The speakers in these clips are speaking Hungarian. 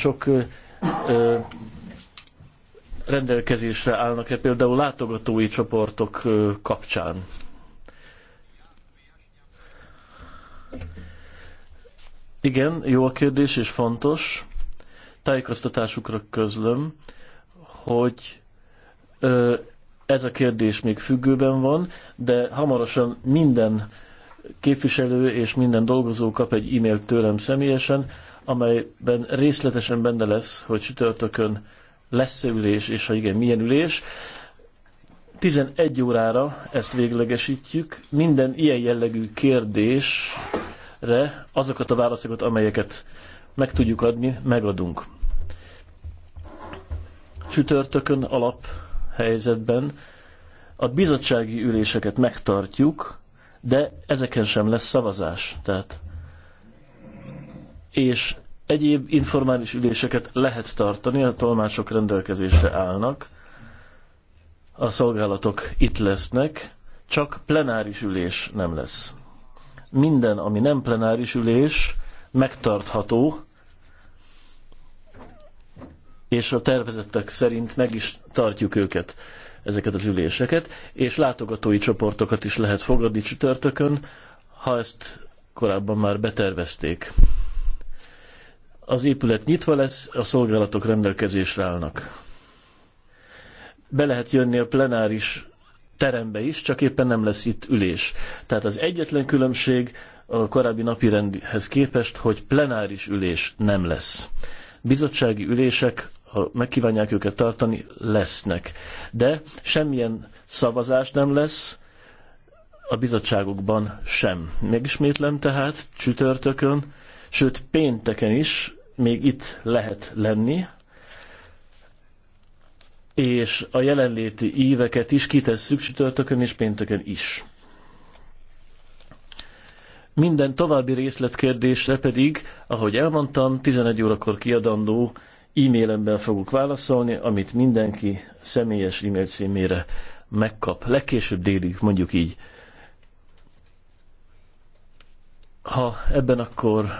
sok ö, rendelkezésre állnak-e például látogatói csoportok kapcsán? Igen, jó a kérdés és fontos. Tájékoztatásukra közlöm, hogy ö, ez a kérdés még függőben van, de hamarosan minden képviselő és minden dolgozó kap egy e-mailt tőlem személyesen, amelyben részletesen benne lesz, hogy csütörtökön lesz-e ülés, és ha igen, milyen ülés. 11 órára ezt véglegesítjük. Minden ilyen jellegű kérdésre azokat a válaszokat, amelyeket meg tudjuk adni, megadunk. Csütörtökön alap helyzetben a bizottsági üléseket megtartjuk, de ezeken sem lesz szavazás. Tehát és egyéb informális üléseket lehet tartani, a tolmácsok rendelkezésre állnak, a szolgálatok itt lesznek, csak plenáris ülés nem lesz. Minden, ami nem plenáris ülés, megtartható, és a tervezettek szerint meg is tartjuk őket, ezeket az üléseket, és látogatói csoportokat is lehet fogadni csütörtökön, ha ezt korábban már betervezték. Az épület nyitva lesz, a szolgálatok rendelkezésre állnak. Be lehet jönni a plenáris terembe is, csak éppen nem lesz itt ülés. Tehát az egyetlen különbség a korábbi napirendhez képest, hogy plenáris ülés nem lesz. Bizottsági ülések, ha megkívánják őket tartani, lesznek. De semmilyen szavazás nem lesz a bizottságokban sem. Megismétlem tehát csütörtökön, sőt pénteken is még itt lehet lenni, és a jelenléti éveket is kitesszük csütörtökön és pénteken is. Minden további részletkérdésre pedig, ahogy elmondtam, 11 órakor kiadandó e-mailemben fogok válaszolni, amit mindenki személyes e-mail címére megkap. Legkésőbb délig, mondjuk így. Ha ebben akkor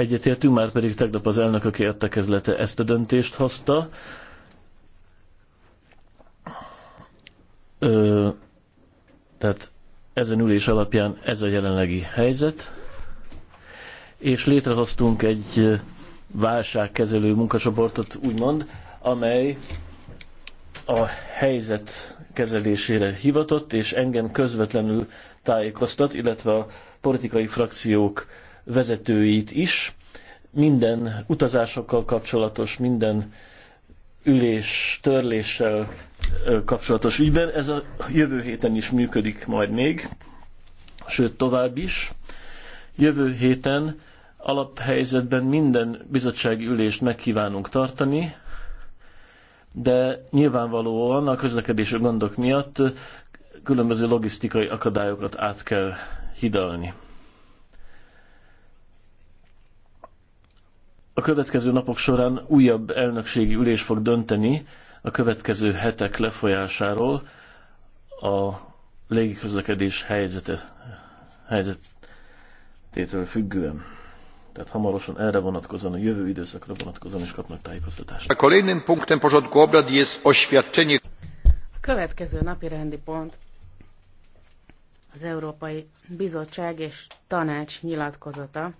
egyetértünk, már pedig tegnap az elnökök értekezlete ezt a döntést hozta. Ö, tehát ezen ülés alapján ez a jelenlegi helyzet, és létrehoztunk egy válságkezelő munkacsoportot, úgymond, amely a helyzet kezelésére hivatott, és engem közvetlenül tájékoztat, illetve a politikai frakciók vezetőit is. Minden utazásokkal kapcsolatos, minden ülés, törléssel kapcsolatos ügyben. Ez a jövő héten is működik majd még, sőt tovább is. Jövő héten alaphelyzetben minden bizottsági ülést megkívánunk tartani, de nyilvánvalóan a közlekedési gondok miatt különböző logisztikai akadályokat át kell hidalni. a következő napok során újabb elnökségi ülés fog dönteni a következő hetek lefolyásáról a légiközlekedés helyzete, helyzetétől függően. Tehát hamarosan erre vonatkozóan, a jövő időszakra vonatkozóan is kapnak tájékoztatást. A következő napi rendi pont az Európai Bizottság és Tanács nyilatkozata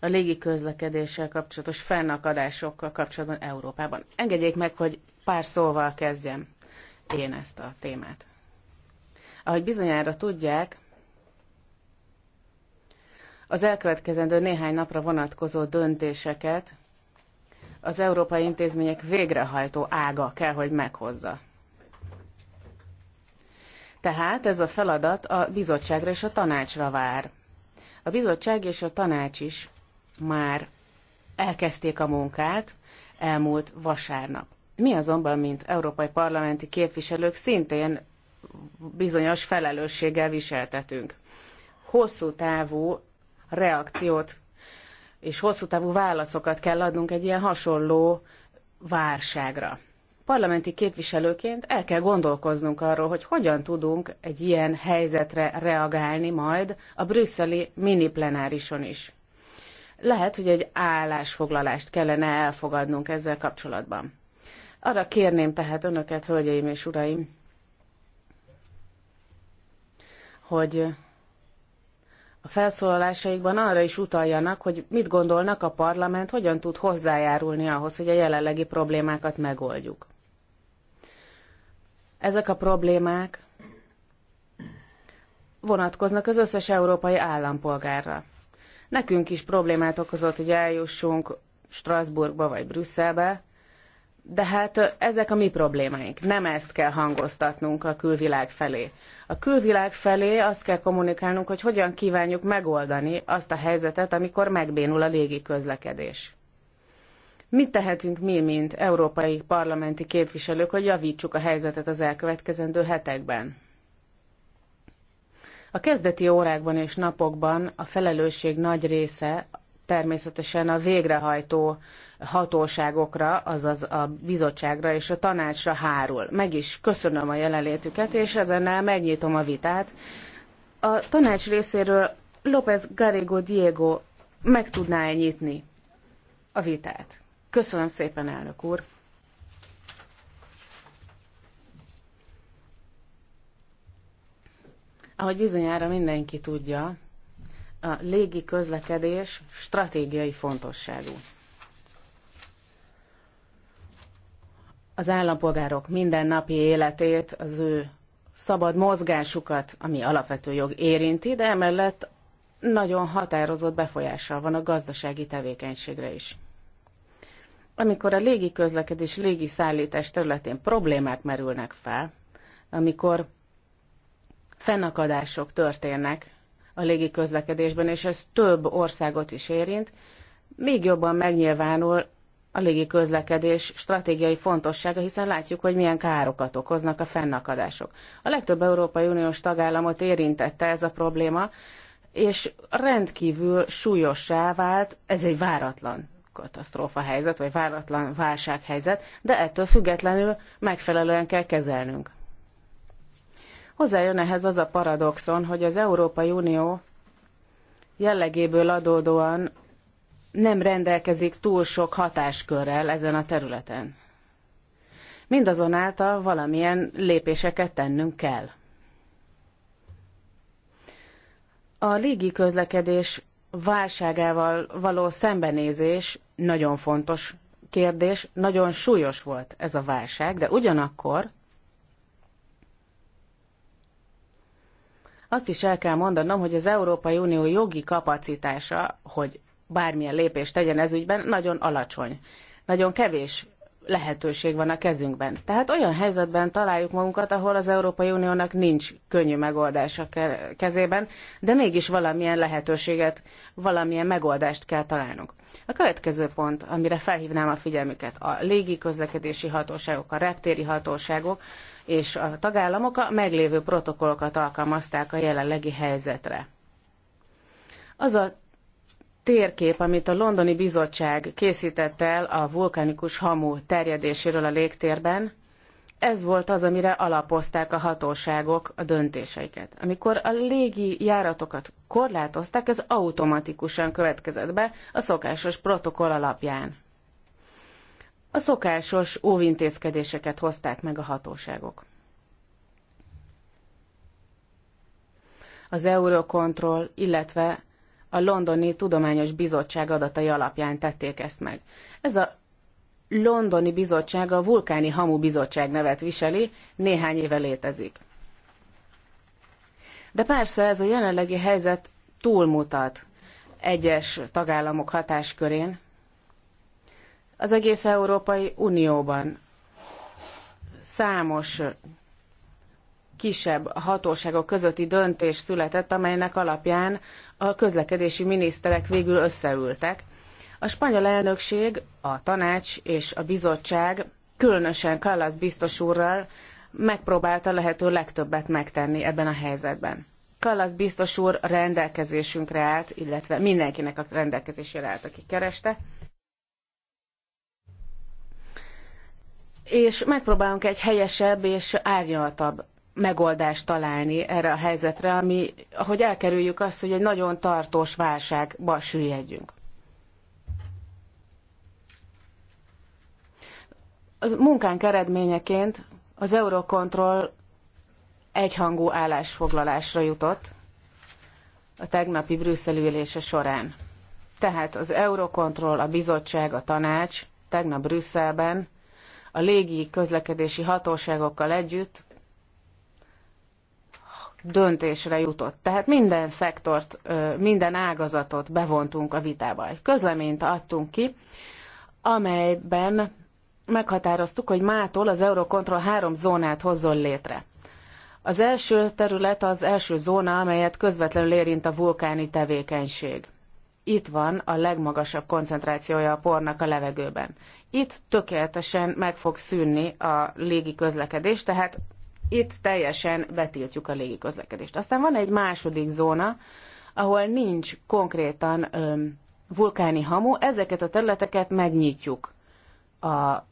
a légi közlekedéssel kapcsolatos fennakadásokkal kapcsolatban Európában. Engedjék meg, hogy pár szóval kezdjem én ezt a témát. Ahogy bizonyára tudják, az elkövetkezendő néhány napra vonatkozó döntéseket az európai intézmények végrehajtó ága kell, hogy meghozza. Tehát ez a feladat a bizottságra és a tanácsra vár. A bizottság és a tanács is már elkezdték a munkát elmúlt vasárnap. Mi azonban, mint európai parlamenti képviselők szintén bizonyos felelősséggel viseltetünk. Hosszú távú reakciót és hosszú távú válaszokat kell adnunk egy ilyen hasonló válságra. Parlamenti képviselőként el kell gondolkoznunk arról, hogy hogyan tudunk egy ilyen helyzetre reagálni majd a brüsszeli mini plenárison is. Lehet, hogy egy állásfoglalást kellene elfogadnunk ezzel kapcsolatban. Arra kérném tehát önöket, hölgyeim és uraim, hogy a felszólalásaikban arra is utaljanak, hogy mit gondolnak a parlament, hogyan tud hozzájárulni ahhoz, hogy a jelenlegi problémákat megoldjuk. Ezek a problémák vonatkoznak az összes európai állampolgárra. Nekünk is problémát okozott, hogy eljussunk Strasbourgba vagy Brüsszelbe, de hát ezek a mi problémáink. Nem ezt kell hangoztatnunk a külvilág felé. A külvilág felé azt kell kommunikálnunk, hogy hogyan kívánjuk megoldani azt a helyzetet, amikor megbénul a légi közlekedés. Mit tehetünk mi, mint európai parlamenti képviselők, hogy javítsuk a helyzetet az elkövetkezendő hetekben? A kezdeti órákban és napokban a felelősség nagy része természetesen a végrehajtó hatóságokra, azaz a bizottságra és a tanácsra hárul. Meg is köszönöm a jelenlétüket, és ezennel megnyitom a vitát. A tanács részéről López Garrigo Diego meg tudná -e nyitni a vitát? Köszönöm szépen, elnök úr! Ahogy bizonyára mindenki tudja, a légi közlekedés stratégiai fontosságú. Az állampolgárok mindennapi életét, az ő szabad mozgásukat, ami alapvető jog érinti, de emellett nagyon határozott befolyással van a gazdasági tevékenységre is. Amikor a légi közlekedés, légi szállítás területén problémák merülnek fel, amikor fennakadások történnek a légi közlekedésben, és ez több országot is érint, még jobban megnyilvánul a légi közlekedés stratégiai fontossága, hiszen látjuk, hogy milyen károkat okoznak a fennakadások. A legtöbb Európai Uniós tagállamot érintette ez a probléma, és rendkívül súlyossá vált, ez egy váratlan katasztrófa helyzet, vagy váratlan válsághelyzet, de ettől függetlenül megfelelően kell kezelnünk. Hozzájön ehhez az a paradoxon, hogy az Európai Unió jellegéből adódóan nem rendelkezik túl sok hatáskörrel ezen a területen. Mindazonáltal valamilyen lépéseket tennünk kell. A légi közlekedés válságával való szembenézés nagyon fontos kérdés, nagyon súlyos volt ez a válság, de ugyanakkor Azt is el kell mondanom, hogy az Európai Unió jogi kapacitása, hogy bármilyen lépést tegyen ez ügyben, nagyon alacsony. Nagyon kevés lehetőség van a kezünkben. Tehát olyan helyzetben találjuk magunkat, ahol az Európai Uniónak nincs könnyű megoldása kezében, de mégis valamilyen lehetőséget, valamilyen megoldást kell találnunk. A következő pont, amire felhívnám a figyelmüket, a légi közlekedési hatóságok, a reptéri hatóságok és a tagállamok a meglévő protokollokat alkalmazták a jelenlegi helyzetre. Az a térkép, amit a londoni bizottság készített el a vulkanikus hamu terjedéséről a légtérben, ez volt az, amire alapozták a hatóságok a döntéseiket. Amikor a légi járatokat korlátozták, ez automatikusan következett be a szokásos protokoll alapján. A szokásos óvintézkedéseket hozták meg a hatóságok. Az Eurocontrol, illetve a Londoni Tudományos Bizottság adatai alapján tették ezt meg. Ez a Londoni Bizottság a Vulkáni Hamu Bizottság nevet viseli, néhány éve létezik. De persze ez a jelenlegi helyzet túlmutat egyes tagállamok hatáskörén. Az egész Európai Unióban számos kisebb hatóságok közötti döntés született, amelynek alapján a közlekedési miniszterek végül összeültek. A spanyol elnökség, a tanács és a bizottság, különösen Kallas biztos úrral megpróbálta lehető legtöbbet megtenni ebben a helyzetben. Kallas biztos úr rendelkezésünkre állt, illetve mindenkinek a rendelkezésére állt, aki kereste. És megpróbálunk egy helyesebb és árnyaltabb megoldást találni erre a helyzetre, ami, hogy elkerüljük azt, hogy egy nagyon tartós válságba süllyedjünk. A munkánk eredményeként az Eurocontrol egyhangú állásfoglalásra jutott a tegnapi brüsszeli ülése során. Tehát az Eurocontrol, a bizottság, a tanács tegnap Brüsszelben a légi közlekedési hatóságokkal együtt döntésre jutott. Tehát minden szektort, minden ágazatot bevontunk a vitába. Egy közleményt adtunk ki, amelyben meghatároztuk, hogy mától az Eurocontrol három zónát hozzon létre. Az első terület az első zóna, amelyet közvetlenül érint a vulkáni tevékenység. Itt van a legmagasabb koncentrációja a pornak a levegőben. Itt tökéletesen meg fog szűnni a légi közlekedés, tehát itt teljesen betiltjuk a közlekedést. Aztán van egy második zóna, ahol nincs konkrétan öm, vulkáni hamu, ezeket a területeket megnyitjuk a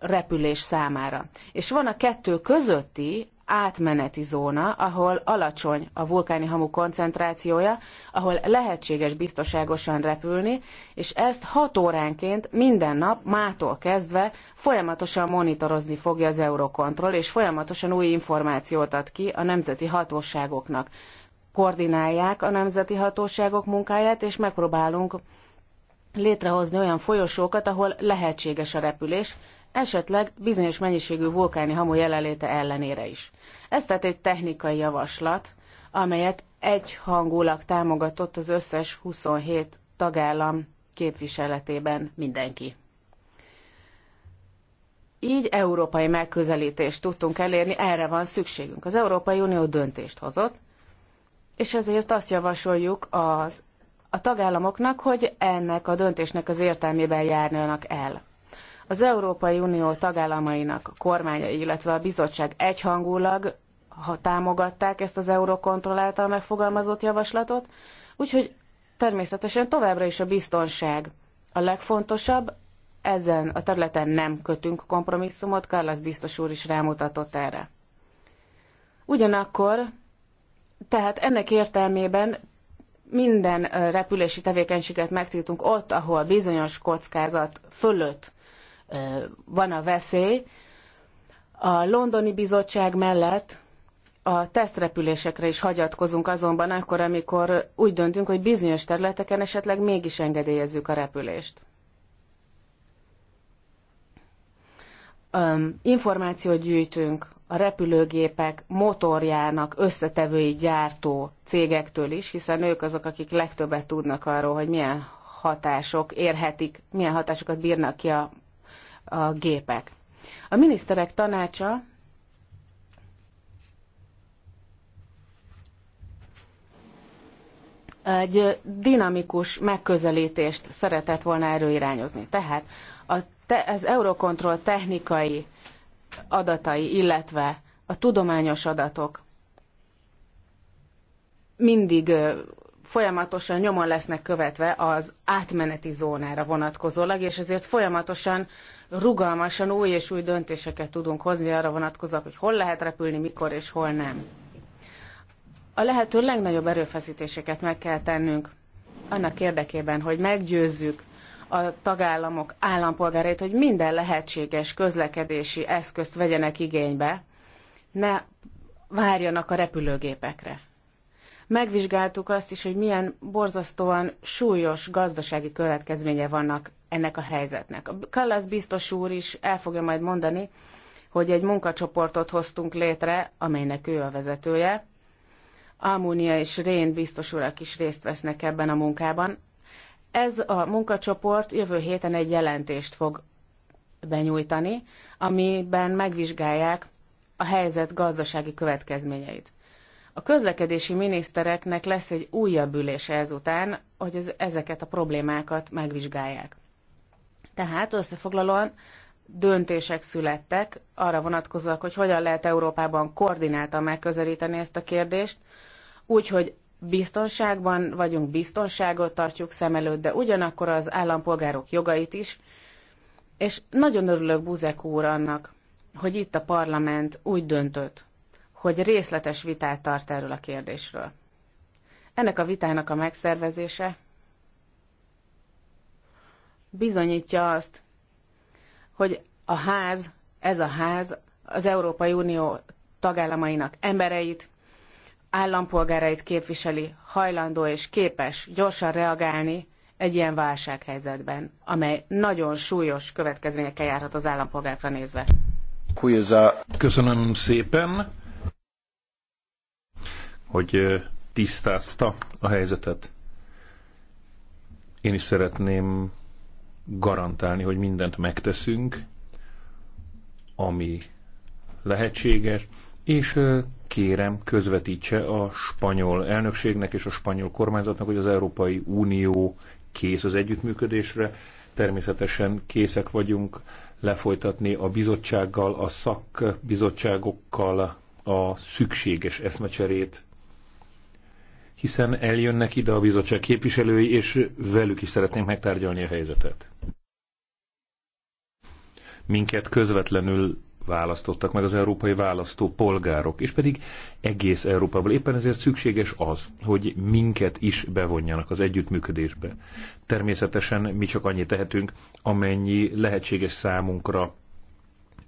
repülés számára. És van a kettő közötti átmeneti zóna, ahol alacsony a vulkáni hamu koncentrációja, ahol lehetséges biztonságosan repülni, és ezt 6 óránként minden nap, mától kezdve folyamatosan monitorozni fogja az Eurocontrol, és folyamatosan új információt ad ki a nemzeti hatóságoknak. Koordinálják a nemzeti hatóságok munkáját, és megpróbálunk létrehozni olyan folyosókat, ahol lehetséges a repülés, esetleg bizonyos mennyiségű vulkáni hamu jelenléte ellenére is. Ez tehát egy technikai javaslat, amelyet egyhangulag támogatott az összes 27 tagállam képviseletében mindenki. Így európai megközelítést tudtunk elérni, erre van szükségünk. Az Európai Unió döntést hozott, és ezért azt javasoljuk az, a tagállamoknak, hogy ennek a döntésnek az értelmében járjanak el. Az Európai Unió tagállamainak kormányai, illetve a bizottság egyhangulag ha támogatták ezt az Eurokontroll által megfogalmazott javaslatot, úgyhogy természetesen továbbra is a biztonság a legfontosabb, ezen a területen nem kötünk kompromisszumot, Carlos biztos úr is rámutatott erre. Ugyanakkor, tehát ennek értelmében minden repülési tevékenységet megtiltunk ott, ahol bizonyos kockázat fölött van a veszély. A londoni bizottság mellett a tesztrepülésekre is hagyatkozunk azonban akkor, amikor úgy döntünk, hogy bizonyos területeken esetleg mégis engedélyezzük a repülést. Um, információt gyűjtünk a repülőgépek motorjának összetevői gyártó cégektől is, hiszen ők azok, akik legtöbbet tudnak arról, hogy milyen hatások érhetik, milyen hatásokat bírnak ki a a gépek. A miniszterek tanácsa egy dinamikus megközelítést szeretett volna előirányozni. Tehát a te, az Eurocontrol technikai adatai, illetve a tudományos adatok mindig folyamatosan nyomon lesznek követve az átmeneti zónára vonatkozólag, és ezért folyamatosan rugalmasan új és új döntéseket tudunk hozni arra vonatkozólag, hogy hol lehet repülni, mikor és hol nem. A lehető legnagyobb erőfeszítéseket meg kell tennünk annak érdekében, hogy meggyőzzük a tagállamok állampolgárait, hogy minden lehetséges közlekedési eszközt vegyenek igénybe, ne várjanak a repülőgépekre. Megvizsgáltuk azt is, hogy milyen borzasztóan súlyos gazdasági következménye vannak ennek a helyzetnek. A Kallas biztos úr is el fogja majd mondani, hogy egy munkacsoportot hoztunk létre, amelynek ő a vezetője. Almúnia és Rén biztos urak is részt vesznek ebben a munkában. Ez a munkacsoport jövő héten egy jelentést fog benyújtani, amiben megvizsgálják a helyzet gazdasági következményeit. A közlekedési minisztereknek lesz egy újabb ülés ezután, hogy az, ezeket a problémákat megvizsgálják. Tehát összefoglalóan döntések születtek arra vonatkozva, hogy hogyan lehet Európában koordináltan megközelíteni ezt a kérdést, úgyhogy biztonságban vagyunk, biztonságot tartjuk szem előtt, de ugyanakkor az állampolgárok jogait is, és nagyon örülök Buzek úr annak, hogy itt a parlament úgy döntött, hogy részletes vitát tart erről a kérdésről. Ennek a vitának a megszervezése bizonyítja azt, hogy a ház, ez a ház az Európai Unió tagállamainak embereit, állampolgárait képviseli, hajlandó és képes gyorsan reagálni egy ilyen válsághelyzetben, amely nagyon súlyos következményekkel járhat az állampolgárra nézve. Köszönöm szépen hogy tisztázta a helyzetet. Én is szeretném garantálni, hogy mindent megteszünk, ami lehetséges, és kérem, közvetítse a spanyol elnökségnek és a spanyol kormányzatnak, hogy az Európai Unió kész az együttműködésre. Természetesen készek vagyunk lefolytatni a bizottsággal, a szakbizottságokkal a szükséges eszmecserét hiszen eljönnek ide a bizottság képviselői, és velük is szeretnénk megtárgyalni a helyzetet. Minket közvetlenül választottak meg az európai választó polgárok, és pedig egész Európából. Éppen ezért szükséges az, hogy minket is bevonjanak az együttműködésbe. Természetesen mi csak annyit tehetünk, amennyi lehetséges számunkra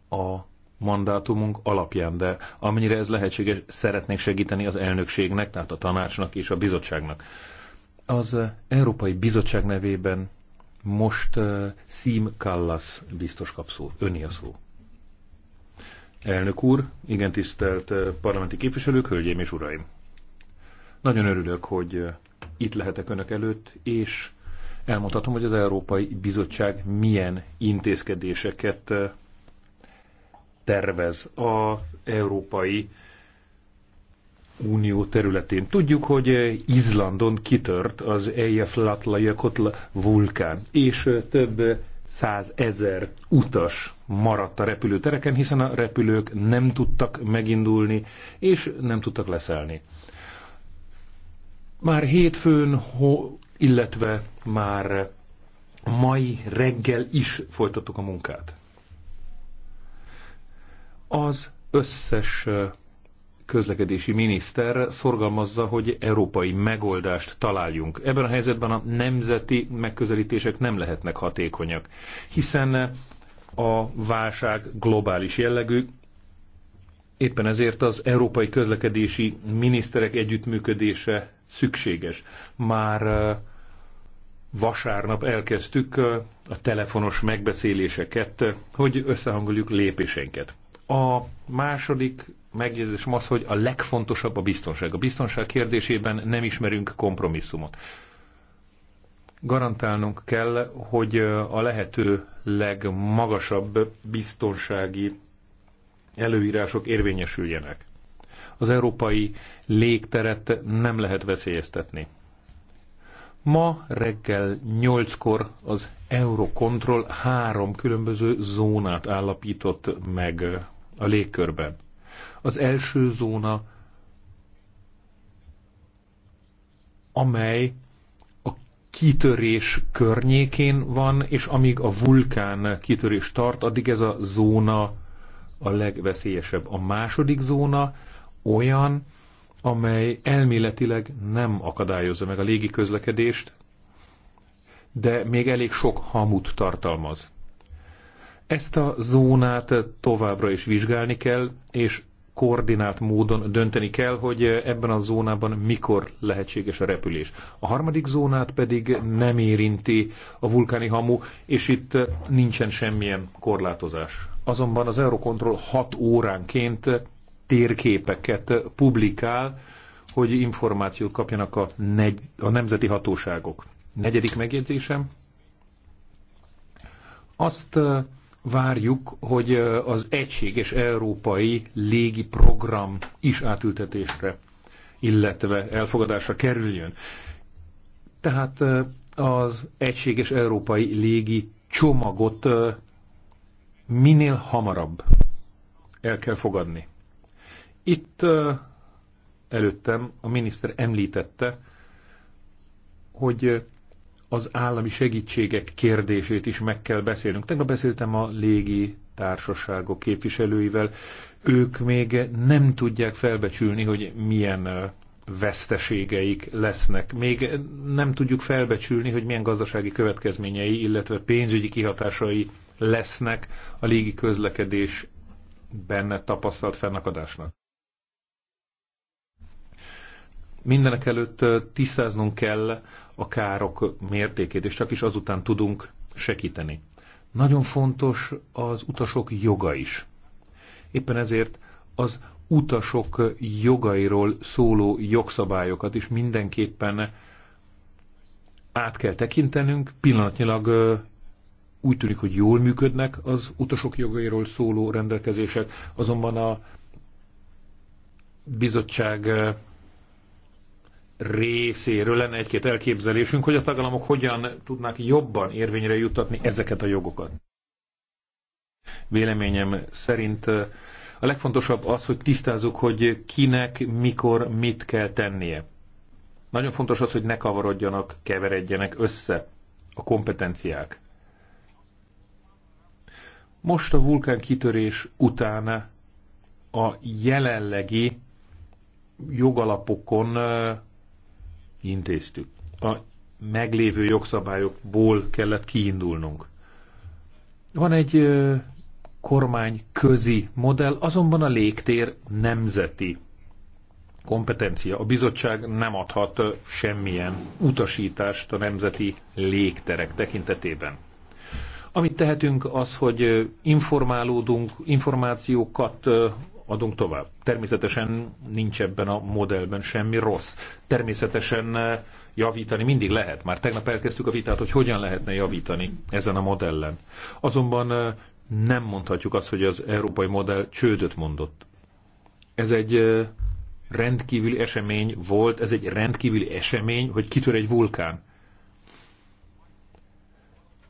a mandátumunk alapján, de amennyire ez lehetséges, szeretnék segíteni az elnökségnek, tehát a tanácsnak és a bizottságnak. Az eh, Európai Bizottság nevében most uh, eh, Szím Kallas biztos kap szó. Öni a szó. Elnök úr, igen tisztelt eh, parlamenti képviselők, hölgyeim és uraim! Nagyon örülök, hogy itt lehetek önök előtt, és elmondhatom, hogy az Európai Bizottság milyen intézkedéseket tervez az Európai Unió területén. Tudjuk, hogy Izlandon kitört az Eyjafjallajökull vulkán, és több százezer utas maradt a repülőtereken, hiszen a repülők nem tudtak megindulni, és nem tudtak leszállni. Már hétfőn, illetve már mai reggel is folytattuk a munkát. Az összes közlekedési miniszter szorgalmazza, hogy európai megoldást találjunk. Ebben a helyzetben a nemzeti megközelítések nem lehetnek hatékonyak, hiszen a válság globális jellegű, éppen ezért az európai közlekedési miniszterek együttműködése szükséges. Már vasárnap elkezdtük a telefonos megbeszéléseket, hogy összehangoljuk lépéseinket. A második megjegyzésem az, hogy a legfontosabb a biztonság. A biztonság kérdésében nem ismerünk kompromisszumot. Garantálnunk kell, hogy a lehető legmagasabb biztonsági előírások érvényesüljenek. Az európai légteret nem lehet veszélyeztetni. Ma reggel 8-kor az Eurocontrol három különböző zónát állapított meg a légkörben. Az első zóna, amely a kitörés környékén van, és amíg a vulkán kitörés tart, addig ez a zóna a legveszélyesebb. A második zóna olyan, amely elméletileg nem akadályozza meg a légi közlekedést, de még elég sok hamut tartalmaz. Ezt a zónát továbbra is vizsgálni kell, és koordinált módon dönteni kell, hogy ebben a zónában mikor lehetséges a repülés. A harmadik zónát pedig nem érinti a vulkáni hamu, és itt nincsen semmilyen korlátozás. Azonban az Eurocontrol 6 óránként térképeket publikál, hogy információt kapjanak a, negy, a nemzeti hatóságok. Negyedik megjegyzésem. Azt várjuk, hogy az egységes európai légi program is átültetésre, illetve elfogadásra kerüljön. Tehát az egységes európai légi csomagot minél hamarabb el kell fogadni. Itt előttem a miniszter említette, hogy az állami segítségek kérdését is meg kell beszélnünk. Tegnap beszéltem a légi társaságok képviselőivel, ők még nem tudják felbecsülni, hogy milyen veszteségeik lesznek. Még nem tudjuk felbecsülni, hogy milyen gazdasági következményei, illetve pénzügyi kihatásai lesznek a légi közlekedés benne tapasztalt fennakadásnak. Mindenek előtt tisztáznunk kell a károk mértékét, és csak is azután tudunk segíteni. Nagyon fontos az utasok joga is. Éppen ezért az utasok jogairól szóló jogszabályokat is mindenképpen át kell tekintenünk. Pillanatnyilag úgy tűnik, hogy jól működnek az utasok jogairól szóló rendelkezések, azonban a bizottság részéről lenne egy-két elképzelésünk, hogy a tagállamok hogyan tudnák jobban érvényre juttatni ezeket a jogokat. Véleményem szerint eh, a legfontosabb az, hogy tisztázzuk, hogy kinek, mikor, mit kell tennie. Nagyon fontos az, hogy ne kavarodjanak, keveredjenek össze a kompetenciák. Most a vulkán kitörés után a jelenlegi jogalapokon eh, intéztük. A meglévő jogszabályokból kellett kiindulnunk. Van egy kormány közi modell, azonban a légtér nemzeti kompetencia. A bizottság nem adhat semmilyen utasítást a nemzeti légterek tekintetében. Amit tehetünk az, hogy informálódunk, információkat adunk tovább. Természetesen nincs ebben a modellben semmi rossz. Természetesen eh, javítani mindig lehet. Már tegnap elkezdtük a vitát, hogy hogyan lehetne javítani ezen a modellen. Azonban eh, nem mondhatjuk azt, hogy az európai modell csődöt mondott. Ez egy eh, rendkívüli esemény volt, ez egy rendkívüli esemény, hogy kitör egy vulkán.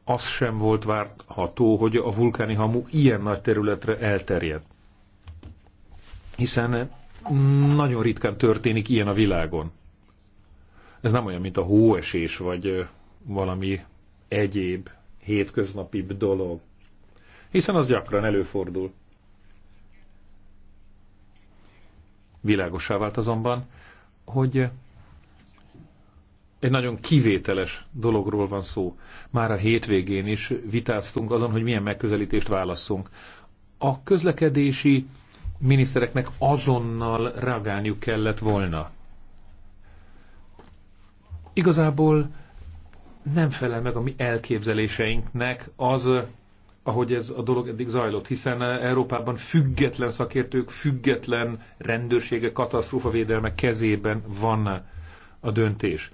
Az sem volt várható, hogy a vulkáni hamu ilyen nagy területre elterjed hiszen nagyon ritkán történik ilyen a világon. Ez nem olyan, mint a hóesés, vagy valami egyéb, hétköznapibb dolog. Hiszen az gyakran előfordul. Világossá vált azonban, hogy egy nagyon kivételes dologról van szó. Már a hétvégén is vitáztunk azon, hogy milyen megközelítést válasszunk. A közlekedési minisztereknek azonnal reagálniuk kellett volna. Igazából nem felel meg a mi elképzeléseinknek az, ahogy ez a dolog eddig zajlott, hiszen Európában független szakértők, független rendőrsége, katasztrófavédelme kezében van a döntés.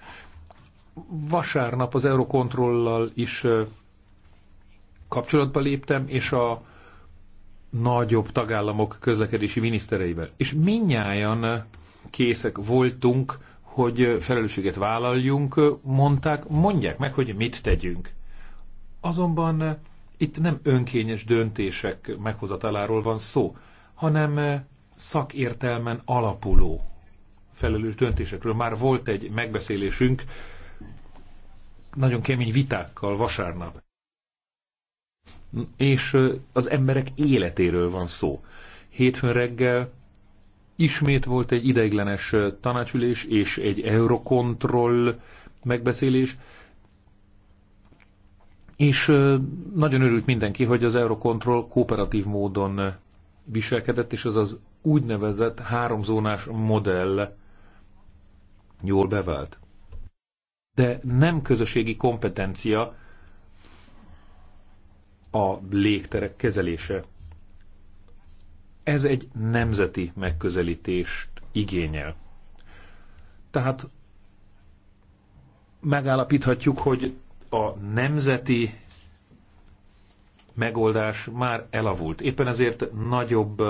Vasárnap az Eurokontrollal is kapcsolatba léptem, és a nagyobb tagállamok közlekedési minisztereivel. És minnyáján készek voltunk, hogy felelősséget vállaljunk, mondták, mondják meg, hogy mit tegyünk. Azonban itt nem önkényes döntések meghozataláról van szó, hanem szakértelmen alapuló felelős döntésekről. Már volt egy megbeszélésünk, nagyon kemény vitákkal vasárnap és az emberek életéről van szó. Hétfőn reggel ismét volt egy ideiglenes tanácsülés és egy eurokontroll megbeszélés, és nagyon örült mindenki, hogy az eurokontroll kooperatív módon viselkedett, és az az úgynevezett háromzónás modell jól bevált. De nem közösségi kompetencia a légterek kezelése. Ez egy nemzeti megközelítést igényel. Tehát megállapíthatjuk, hogy a nemzeti megoldás már elavult. Éppen ezért nagyobb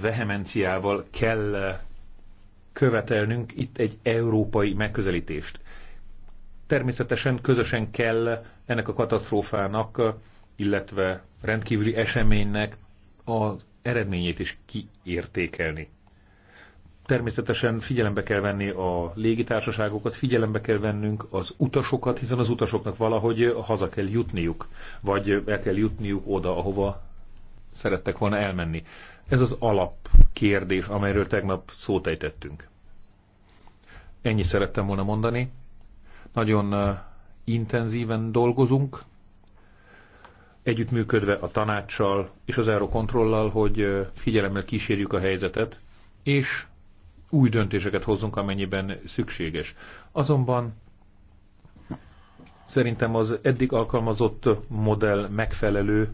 vehemenciával kell követelnünk itt egy európai megközelítést. Természetesen közösen kell ennek a katasztrófának, illetve rendkívüli eseménynek az eredményét is kiértékelni. Természetesen figyelembe kell venni a légitársaságokat, figyelembe kell vennünk az utasokat, hiszen az utasoknak valahogy haza kell jutniuk, vagy el kell jutniuk oda, ahova szerettek volna elmenni. Ez az alap kérdés, amelyről tegnap szót ejtettünk. Ennyit szerettem volna mondani. Nagyon intenzíven dolgozunk, együttműködve a tanácssal és az Eurocontrollal, hogy figyelemmel kísérjük a helyzetet, és új döntéseket hozzunk, amennyiben szükséges. Azonban szerintem az eddig alkalmazott modell megfelelő,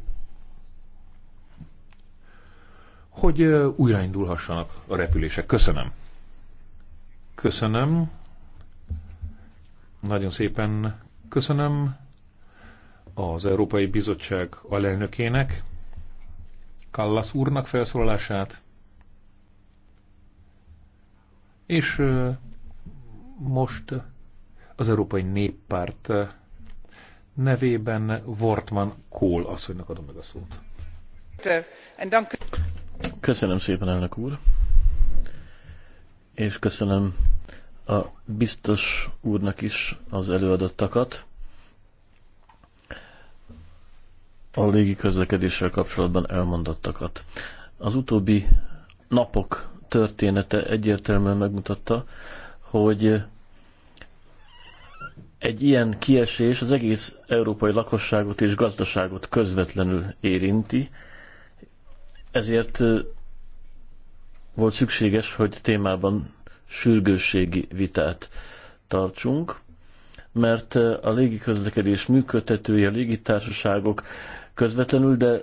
hogy újraindulhassanak a repülések. Köszönöm. Köszönöm. Nagyon szépen Köszönöm az Európai Bizottság alelnökének, Kallas úrnak felszólalását, és most az Európai Néppárt nevében Wortman Kohl asszonynak adom meg a szót. Köszönöm szépen, elnök úr, és köszönöm a biztos úrnak is az előadottakat. A légi közlekedéssel kapcsolatban elmondottakat. Az utóbbi napok története egyértelműen megmutatta, hogy egy ilyen kiesés az egész európai lakosságot és gazdaságot közvetlenül érinti, ezért volt szükséges, hogy témában sürgősségi vitát tartsunk, mert eh, a légiközlekedés működtetői, a légitársaságok közvetlenül, de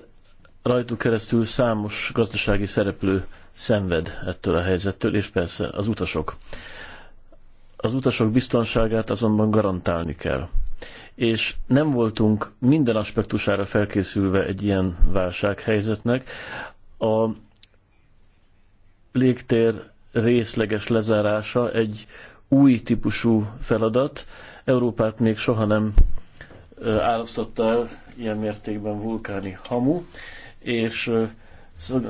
rajtuk keresztül számos gazdasági szereplő szenved ettől a helyzettől, és persze az utasok. Az utasok biztonságát azonban garantálni kell. És nem voltunk minden aspektusára felkészülve egy ilyen válsághelyzetnek. A légtér részleges lezárása egy új típusú feladat. Európát még soha nem árasztotta el ilyen mértékben vulkáni hamu, és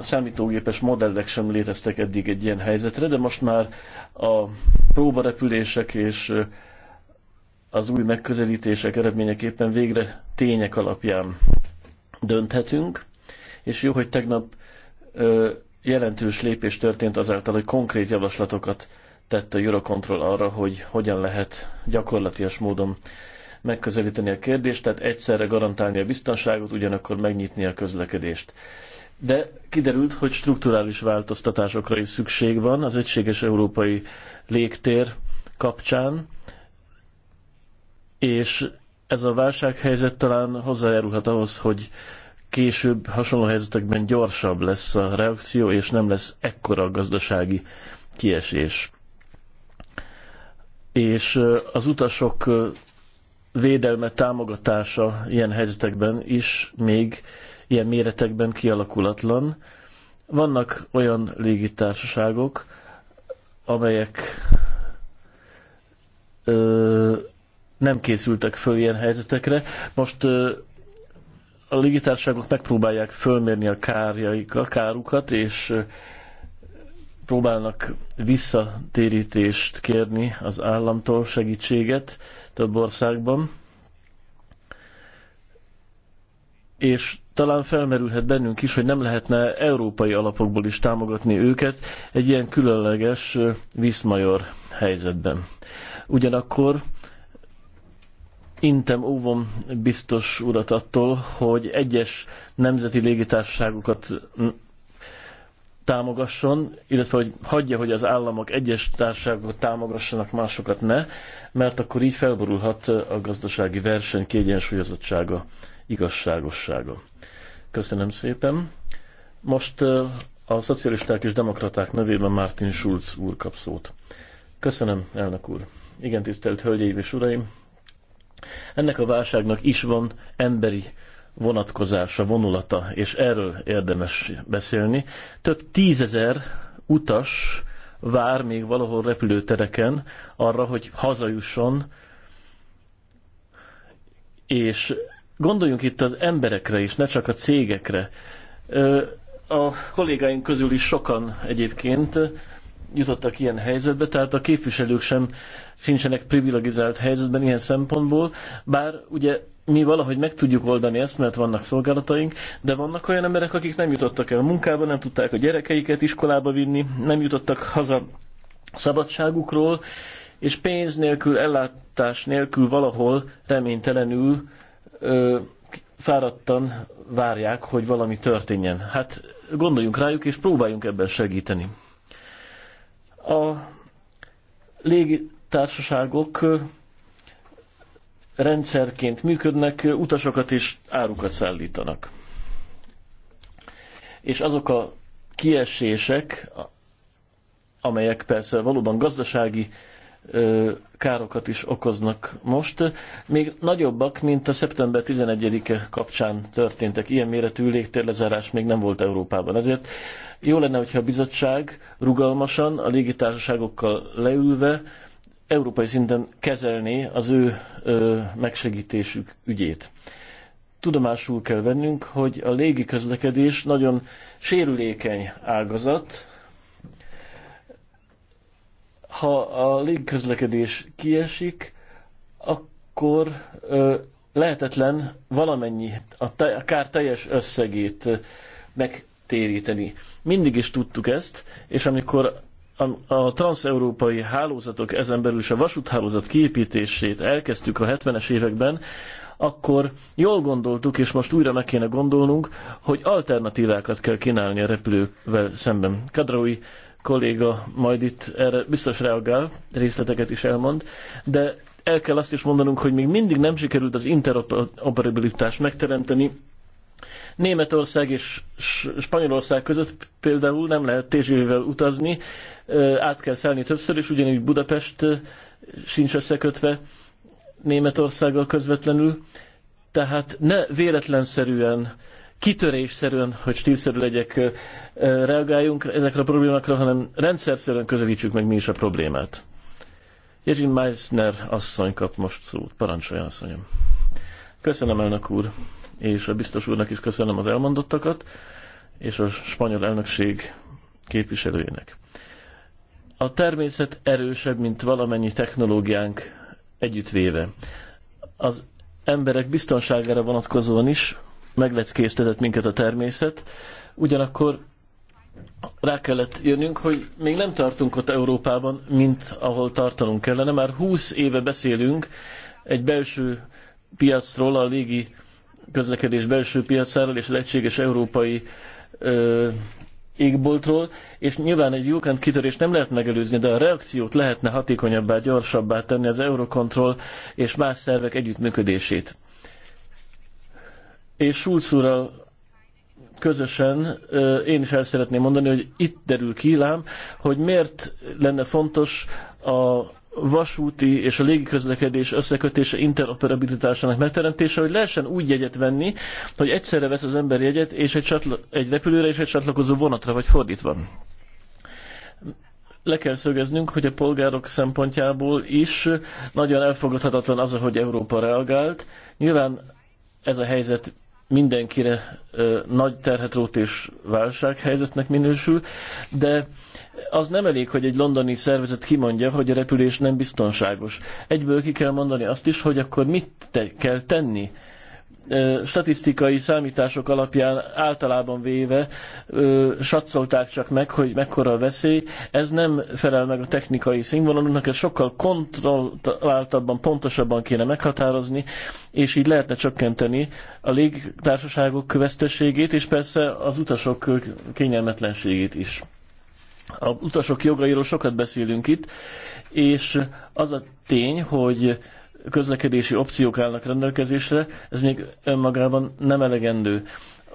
számítógépes modellek sem léteztek eddig egy ilyen helyzetre, de most már a próbarepülések és az új megközelítések eredményeképpen végre tények alapján dönthetünk, és jó, hogy tegnap jelentős lépés történt azáltal, hogy konkrét javaslatokat tett a Eurocontrol arra, hogy hogyan lehet gyakorlatias módon megközelíteni a kérdést, tehát egyszerre garantálni a biztonságot, ugyanakkor megnyitni a közlekedést. De kiderült, hogy strukturális változtatásokra is szükség van az egységes európai légtér kapcsán, és ez a válsághelyzet talán hozzájárulhat ahhoz, hogy később hasonló helyzetekben gyorsabb lesz a reakció, és nem lesz ekkora a gazdasági kiesés. És az utasok védelme, támogatása ilyen helyzetekben is még ilyen méretekben kialakulatlan. Vannak olyan légitársaságok, amelyek ö, nem készültek föl ilyen helyzetekre. Most ö, a légitárságok megpróbálják fölmérni a kárjaik, a kárukat, és próbálnak visszatérítést kérni az államtól, segítséget több országban. És talán felmerülhet bennünk is, hogy nem lehetne európai alapokból is támogatni őket egy ilyen különleges viszmajor helyzetben. Ugyanakkor intem óvom biztos urat attól, hogy egyes nemzeti légitársaságokat támogasson, illetve hogy hagyja, hogy az államok egyes társaságokat támogassanak, másokat ne, mert akkor így felborulhat a gazdasági verseny kiegyensúlyozottsága, igazságossága. Köszönöm szépen. Most a szocialisták és demokraták nevében Martin Schulz úr kap szót. Köszönöm, elnök úr. Igen, tisztelt hölgyeim és uraim, ennek a válságnak is van emberi vonatkozása, vonulata, és erről érdemes beszélni. Több tízezer utas vár még valahol repülőtereken arra, hogy hazajusson, és gondoljunk itt az emberekre is, ne csak a cégekre. A kollégáink közül is sokan egyébként jutottak ilyen helyzetbe, tehát a képviselők sem sincsenek privilegizált helyzetben ilyen szempontból, bár ugye mi valahogy meg tudjuk oldani ezt, mert vannak szolgálataink, de vannak olyan emberek, akik nem jutottak el a munkába, nem tudták a gyerekeiket iskolába vinni, nem jutottak haza szabadságukról, és pénz nélkül, ellátás nélkül valahol reménytelenül ö, fáradtan várják, hogy valami történjen. Hát gondoljunk rájuk, és próbáljunk ebben segíteni. A légitársaságok rendszerként működnek, utasokat és árukat szállítanak. És azok a kiesések, amelyek persze valóban gazdasági károkat is okoznak most, még nagyobbak, mint a szeptember 11-e kapcsán történtek. Ilyen méretű légtérlezárás még nem volt Európában. Ezért jó lenne, hogyha a bizottság rugalmasan, a légitársaságokkal leülve, európai szinten kezelni az ő ö, megsegítésük ügyét. Tudomásul kell vennünk, hogy a légi közlekedés nagyon sérülékeny ágazat. Ha a közlekedés kiesik, akkor ö, lehetetlen valamennyi, a, te, a kár teljes összegét meg téríteni. Mindig is tudtuk ezt, és amikor a, a transeurópai hálózatok, ezen belül is a vasúthálózat kiépítését elkezdtük a 70-es években, akkor jól gondoltuk, és most újra meg kéne gondolnunk, hogy alternatívákat kell kínálni a repülővel szemben. Kadraui kolléga majd itt erre biztos reagál, részleteket is elmond, de el kell azt is mondanunk, hogy még mindig nem sikerült az interoperabilitást megteremteni Németország és Spanyolország között például nem lehet tgv utazni, át kell szállni többször, és ugyanígy Budapest sincs összekötve Németországgal közvetlenül, tehát ne véletlenszerűen, kitörésszerűen, hogy stílszerű legyek, reagáljunk ezekre a problémákra, hanem rendszerszerűen közelítsük meg mi is a problémát. Jerzy Meissner asszony kap most szót. Parancsoljon, asszonyom. Köszönöm, elnök úr és a biztos úrnak is köszönöm az elmondottakat, és a spanyol elnökség képviselőjének. A természet erősebb, mint valamennyi technológiánk együttvéve. Az emberek biztonságára vonatkozóan is megleckésztetett minket a természet, ugyanakkor rá kellett jönnünk, hogy még nem tartunk ott Európában, mint ahol tartanunk kellene. Már 20 éve beszélünk egy belső piacról, a légi közlekedés belső piacáról és az egységes európai ö, égboltról, és nyilván egy jókent kitörést nem lehet megelőzni, de a reakciót lehetne hatékonyabbá, gyorsabbá tenni az Eurocontrol és más szervek együttműködését. És Schulz úrral közösen én is el szeretném mondani, hogy itt derül ki lám, hogy miért lenne fontos a vasúti és a légiközlekedés összekötése interoperabilitásának megteremtése, hogy lehessen úgy jegyet venni, hogy egyszerre vesz az ember jegyet és egy, csatla- egy repülőre és egy csatlakozó vonatra, vagy fordítva. Le kell szögeznünk, hogy a polgárok szempontjából is nagyon elfogadhatatlan az, ahogy Európa reagált. Nyilván ez a helyzet mindenkire nagy terhet rót és válsághelyzetnek minősül, de az nem elég, hogy egy londoni szervezet kimondja, hogy a repülés nem biztonságos. Egyből ki kell mondani azt is, hogy akkor mit te kell tenni statisztikai számítások alapján általában véve satszolták csak meg, hogy mekkora a veszély. Ez nem felel meg a technikai színvonalunknak, ez sokkal kontrolláltabban, pontosabban kéne meghatározni, és így lehetne csökkenteni a légtársaságok veszteségét, és persze az utasok kényelmetlenségét is. A utasok jogairól sokat beszélünk itt, és az a tény, hogy közlekedési opciók állnak rendelkezésre, ez még önmagában nem elegendő.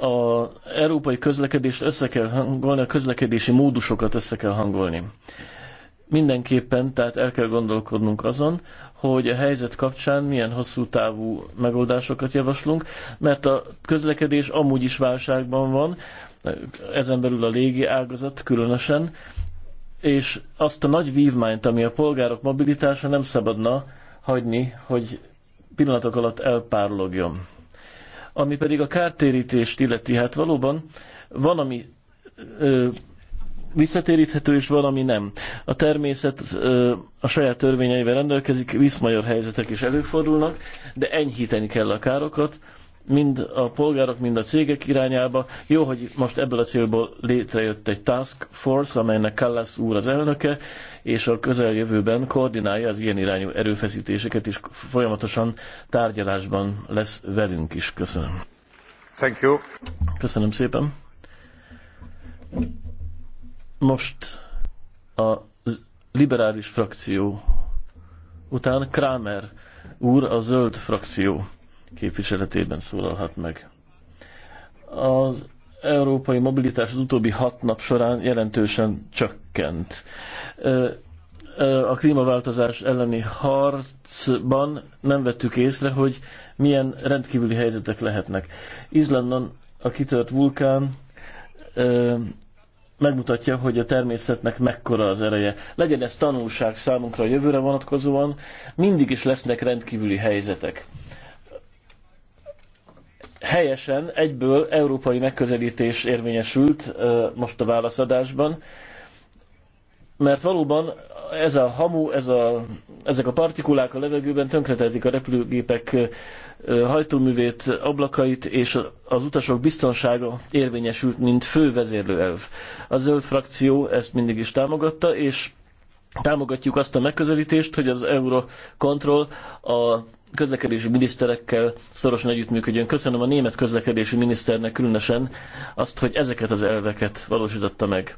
A európai közlekedést össze kell hangolni, a közlekedési módusokat össze kell hangolni. Mindenképpen tehát el kell gondolkodnunk azon, hogy a helyzet kapcsán milyen hosszú távú megoldásokat javaslunk, mert a közlekedés amúgy is válságban van, ezen belül a légi ágazat különösen, és azt a nagy vívmányt, ami a polgárok mobilitása, nem szabadna hagyni, hogy pillanatok alatt elpárologjon. Ami pedig a kártérítést illeti, hát valóban van, ami ö, visszatéríthető, és van, ami nem. A természet ö, a saját törvényeivel rendelkezik, viszmajor helyzetek is előfordulnak, de enyhíteni kell a károkat, mind a polgárok, mind a cégek irányába. Jó, hogy most ebből a célból létrejött egy task force, amelynek Kallas úr az elnöke, és a közeljövőben koordinálja az ilyen irányú erőfeszítéseket, és folyamatosan tárgyalásban lesz velünk is. Köszönöm. Thank you. Köszönöm szépen. Most a liberális frakció után Kramer úr a zöld frakció képviseletében szólalhat meg. Az európai mobilitás az utóbbi hat nap során jelentősen csökkent. A klímaváltozás elleni harcban nem vettük észre, hogy milyen rendkívüli helyzetek lehetnek. Izlandon a kitört vulkán megmutatja, hogy a természetnek mekkora az ereje. Legyen ez tanulság számunkra a jövőre vonatkozóan, mindig is lesznek rendkívüli helyzetek helyesen egyből európai megközelítés érvényesült most a válaszadásban, mert valóban ez a hamu, ez a, ezek a partikulák a levegőben tönkretetik a repülőgépek hajtóművét, ablakait, és az utasok biztonsága érvényesült, mint fő elv. A zöld frakció ezt mindig is támogatta, és Támogatjuk azt a megközelítést, hogy az Eurocontrol a közlekedési miniszterekkel szorosan együttműködjön. Köszönöm a német közlekedési miniszternek különösen azt, hogy ezeket az elveket valósította meg.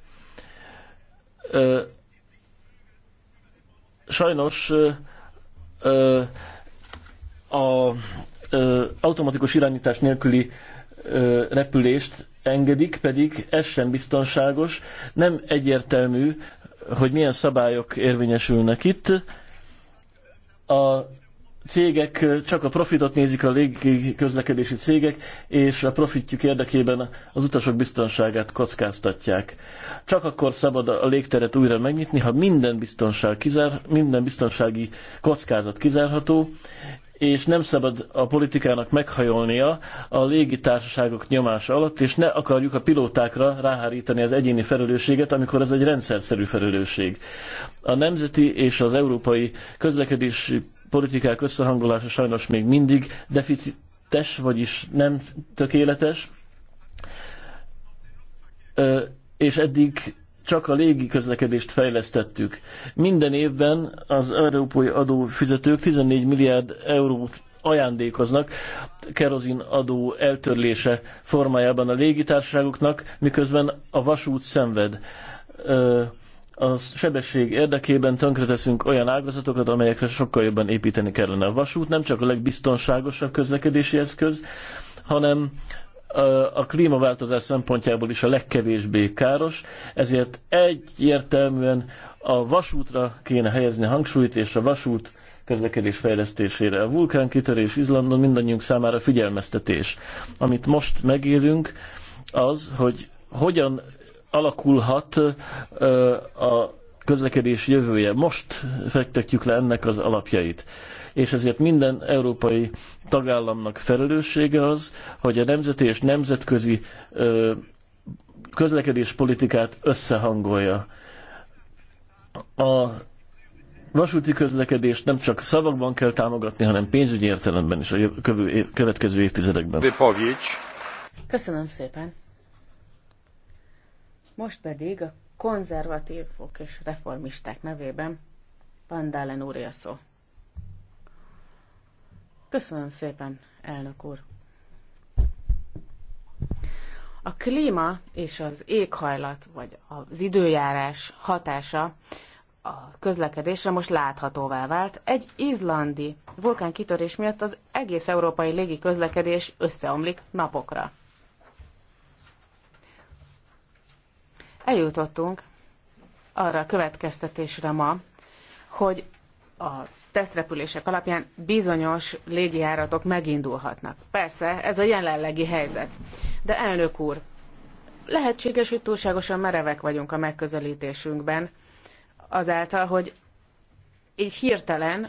Sajnos a automatikus irányítás nélküli repülést engedik, pedig ez sem biztonságos. Nem egyértelmű, hogy milyen szabályok érvényesülnek itt. A cégek csak a profitot nézik, a légiközlekedési cégek, és a profitjuk érdekében az utasok biztonságát kockáztatják. Csak akkor szabad a légteret újra megnyitni, ha minden biztonság kizár, minden biztonsági kockázat kizárható, és nem szabad a politikának meghajolnia a légitársaságok nyomása alatt, és ne akarjuk a pilótákra ráhárítani az egyéni felelősséget, amikor ez egy rendszerszerű felelősség. A nemzeti és az európai közlekedési politikák összehangolása sajnos még mindig deficites, vagyis nem tökéletes, és eddig csak a légi közlekedést fejlesztettük. Minden évben az európai adófizetők 14 milliárd eurót ajándékoznak kerozin adó eltörlése formájában a légitársaságoknak, miközben a vasút szenved. A sebesség érdekében tönkreteszünk olyan ágazatokat, amelyekre sokkal jobban építeni kellene. A vasút nem csak a legbiztonságosabb közlekedési eszköz, hanem a klímaváltozás szempontjából is a legkevésbé káros, ezért egyértelműen a vasútra kéne helyezni a hangsúlyt, és a vasút közlekedés fejlesztésére. A vulkánkitörés Izlandon mindannyiunk számára figyelmeztetés. Amit most megélünk, az, hogy hogyan alakulhat a közlekedés jövője. Most fektetjük le ennek az alapjait és ezért minden európai tagállamnak felelőssége az, hogy a nemzeti és nemzetközi közlekedés politikát összehangolja. A vasúti közlekedést nem csak szavakban kell támogatni, hanem pénzügyi értelemben is a következő évtizedekben. Köszönöm szépen! Most pedig a konzervatívok és reformisták nevében Van Dalen úr szó. Köszönöm szépen, elnök úr. A klíma és az éghajlat, vagy az időjárás hatása a közlekedésre most láthatóvá vált. Egy izlandi vulkánkitörés miatt az egész európai légi közlekedés összeomlik napokra. Eljutottunk arra a következtetésre ma, hogy a tesztrepülések alapján bizonyos légijáratok megindulhatnak. Persze, ez a jelenlegi helyzet. De elnök úr, lehetséges, hogy túlságosan merevek vagyunk a megközelítésünkben, azáltal, hogy így hirtelen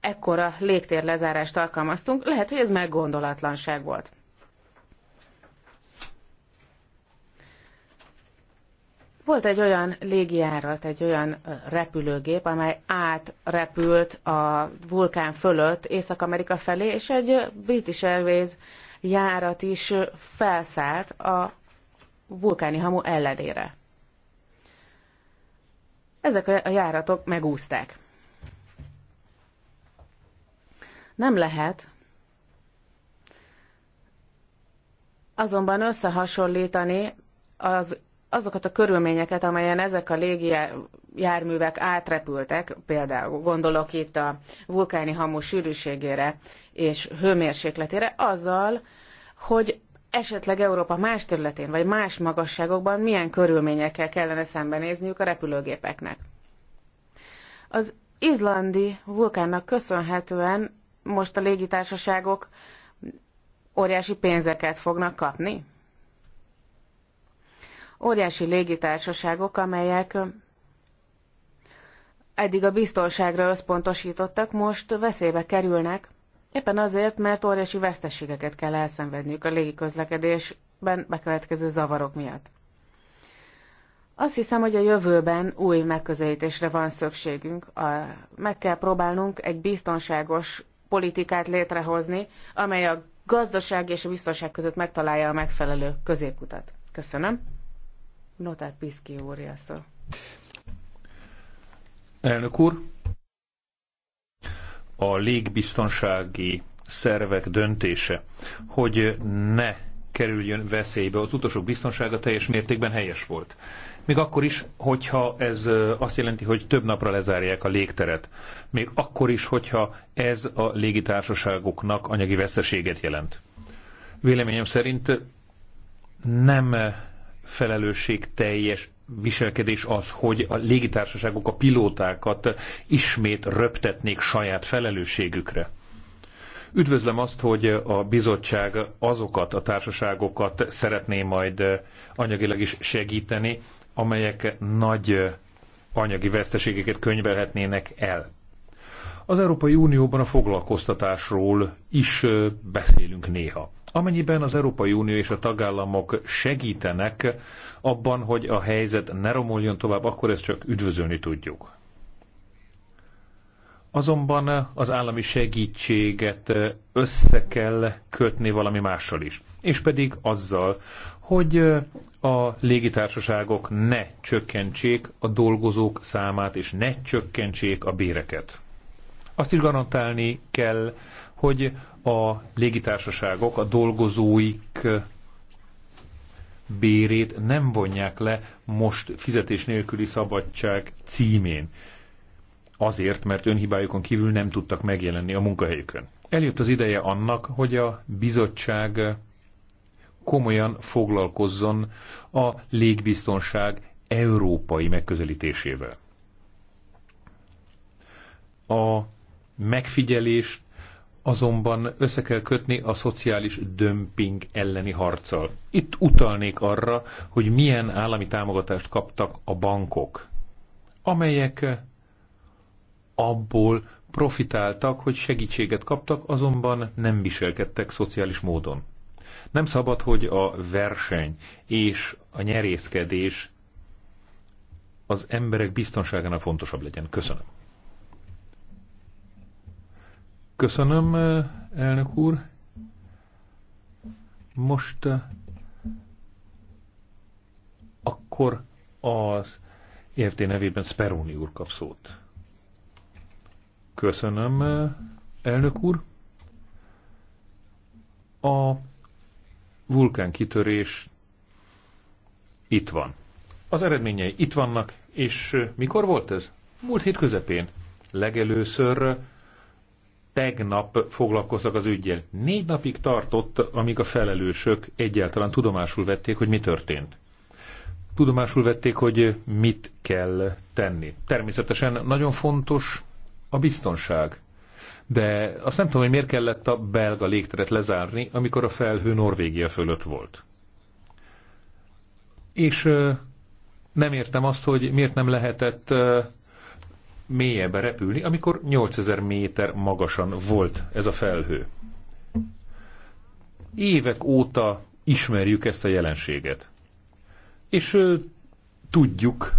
ekkora légtérlezárást alkalmaztunk, lehet, hogy ez meggondolatlanság volt. Volt egy olyan légijárat, egy olyan repülőgép, amely átrepült a vulkán fölött Észak-Amerika felé, és egy British Airways járat is felszállt a vulkáni hamu ellenére. Ezek a járatok megúzták. Nem lehet azonban összehasonlítani az azokat a körülményeket, amelyen ezek a járművek átrepültek, például gondolok itt a vulkáni hamu sűrűségére és hőmérsékletére, azzal, hogy esetleg Európa más területén vagy más magasságokban milyen körülményekkel kellene szembenézniük a repülőgépeknek. Az izlandi vulkánnak köszönhetően most a légitársaságok óriási pénzeket fognak kapni, óriási légitársaságok, amelyek eddig a biztonságra összpontosítottak, most veszélybe kerülnek, éppen azért, mert óriási veszteségeket kell elszenvedniük a légiközlekedésben bekövetkező zavarok miatt. Azt hiszem, hogy a jövőben új megközelítésre van szükségünk. A, meg kell próbálnunk egy biztonságos politikát létrehozni, amely a gazdaság és a biztonság között megtalálja a megfelelő középutat. Köszönöm. Notár Piszki úr szó. Elnök úr, a légbiztonsági szervek döntése, hogy ne kerüljön veszélybe az utasok biztonsága teljes mértékben helyes volt. Még akkor is, hogyha ez azt jelenti, hogy több napra lezárják a légteret. Még akkor is, hogyha ez a légitársaságoknak anyagi veszteséget jelent. Véleményem szerint nem felelősségteljes viselkedés az, hogy a légitársaságok a pilótákat ismét röptetnék saját felelősségükre. Üdvözlöm azt, hogy a bizottság azokat a társaságokat szeretné majd anyagilag is segíteni, amelyek nagy anyagi veszteségeket könyvelhetnének el. Az Európai Unióban a foglalkoztatásról is beszélünk néha. Amennyiben az Európai Unió és a tagállamok segítenek abban, hogy a helyzet ne romoljon tovább, akkor ezt csak üdvözölni tudjuk. Azonban az állami segítséget össze kell kötni valami mással is. És pedig azzal, hogy a légitársaságok ne csökkentsék a dolgozók számát, és ne csökkentsék a béreket. Azt is garantálni kell, hogy a légitársaságok, a dolgozóik bérét nem vonják le most fizetés nélküli szabadság címén. Azért, mert önhibájukon kívül nem tudtak megjelenni a munkahelyükön. Eljött az ideje annak, hogy a bizottság komolyan foglalkozzon a légbiztonság európai megközelítésével. A megfigyelést azonban össze kell kötni a szociális dömping elleni harccal. Itt utalnék arra, hogy milyen állami támogatást kaptak a bankok, amelyek abból profitáltak, hogy segítséget kaptak, azonban nem viselkedtek szociális módon. Nem szabad, hogy a verseny és a nyerészkedés az emberek biztonságának fontosabb legyen. Köszönöm. Köszönöm, eh, elnök úr. Most eh, akkor az EFT nevében Speroni úr kap szót. Köszönöm, eh, elnök úr. A vulkán kitörés itt van. Az eredményei itt vannak, és mikor volt ez? Múlt hét közepén. Legelőször tegnap foglalkoztak az ügyjel. Négy napig tartott, amíg a felelősök egyáltalán tudomásul vették, hogy mi történt. Tudomásul vették, hogy mit kell tenni. Természetesen nagyon fontos a biztonság. De azt nem tudom, hogy miért kellett a belga légteret lezárni, amikor a felhő Norvégia fölött volt. És nem értem azt, hogy miért nem lehetett mélyebbre repülni, amikor 8000 méter magasan volt ez a felhő. Évek óta ismerjük ezt a jelenséget. És ö, tudjuk,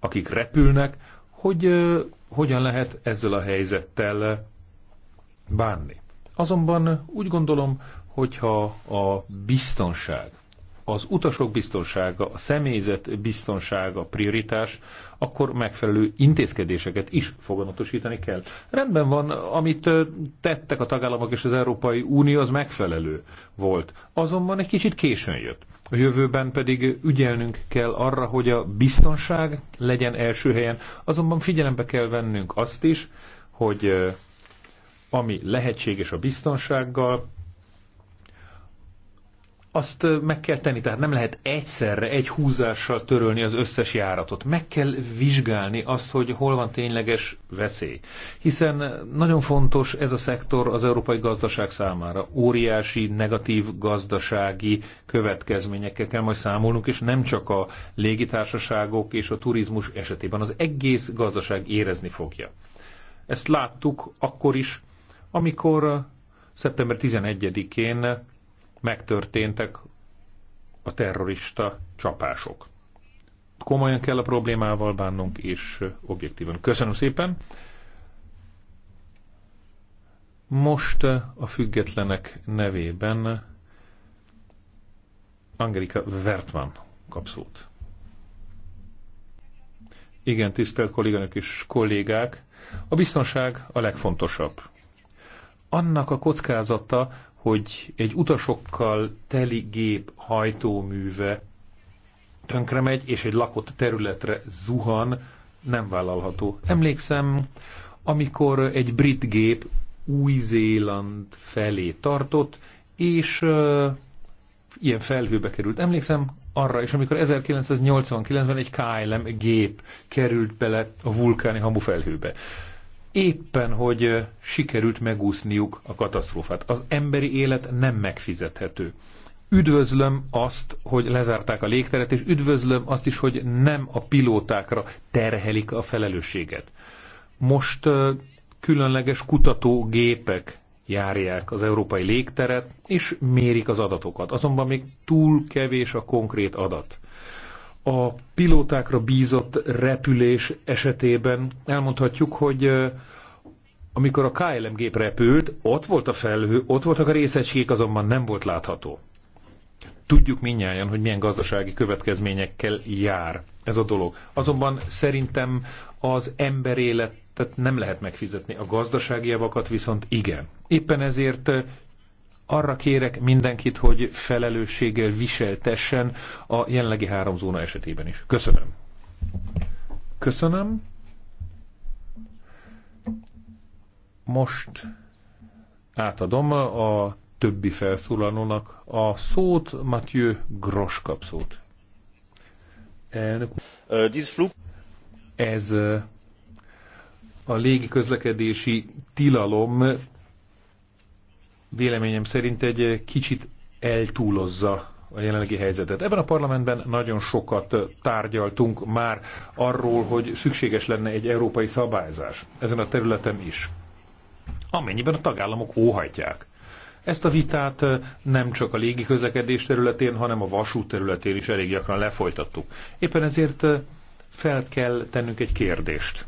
akik repülnek, hogy ö, hogyan lehet ezzel a helyzettel bánni. Azonban úgy gondolom, hogyha a biztonság az utasok biztonsága, a személyzet biztonsága prioritás, akkor megfelelő intézkedéseket is foganatosítani kell. Rendben van, amit tettek a tagállamok és az Európai Unió, az megfelelő volt. Azonban egy kicsit későn jött. A jövőben pedig ügyelnünk kell arra, hogy a biztonság legyen első helyen, azonban figyelembe kell vennünk azt is, hogy ami lehetséges a biztonsággal, azt meg kell tenni, tehát nem lehet egyszerre, egy húzással törölni az összes járatot. Meg kell vizsgálni azt, hogy hol van tényleges veszély. Hiszen nagyon fontos ez a szektor az európai gazdaság számára. Óriási negatív gazdasági következményekkel kell majd számolnunk, és nem csak a légitársaságok és a turizmus esetében, az egész gazdaság érezni fogja. Ezt láttuk akkor is, amikor szeptember 11-én megtörténtek a terrorista csapások. Komolyan kell a problémával bánnunk, és objektíven. Köszönöm szépen! Most a függetlenek nevében Angelika Vertman kap szót. Igen, tisztelt kolléganök és kollégák, a biztonság a legfontosabb. Annak a kockázata, hogy egy utasokkal teli gép hajtóműve tönkre megy, és egy lakott területre zuhan, nem vállalható. Emlékszem, amikor egy brit gép Új-Zéland felé tartott, és uh, ilyen felhőbe került. Emlékszem arra is, amikor 1989-ben egy KLM gép került bele a vulkáni hamu felhőbe éppen, hogy sikerült megúszniuk a katasztrófát. Az emberi élet nem megfizethető. Üdvözlöm azt, hogy lezárták a légteret, és üdvözlöm azt is, hogy nem a pilótákra terhelik a felelősséget. Most különleges kutatógépek járják az európai légteret, és mérik az adatokat. Azonban még túl kevés a konkrét adat a pilótákra bízott repülés esetében elmondhatjuk, hogy amikor a KLM gép repült, ott volt a felhő, ott voltak a részecskék, azonban nem volt látható. Tudjuk minnyáján, hogy milyen gazdasági következményekkel jár ez a dolog. Azonban szerintem az életet nem lehet megfizetni, a gazdasági javakat viszont igen. Éppen ezért arra kérek mindenkit, hogy felelősséggel viseltessen a jelenlegi három zóna esetében is. Köszönöm. Köszönöm. Most átadom a többi felszólalónak a szót, Mathieu Gros kap szót. Elnök. Ez a légiközlekedési tilalom véleményem szerint egy kicsit eltúlozza a jelenlegi helyzetet. Ebben a parlamentben nagyon sokat tárgyaltunk már arról, hogy szükséges lenne egy európai szabályzás ezen a területen is, amennyiben a tagállamok óhajtják. Ezt a vitát nem csak a légi közlekedés területén, hanem a vasút területén is elég gyakran lefolytattuk. Éppen ezért fel kell tennünk egy kérdést.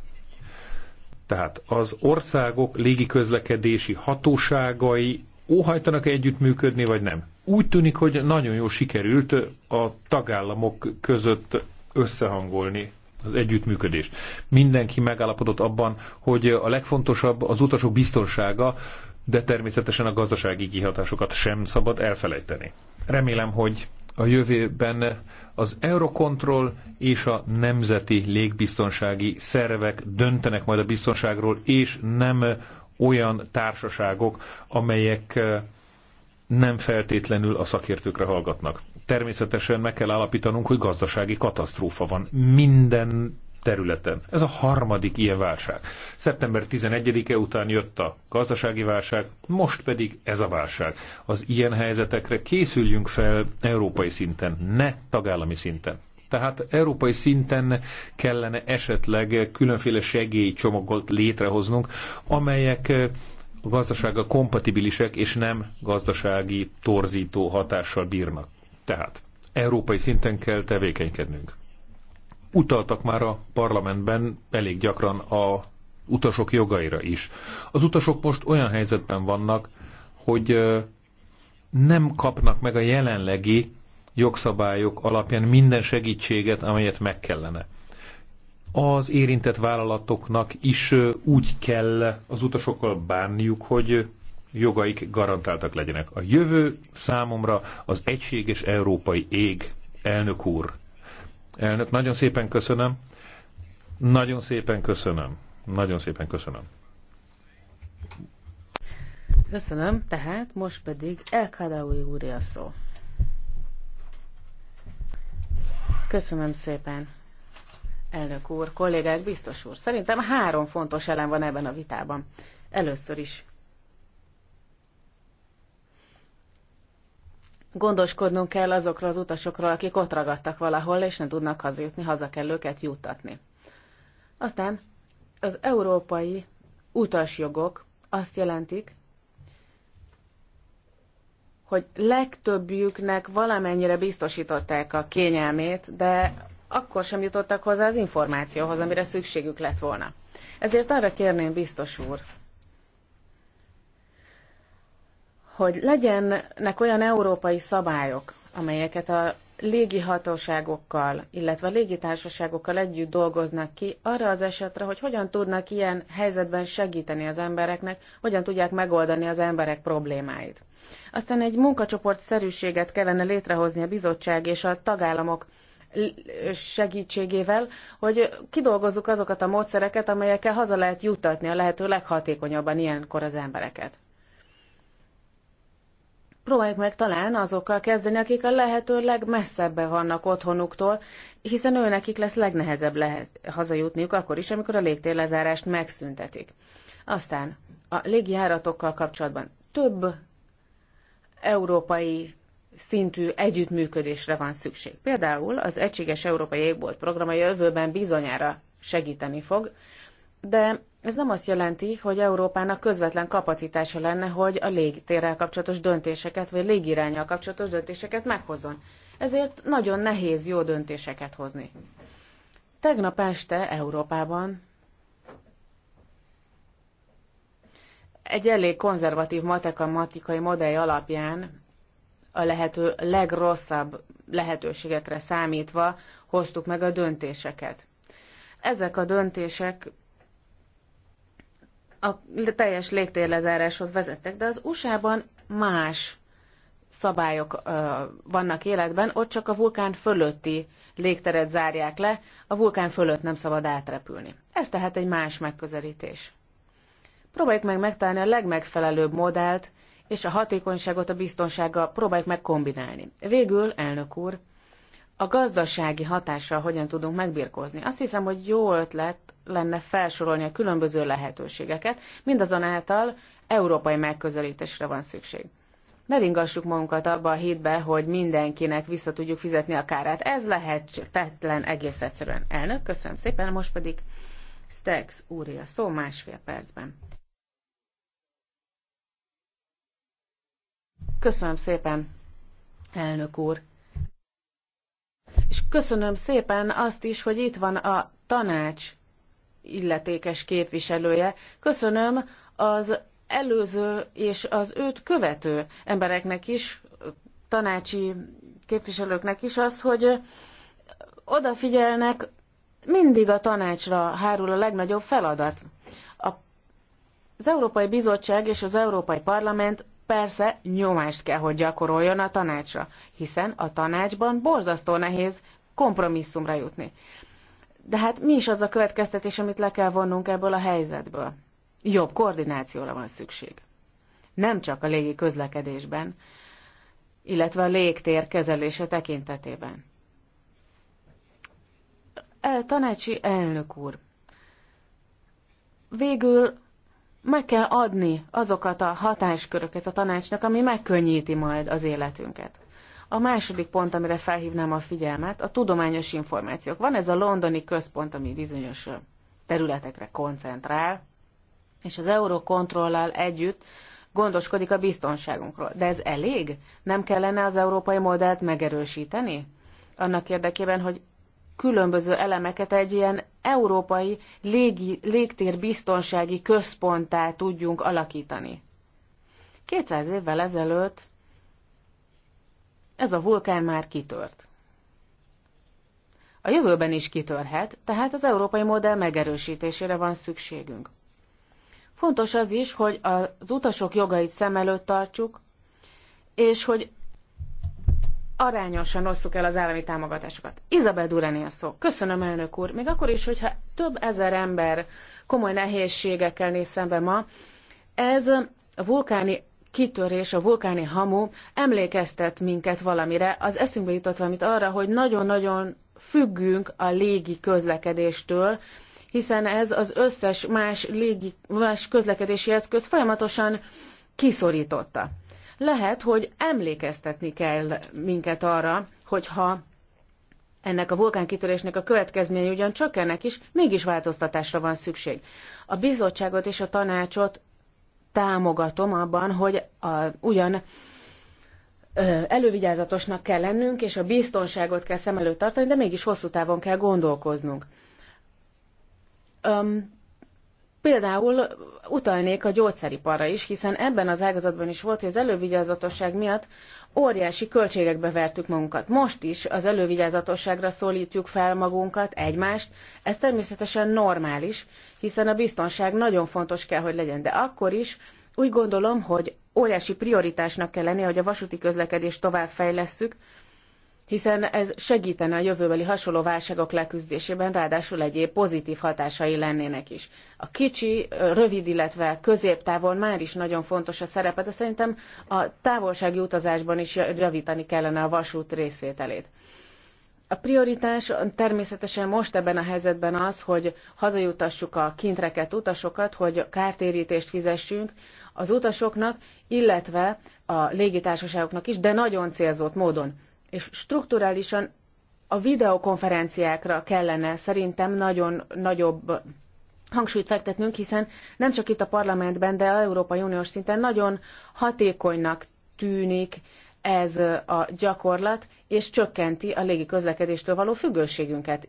Tehát az országok légiközlekedési hatóságai óhajtanak -e együttműködni, vagy nem. Úgy tűnik, hogy nagyon jól sikerült a tagállamok között összehangolni az együttműködést. Mindenki megállapodott abban, hogy a legfontosabb az utasok biztonsága, de természetesen a gazdasági kihatásokat sem szabad elfelejteni. Remélem, hogy a jövőben az Eurocontrol és a nemzeti légbiztonsági szervek döntenek majd a biztonságról, és nem olyan társaságok, amelyek nem feltétlenül a szakértőkre hallgatnak. Természetesen meg kell állapítanunk, hogy gazdasági katasztrófa van minden területen. Ez a harmadik ilyen válság. Szeptember 11-e után jött a gazdasági válság, most pedig ez a válság. Az ilyen helyzetekre készüljünk fel európai szinten, ne tagállami szinten. Tehát európai szinten kellene esetleg különféle segélycsomagot létrehoznunk, amelyek eh, a gazdasággal kompatibilisek és nem gazdasági torzító hatással bírnak. Tehát európai szinten kell tevékenykednünk. Utaltak már a parlamentben elég gyakran a utasok jogaira is. Az utasok most olyan helyzetben vannak, hogy eh, nem kapnak meg a jelenlegi jogszabályok alapján minden segítséget, amelyet meg kellene. Az érintett vállalatoknak is úgy kell az utasokkal bánniuk, hogy jogaik garantáltak legyenek. A jövő számomra az egységes európai ég, elnök úr. Elnök, nagyon szépen köszönöm. Nagyon szépen köszönöm. Nagyon szépen köszönöm. Köszönöm, tehát most pedig Kadaui úr a szó. Köszönöm szépen, elnök úr, kollégák, biztos úr. Szerintem három fontos elem van ebben a vitában. Először is gondoskodnunk kell azokra az utasokról, akik ott ragadtak valahol, és nem tudnak hazajutni, haza kell őket juttatni. Aztán az európai utasjogok azt jelentik, hogy legtöbbjüknek valamennyire biztosították a kényelmét, de akkor sem jutottak hozzá az információhoz, amire szükségük lett volna. Ezért arra kérném biztos úr, hogy legyenek olyan európai szabályok, amelyeket a légihatóságokkal, illetve légitársaságokkal együtt dolgoznak ki arra az esetre, hogy hogyan tudnak ilyen helyzetben segíteni az embereknek, hogyan tudják megoldani az emberek problémáit. Aztán egy munkacsoport szerűséget kellene létrehozni a bizottság és a tagállamok segítségével, hogy kidolgozzuk azokat a módszereket, amelyekkel haza lehet juttatni a lehető leghatékonyabban ilyenkor az embereket próbáljuk meg talán azokkal kezdeni, akik a lehető legmesszebben vannak otthonuktól, hiszen ő nekik lesz legnehezebb lehez, hazajutniuk akkor is, amikor a légtérlezárást megszüntetik. Aztán a légjáratokkal kapcsolatban több európai szintű együttműködésre van szükség. Például az Egységes Európai Égbolt program a jövőben bizonyára segíteni fog, de ez nem azt jelenti, hogy Európának közvetlen kapacitása lenne, hogy a légtérrel kapcsolatos döntéseket, vagy légirányjal kapcsolatos döntéseket meghozzon. Ezért nagyon nehéz jó döntéseket hozni. Tegnap este Európában egy elég konzervatív matematikai modell alapján a lehető legrosszabb lehetőségekre számítva hoztuk meg a döntéseket. Ezek a döntések a teljes légtérlezáráshoz vezettek, de az USA-ban más szabályok uh, vannak életben, ott csak a vulkán fölötti légteret zárják le, a vulkán fölött nem szabad átrepülni. Ez tehát egy más megközelítés. Próbáljuk meg megtalálni a legmegfelelőbb modellt, és a hatékonyságot a biztonsággal próbáljuk meg kombinálni. Végül, elnök úr, a gazdasági hatással hogyan tudunk megbirkózni. Azt hiszem, hogy jó ötlet lenne felsorolni a különböző lehetőségeket, mindazonáltal európai megközelítésre van szükség. Ne ringassuk magunkat abba a hitbe, hogy mindenkinek vissza tudjuk fizetni a kárát. Ez lehet, tetlen egész egyszerűen. Elnök, köszönöm szépen, most pedig Stex úri a szó másfél percben. Köszönöm szépen, elnök úr. És köszönöm szépen azt is, hogy itt van a tanács illetékes képviselője. Köszönöm az előző és az őt követő embereknek is, tanácsi képviselőknek is azt, hogy odafigyelnek, mindig a tanácsra hárul a legnagyobb feladat. A, az Európai Bizottság és az Európai Parlament persze nyomást kell, hogy gyakoroljon a tanácsra, hiszen a tanácsban borzasztó nehéz kompromisszumra jutni. De hát mi is az a következtetés, amit le kell vonnunk ebből a helyzetből? Jobb koordinációra van szükség. Nem csak a légi közlekedésben, illetve a légtér kezelése tekintetében. El, tanácsi elnök úr, végül meg kell adni azokat a hatásköröket a tanácsnak, ami megkönnyíti majd az életünket. A második pont, amire felhívnám a figyelmet, a tudományos információk. Van ez a londoni központ, ami bizonyos területekre koncentrál, és az Eurokontrollal együtt gondoskodik a biztonságunkról. De ez elég? Nem kellene az európai modellt megerősíteni? Annak érdekében, hogy különböző elemeket egy ilyen európai légi, légtérbiztonsági központtá tudjunk alakítani. 200 évvel ezelőtt ez a vulkán már kitört. A jövőben is kitörhet, tehát az európai modell megerősítésére van szükségünk. Fontos az is, hogy az utasok jogait szem előtt tartsuk, és hogy arányosan osztuk el az állami támogatásokat. Izabel Durani a szó. Köszönöm, elnök úr. Még akkor is, hogyha több ezer ember komoly nehézségekkel néz szembe ma, ez a vulkáni kitörés, a vulkáni hamu emlékeztet minket valamire. Az eszünkbe jutott valamit arra, hogy nagyon-nagyon függünk a légi közlekedéstől, hiszen ez az összes más, légi, más közlekedési eszköz folyamatosan kiszorította. Lehet, hogy emlékeztetni kell minket arra, hogyha ennek a vulkánkitörésnek a következménye ugyan ennek is, mégis változtatásra van szükség. A bizottságot és a tanácsot támogatom abban, hogy a, ugyan elővigyázatosnak kell lennünk, és a biztonságot kell szem előtt tartani, de mégis hosszú távon kell gondolkoznunk. Um, Például utalnék a gyógyszeriparra is, hiszen ebben az ágazatban is volt, hogy az elővigyázatosság miatt óriási költségekbe vertük magunkat. Most is az elővigyázatosságra szólítjuk fel magunkat, egymást. Ez természetesen normális, hiszen a biztonság nagyon fontos kell, hogy legyen. De akkor is úgy gondolom, hogy óriási prioritásnak kell lenni, hogy a vasúti közlekedést tovább fejlesszük, hiszen ez segítene a jövőbeli hasonló válságok leküzdésében, ráadásul egyéb pozitív hatásai lennének is. A kicsi, rövid, illetve középtávon már is nagyon fontos a szerepe, de szerintem a távolsági utazásban is javítani kellene a vasút részvételét. A prioritás természetesen most ebben a helyzetben az, hogy hazajutassuk a kintreket utasokat, hogy kártérítést fizessünk az utasoknak, illetve a légitársaságoknak is, de nagyon célzott módon és strukturálisan a videokonferenciákra kellene szerintem nagyon nagyobb hangsúlyt fektetnünk, hiszen nem csak itt a parlamentben, de a Európai Uniós szinten nagyon hatékonynak tűnik ez a gyakorlat, és csökkenti a légi közlekedéstől való függőségünket.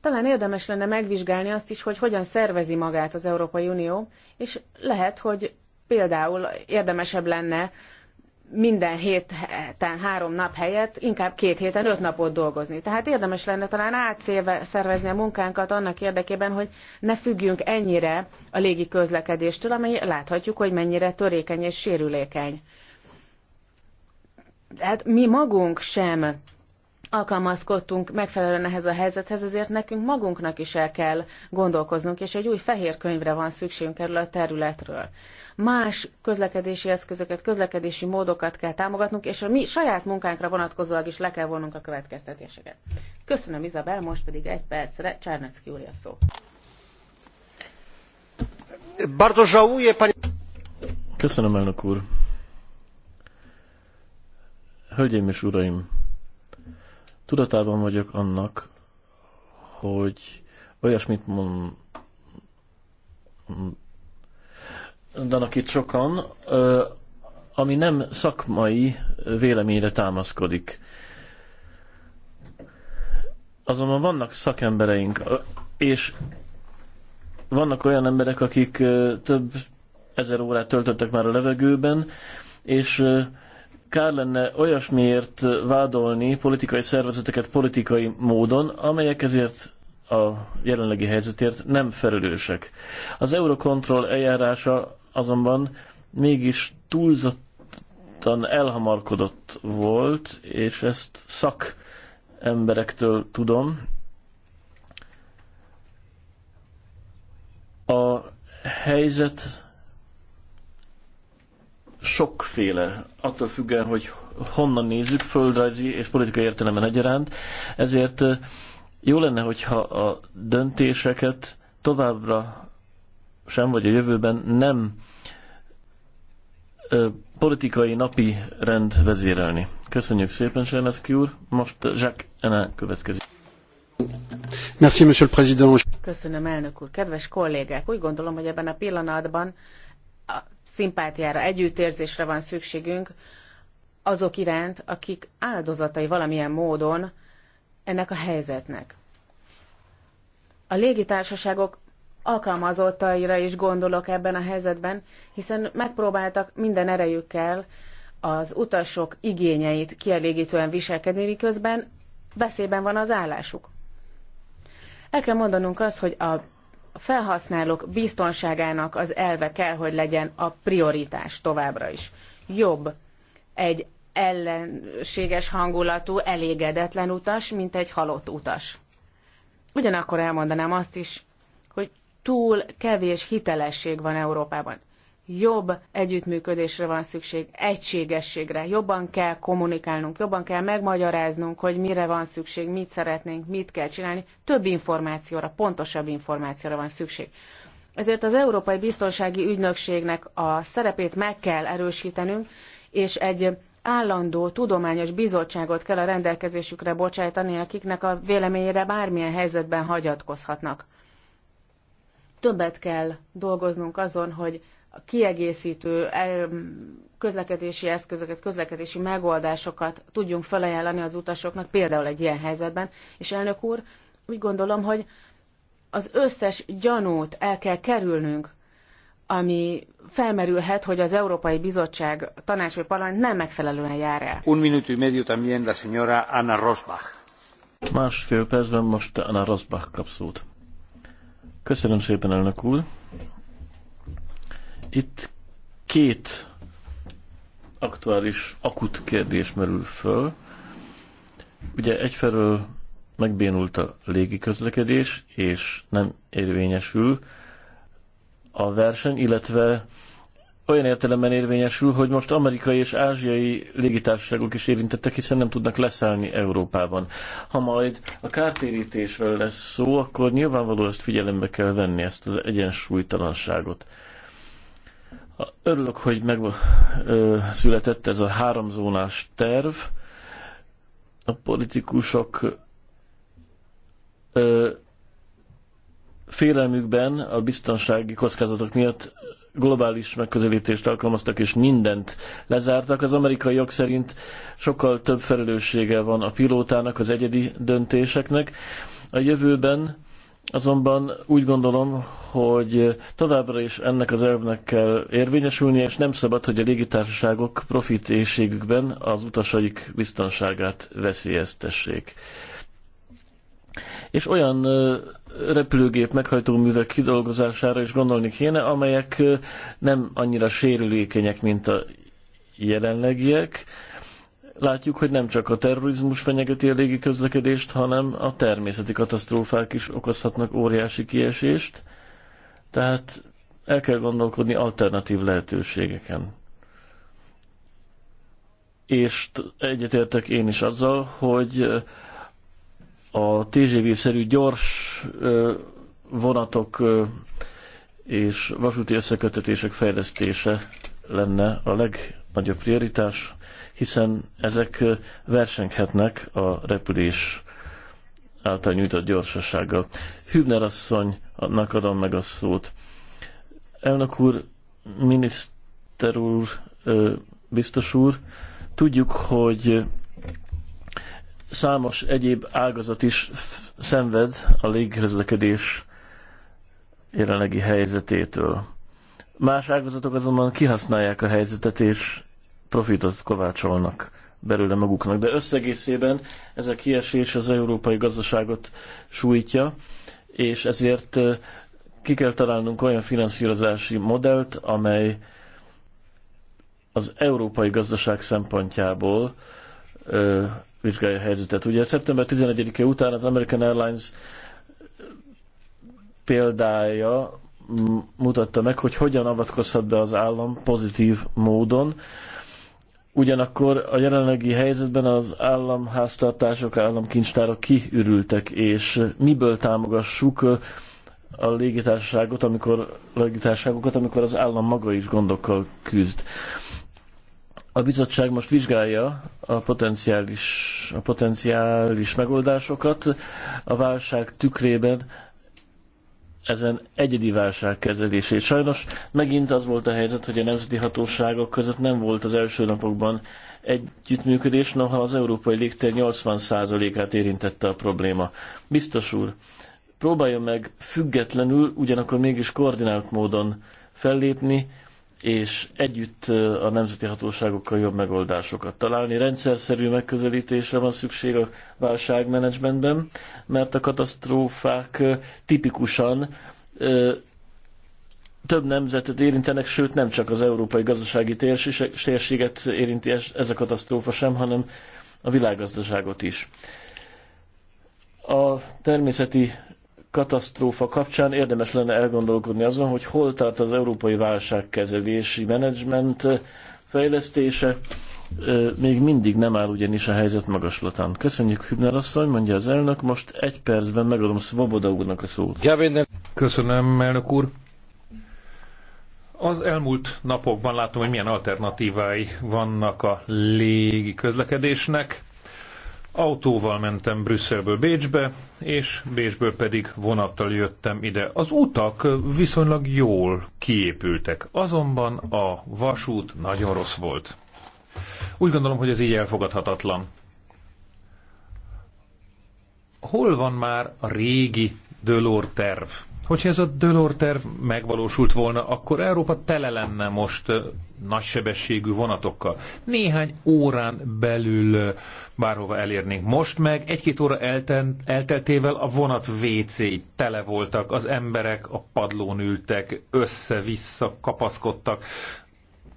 Talán érdemes lenne megvizsgálni azt is, hogy hogyan szervezi magát az Európai Unió, és lehet, hogy például érdemesebb lenne minden héten három nap helyett inkább két héten öt napot dolgozni. Tehát érdemes lenne talán átszervezni a munkánkat annak érdekében, hogy ne függjünk ennyire a légi közlekedéstől, amely láthatjuk, hogy mennyire törékeny és sérülékeny. Tehát mi magunk sem alkalmazkodtunk megfelelően ehhez a helyzethez, ezért nekünk magunknak is el kell gondolkoznunk, és egy új fehér könyvre van szükségünk erről a területről. Más közlekedési eszközöket, közlekedési módokat kell támogatnunk, és a mi saját munkánkra vonatkozólag is le kell vonnunk a következtetéseket. Köszönöm, Izabel, most pedig egy percre Csárnecki úr a szó. Köszönöm, elnök úr. Hölgyeim és uraim! Tudatában vagyok annak, hogy olyasmit mond, mondanak itt sokan, ami nem szakmai véleményre támaszkodik. Azonban vannak szakembereink, és vannak olyan emberek, akik több ezer órát töltöttek már a levegőben, és kár lenne olyasmiért vádolni politikai szervezeteket politikai módon, amelyek ezért a jelenlegi helyzetért nem felelősek. Az Eurocontrol eljárása azonban mégis túlzottan elhamarkodott volt, és ezt szak emberektől tudom. A helyzet sokféle, attól függően, hogy honnan nézzük, földrajzi és politikai értelemben egyaránt, ezért jó lenne, hogyha a döntéseket továbbra sem, vagy a jövőben nem ö, politikai napi rend vezérelni. Köszönjük szépen, Serneszki úr. Most Jacques Enne következik. Merci, Monsieur le Président. Köszönöm, elnök úr. Kedves kollégák, úgy gondolom, hogy ebben a pillanatban a szimpátiára, együttérzésre van szükségünk azok iránt, akik áldozatai valamilyen módon ennek a helyzetnek. A légitársaságok alkalmazottaira is gondolok ebben a helyzetben, hiszen megpróbáltak minden erejükkel az utasok igényeit kielégítően viselkedni, miközben veszélyben van az állásuk. El kell mondanunk azt, hogy a a felhasználók biztonságának az elve kell, hogy legyen a prioritás továbbra is. Jobb egy ellenséges hangulatú, elégedetlen utas, mint egy halott utas. Ugyanakkor elmondanám azt is, hogy túl kevés hitelesség van Európában jobb együttműködésre van szükség, egységességre. Jobban kell kommunikálnunk, jobban kell megmagyaráznunk, hogy mire van szükség, mit szeretnénk, mit kell csinálni. Több információra, pontosabb információra van szükség. Ezért az Európai Biztonsági Ügynökségnek a szerepét meg kell erősítenünk, és egy állandó tudományos bizottságot kell a rendelkezésükre bocsájtani, akiknek a véleményére bármilyen helyzetben hagyatkozhatnak. Többet kell dolgoznunk azon, hogy kiegészítő közlekedési eszközöket, közlekedési megoldásokat tudjunk felajánlani az utasoknak, például egy ilyen helyzetben. És elnök úr, úgy gondolom, hogy az összes gyanút el kell kerülnünk, ami felmerülhet, hogy az Európai Bizottság tanács vagy parlament nem megfelelően jár el. Un minuto y medio también la señora Anna Rosbach. Másfél percben most Anna Rosbach kap szót. Köszönöm szépen, elnök úr. Itt két aktuális akut kérdés merül föl. Ugye egyfelől megbénult a légi közlekedés, és nem érvényesül a verseny, illetve olyan értelemben érvényesül, hogy most amerikai és ázsiai légitársaságok is érintettek, hiszen nem tudnak leszállni Európában. Ha majd a kártérítésről lesz szó, akkor nyilvánvaló ezt figyelembe kell venni, ezt az egyensúlytalanságot. Örülök, hogy megszületett ez a háromzónás terv. A politikusok ö, félelmükben a biztonsági kockázatok miatt globális megközelítést alkalmaztak, és mindent lezártak. Az amerikai jog szerint sokkal több felelőssége van a pilótának, az egyedi döntéseknek. A jövőben Azonban úgy gondolom, hogy továbbra is ennek az elvnek kell érvényesülni, és nem szabad, hogy a légitársaságok profit éjségükben az utasaik biztonságát veszélyeztessék. És olyan repülőgép meghajtó művek kidolgozására is gondolni kéne, amelyek nem annyira sérülékenyek, mint a jelenlegiek, látjuk, hogy nem csak a terrorizmus fenyegeti a légi közlekedést, hanem a természeti katasztrófák is okozhatnak óriási kiesést, tehát el kell gondolkodni alternatív lehetőségeken. És egyetértek én is azzal, hogy a TGV-szerű gyors vonatok és vasúti összekötetések fejlesztése lenne a legnagyobb prioritás hiszen ezek versenghetnek a repülés által nyújtott gyorsasággal. Hübner asszonynak adom meg a szót. Elnök úr, miniszter úr, biztos úr, tudjuk, hogy számos egyéb ágazat is szenved a légközlekedés jelenlegi helyzetétől. Más ágazatok azonban kihasználják a helyzetet, és profitot kovácsolnak belőle maguknak. De összegészében ez a kiesés az európai gazdaságot sújtja, és ezért ki kell találnunk olyan finanszírozási modellt, amely az európai gazdaság szempontjából ö, vizsgálja a helyzetet. Ugye szeptember 11-e után az American Airlines példája mutatta meg, hogy hogyan avatkozhat be az állam pozitív módon Ugyanakkor a jelenlegi helyzetben az államháztartások, államkincstárok kiürültek, és miből támogassuk a légitársaságot, amikor, légitársaságokat, amikor az állam maga is gondokkal küzd. A bizottság most vizsgálja a potenciális, a potenciális megoldásokat. A válság tükrében ezen egyedi válság kezelését. Sajnos megint az volt a helyzet, hogy a nemzeti hatóságok között nem volt az első napokban együttműködés, noha az európai légtér 80%-át érintette a probléma. Biztos úr, próbáljon meg függetlenül, ugyanakkor mégis koordinált módon fellépni, és együtt a nemzeti hatóságokkal jobb megoldásokat találni. szerű megközelítésre van szükség a válságmenedzsmentben, mert a katasztrófák tipikusan több nemzetet érintenek, sőt nem csak az európai gazdasági térséget érinti ez a katasztrófa sem, hanem a világgazdaságot is. A természeti katasztrófa kapcsán érdemes lenne elgondolkodni azon, hogy hol tart az európai válságkezelési menedzsment fejlesztése. Még mindig nem áll ugyanis a helyzet magaslatán. Köszönjük Hübner asszony, mondja az elnök, most egy percben megadom Svoboda úrnak a szót. Köszönöm, elnök úr. Az elmúlt napokban látom, hogy milyen alternatívái vannak a légi közlekedésnek Autóval mentem Brüsszelből Bécsbe, és Bécsből pedig vonattal jöttem ide. Az utak viszonylag jól kiépültek, azonban a vasút nagyon rossz volt. Úgy gondolom, hogy ez így elfogadhatatlan. Hol van már a régi Dölor terv? Hogyha ez a Delors terv megvalósult volna, akkor Európa tele lenne most nagysebességű vonatokkal. Néhány órán belül bárhova elérnénk. Most meg egy-két óra elten, elteltével a vonat wc tele voltak, az emberek a padlón ültek, össze-vissza kapaszkodtak.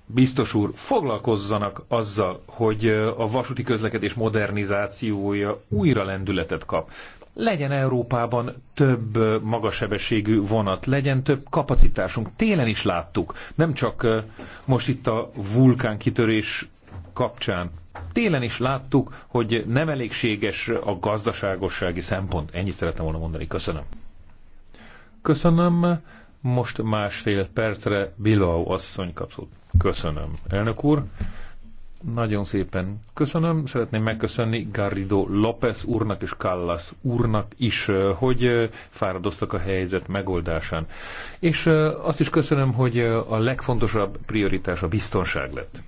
Biztos úr, foglalkozzanak azzal, hogy a vasúti közlekedés modernizációja újra lendületet kap legyen Európában több magasebességű vonat, legyen több kapacitásunk. Télen is láttuk, nem csak most itt a vulkánkitörés kapcsán. Télen is láttuk, hogy nem elégséges a gazdaságossági szempont. Ennyit szerettem volna mondani. Köszönöm. Köszönöm. Most másfél percre Bilau, asszony kapszult. Köszönöm. Elnök úr. Nagyon szépen köszönöm. Szeretném megköszönni Garrido López úrnak és Callas úrnak is, hogy fáradoztak a helyzet megoldásán. És azt is köszönöm, hogy a legfontosabb prioritás a biztonság lett.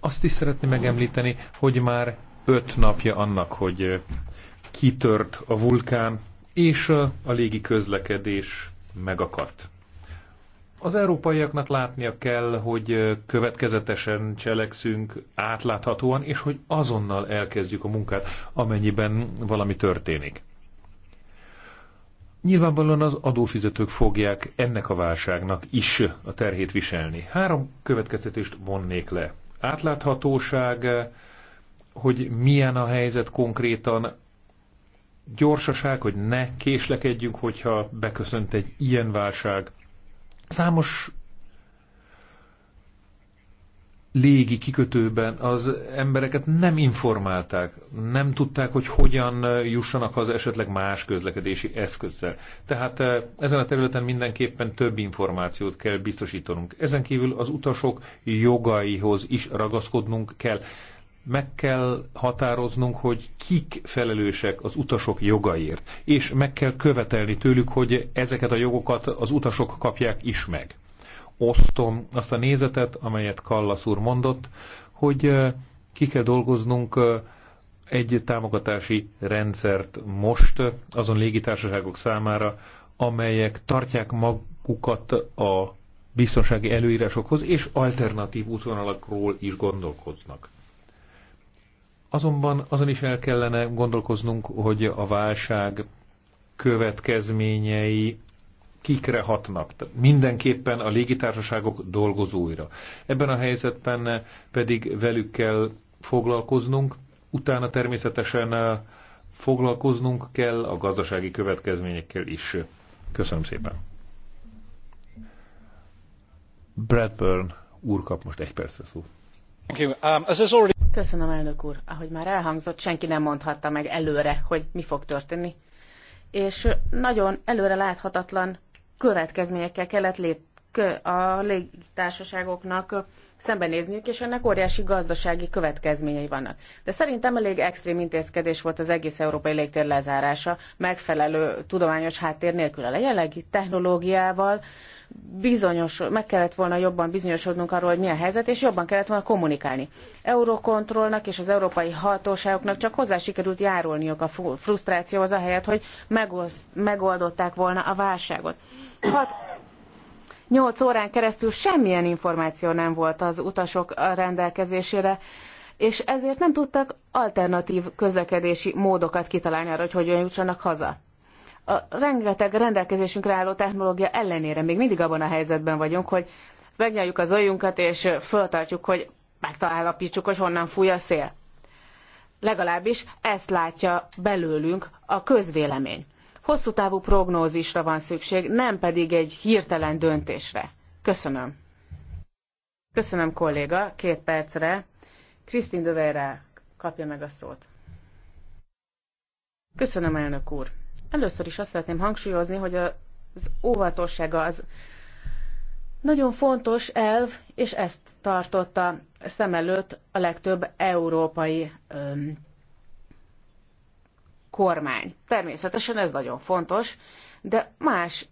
Azt is szeretném megemlíteni, hogy már öt napja annak, hogy kitört a vulkán, és a légi közlekedés megakadt. Az európaiaknak látnia kell, hogy következetesen cselekszünk, átláthatóan, és hogy azonnal elkezdjük a munkát, amennyiben valami történik. Nyilvánvalóan az adófizetők fogják ennek a válságnak is a terhét viselni. Három következtetést vonnék le. Átláthatóság, hogy milyen a helyzet konkrétan, gyorsaság, hogy ne késlekedjünk, hogyha beköszönt egy ilyen válság, Számos légi kikötőben az embereket nem informálták, nem tudták, hogy hogyan jussanak haza esetleg más közlekedési eszközzel. Tehát eh, ezen a területen mindenképpen több információt kell biztosítanunk. Ezen kívül az utasok jogaihoz is ragaszkodnunk kell meg kell határoznunk, hogy kik felelősek az utasok jogaiért, és meg kell követelni tőlük, hogy ezeket a jogokat az utasok kapják is meg. Osztom azt a nézetet, amelyet Kallasz úr mondott, hogy ki kell dolgoznunk egy támogatási rendszert most azon légitársaságok számára, amelyek tartják magukat a biztonsági előírásokhoz, és alternatív útvonalakról is gondolkodnak. Azonban azon is el kellene gondolkoznunk, hogy a válság következményei kikre hatnak. Tehát mindenképpen a légitársaságok dolgozóira. Ebben a helyzetben pedig velük kell foglalkoznunk, utána természetesen foglalkoznunk kell a gazdasági következményekkel is. Köszönöm szépen. Bradburn úr kap most egy percre um, already. Köszönöm, elnök úr. Ahogy már elhangzott, senki nem mondhatta meg előre, hogy mi fog történni. És nagyon előre láthatatlan következményekkel kellett lép a légitársaságoknak szembenézniük, és ennek óriási gazdasági következményei vannak. De szerintem elég extrém intézkedés volt az egész európai légtér lezárása, megfelelő tudományos háttér nélkül. A jelenlegi technológiával bizonyos, meg kellett volna jobban bizonyosodnunk arról, hogy mi a helyzet, és jobban kellett volna kommunikálni. Eurokontrollnak és az európai hatóságoknak csak hozzá sikerült járulniuk a frusztrációhoz, ahelyett, hogy megoldották volna a válságot. Hat 8 órán keresztül semmilyen információ nem volt az utasok rendelkezésére, és ezért nem tudtak alternatív közlekedési módokat kitalálni arra, hogy hogyan jussanak haza. A rengeteg rendelkezésünkre álló technológia ellenére még mindig abban a helyzetben vagyunk, hogy megnyaljuk az ajunkat és föltartjuk, hogy megtalálapítsuk, hogy honnan fúj a szél. Legalábbis ezt látja belőlünk a közvélemény. Hosszú távú prognózisra van szükség, nem pedig egy hirtelen döntésre. Köszönöm. Köszönöm, kolléga, két percre. Krisztin Döveire kapja meg a szót. Köszönöm, elnök úr. Először is azt szeretném hangsúlyozni, hogy az óvatossága az nagyon fontos elv, és ezt tartotta szem előtt a legtöbb európai öm, kormány. Természetesen ez nagyon fontos, de más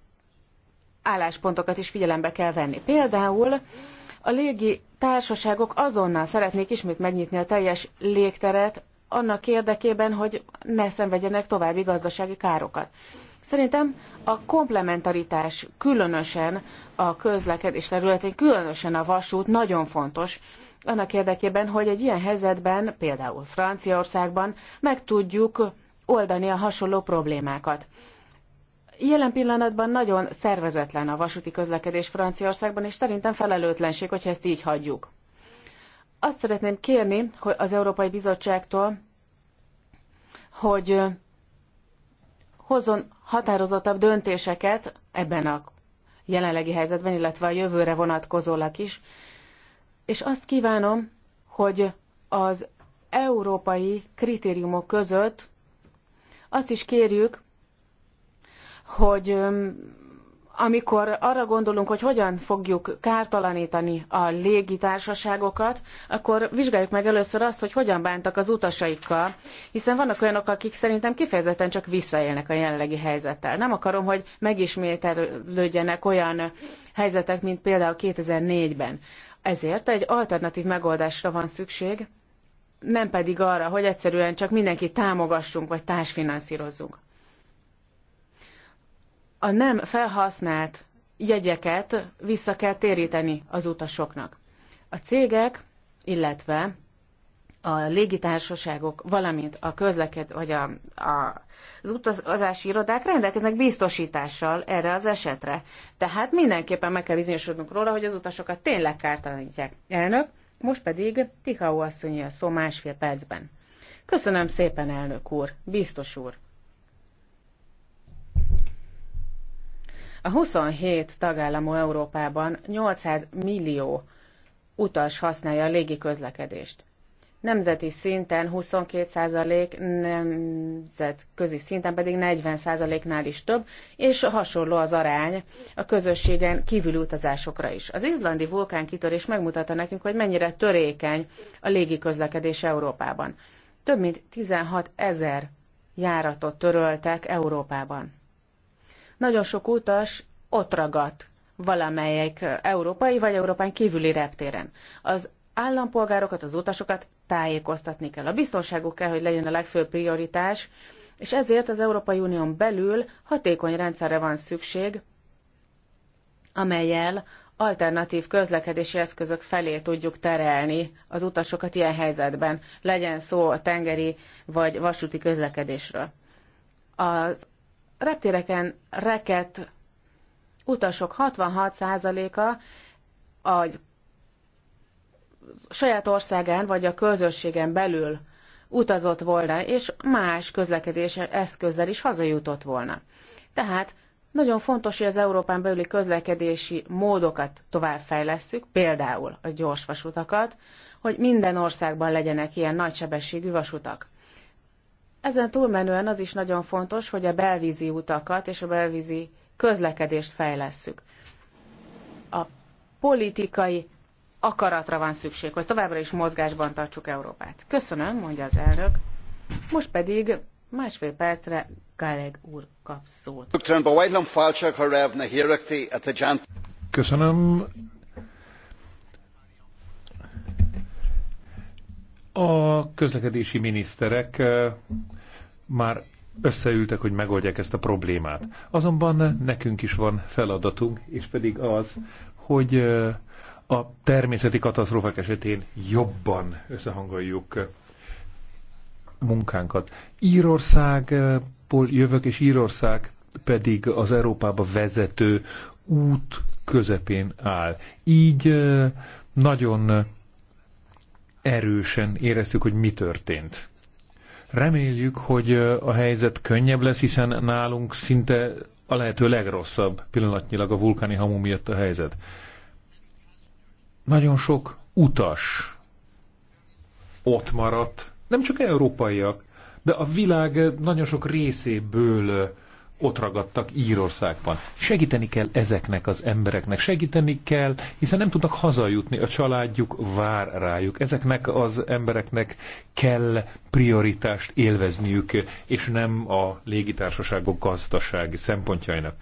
álláspontokat is figyelembe kell venni. Például a légi társaságok azonnal szeretnék ismét megnyitni a teljes légteret annak érdekében, hogy ne szenvedjenek további gazdasági károkat. Szerintem a komplementaritás különösen a közlekedés területén, különösen a vasút nagyon fontos, annak érdekében, hogy egy ilyen helyzetben, például Franciaországban meg tudjuk oldani a hasonló problémákat. Jelen pillanatban nagyon szervezetlen a vasúti közlekedés Franciaországban, és szerintem felelőtlenség, hogyha ezt így hagyjuk. Azt szeretném kérni hogy az Európai Bizottságtól, hogy hozzon határozottabb döntéseket ebben a jelenlegi helyzetben, illetve a jövőre vonatkozólag is. És azt kívánom, hogy az európai kritériumok között azt is kérjük, hogy amikor arra gondolunk, hogy hogyan fogjuk kártalanítani a légitársaságokat, akkor vizsgáljuk meg először azt, hogy hogyan bántak az utasaikkal, hiszen vannak olyanok, akik szerintem kifejezetten csak visszaélnek a jelenlegi helyzettel. Nem akarom, hogy megismételődjenek olyan helyzetek, mint például 2004-ben. Ezért egy alternatív megoldásra van szükség, nem pedig arra, hogy egyszerűen csak mindenki támogassunk vagy társfinanszírozzunk. A nem felhasznált jegyeket vissza kell téríteni az utasoknak. A cégek, illetve a légitársaságok, valamint a közleked, vagy a, a, az utazási irodák rendelkeznek biztosítással erre az esetre. Tehát mindenképpen meg kell bizonyosodnunk róla, hogy az utasokat tényleg kártalanítják. Elnök, most pedig Tihau asszony a szó másfél percben. Köszönöm szépen, elnök úr, biztos úr. A 27 tagállamú Európában 800 millió utas használja a légiközlekedést. Nemzeti szinten 22%, nemzetközi szinten pedig 40%-nál is több, és hasonló az arány a közösségen kívüli utazásokra is. Az izlandi vulkánkitörés megmutatta nekünk, hogy mennyire törékeny a légiközlekedés Európában. Több mint 16 ezer járatot töröltek Európában. Nagyon sok utas ott ragadt valamelyik európai vagy európán kívüli reptéren. Az állampolgárokat, az utasokat tájékoztatni kell. A biztonságuk kell, hogy legyen a legfőbb prioritás, és ezért az Európai Unión belül hatékony rendszerre van szükség, amelyel alternatív közlekedési eszközök felé tudjuk terelni az utasokat ilyen helyzetben, legyen szó a tengeri vagy vasúti közlekedésről. Az reptéreken rekett utasok 66%-a a saját országán vagy a közösségen belül utazott volna, és más közlekedés eszközzel is hazajutott volna. Tehát nagyon fontos, hogy az Európán belüli közlekedési módokat továbbfejlesszük, például a gyors vasutakat, hogy minden országban legyenek ilyen nagysebességű vasutak. Ezen túlmenően az is nagyon fontos, hogy a belvízi utakat és a belvízi közlekedést fejlesszük. A politikai akaratra van szükség, hogy továbbra is mozgásban tartsuk Európát. Köszönöm, mondja az elnök. Most pedig másfél percre Galeg úr kap szót. Köszönöm. Hát a közlekedési miniszterek eh, már összeültek, hogy megoldják ezt a problémát. Azonban nekünk is van feladatunk, és pedig az, hogy eh, a természeti katasztrófák esetén jobban összehangoljuk munkánkat. Írországból jövök, és Írország pedig az Európába vezető út közepén áll. Így nagyon erősen éreztük, hogy mi történt. Reméljük, hogy a helyzet könnyebb lesz, hiszen nálunk szinte a lehető legrosszabb pillanatnyilag a vulkáni hamu miatt a helyzet. Nagyon sok utas ott maradt, nem csak európaiak, de a világ nagyon sok részéből ott ragadtak Írországban. Segíteni kell ezeknek az embereknek, segíteni kell, hiszen nem tudnak hazajutni, a családjuk vár rájuk. Ezeknek az embereknek kell prioritást élvezniük, és nem a légitársaságok gazdasági szempontjainak.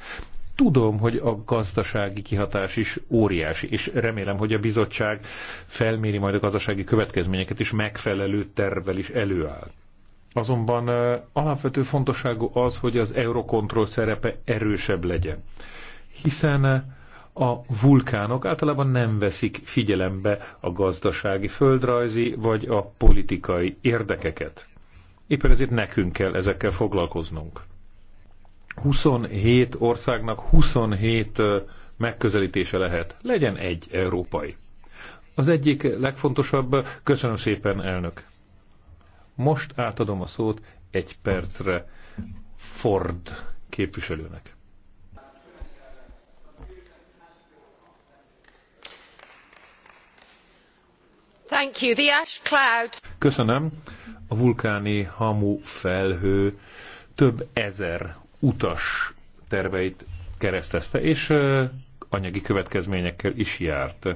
Tudom, hogy a gazdasági kihatás is óriási, és remélem, hogy a bizottság felméri majd a gazdasági következményeket, és megfelelő tervvel is előáll. Azonban alapvető fontosságú az, hogy az eurokontroll szerepe erősebb legyen. Hiszen a vulkánok általában nem veszik figyelembe a gazdasági, földrajzi vagy a politikai érdekeket. Éppen ezért nekünk kell ezekkel foglalkoznunk. 27 országnak 27 megközelítése lehet. Legyen egy európai. Az egyik legfontosabb, köszönöm szépen, elnök. Most átadom a szót egy percre Ford képviselőnek. Thank you. The ash cloud. Köszönöm. A vulkáni hamu felhő több ezer utas terveit keresztezte, és anyagi következményekkel is járt.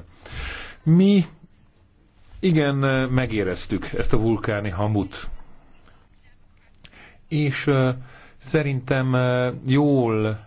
Mi igen, megéreztük ezt a vulkáni hamut, és szerintem jól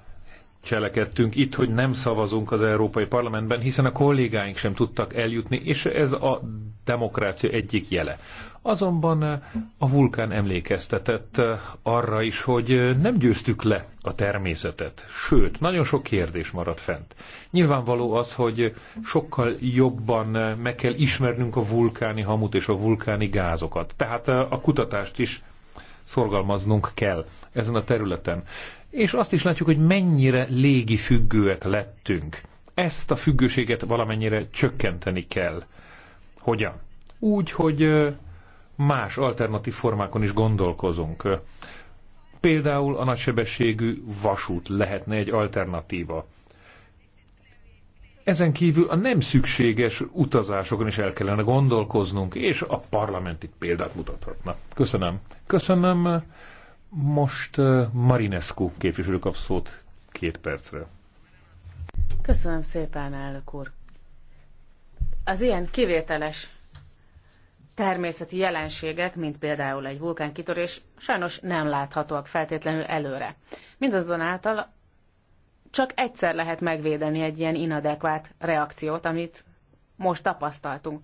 cselekedtünk itt, hogy nem szavazunk az Európai Parlamentben, hiszen a kollégáink sem tudtak eljutni, és ez a demokrácia egyik jele. Azonban a vulkán emlékeztetett arra is, hogy nem győztük le a természetet, sőt, nagyon sok kérdés maradt fent. Nyilvánvaló az, hogy sokkal jobban meg kell ismernünk a vulkáni hamut és a vulkáni gázokat. Tehát a kutatást is szorgalmaznunk kell ezen a területen és azt is látjuk, hogy mennyire légi függőek lettünk. Ezt a függőséget valamennyire csökkenteni kell. Hogyan? Úgy, hogy más alternatív formákon is gondolkozunk. Például a nagysebességű vasút lehetne egy alternatíva. Ezen kívül a nem szükséges utazásokon is el kellene gondolkoznunk, és a parlament itt példát mutathatna. Köszönöm. Köszönöm. Most uh, Marinescu képviselő kap szót két percre. Köszönöm szépen, elnök úr. Az ilyen kivételes természeti jelenségek, mint például egy vulkánkitörés, sajnos nem láthatóak feltétlenül előre. Mindazonáltal csak egyszer lehet megvédeni egy ilyen inadekvát reakciót, amit most tapasztaltunk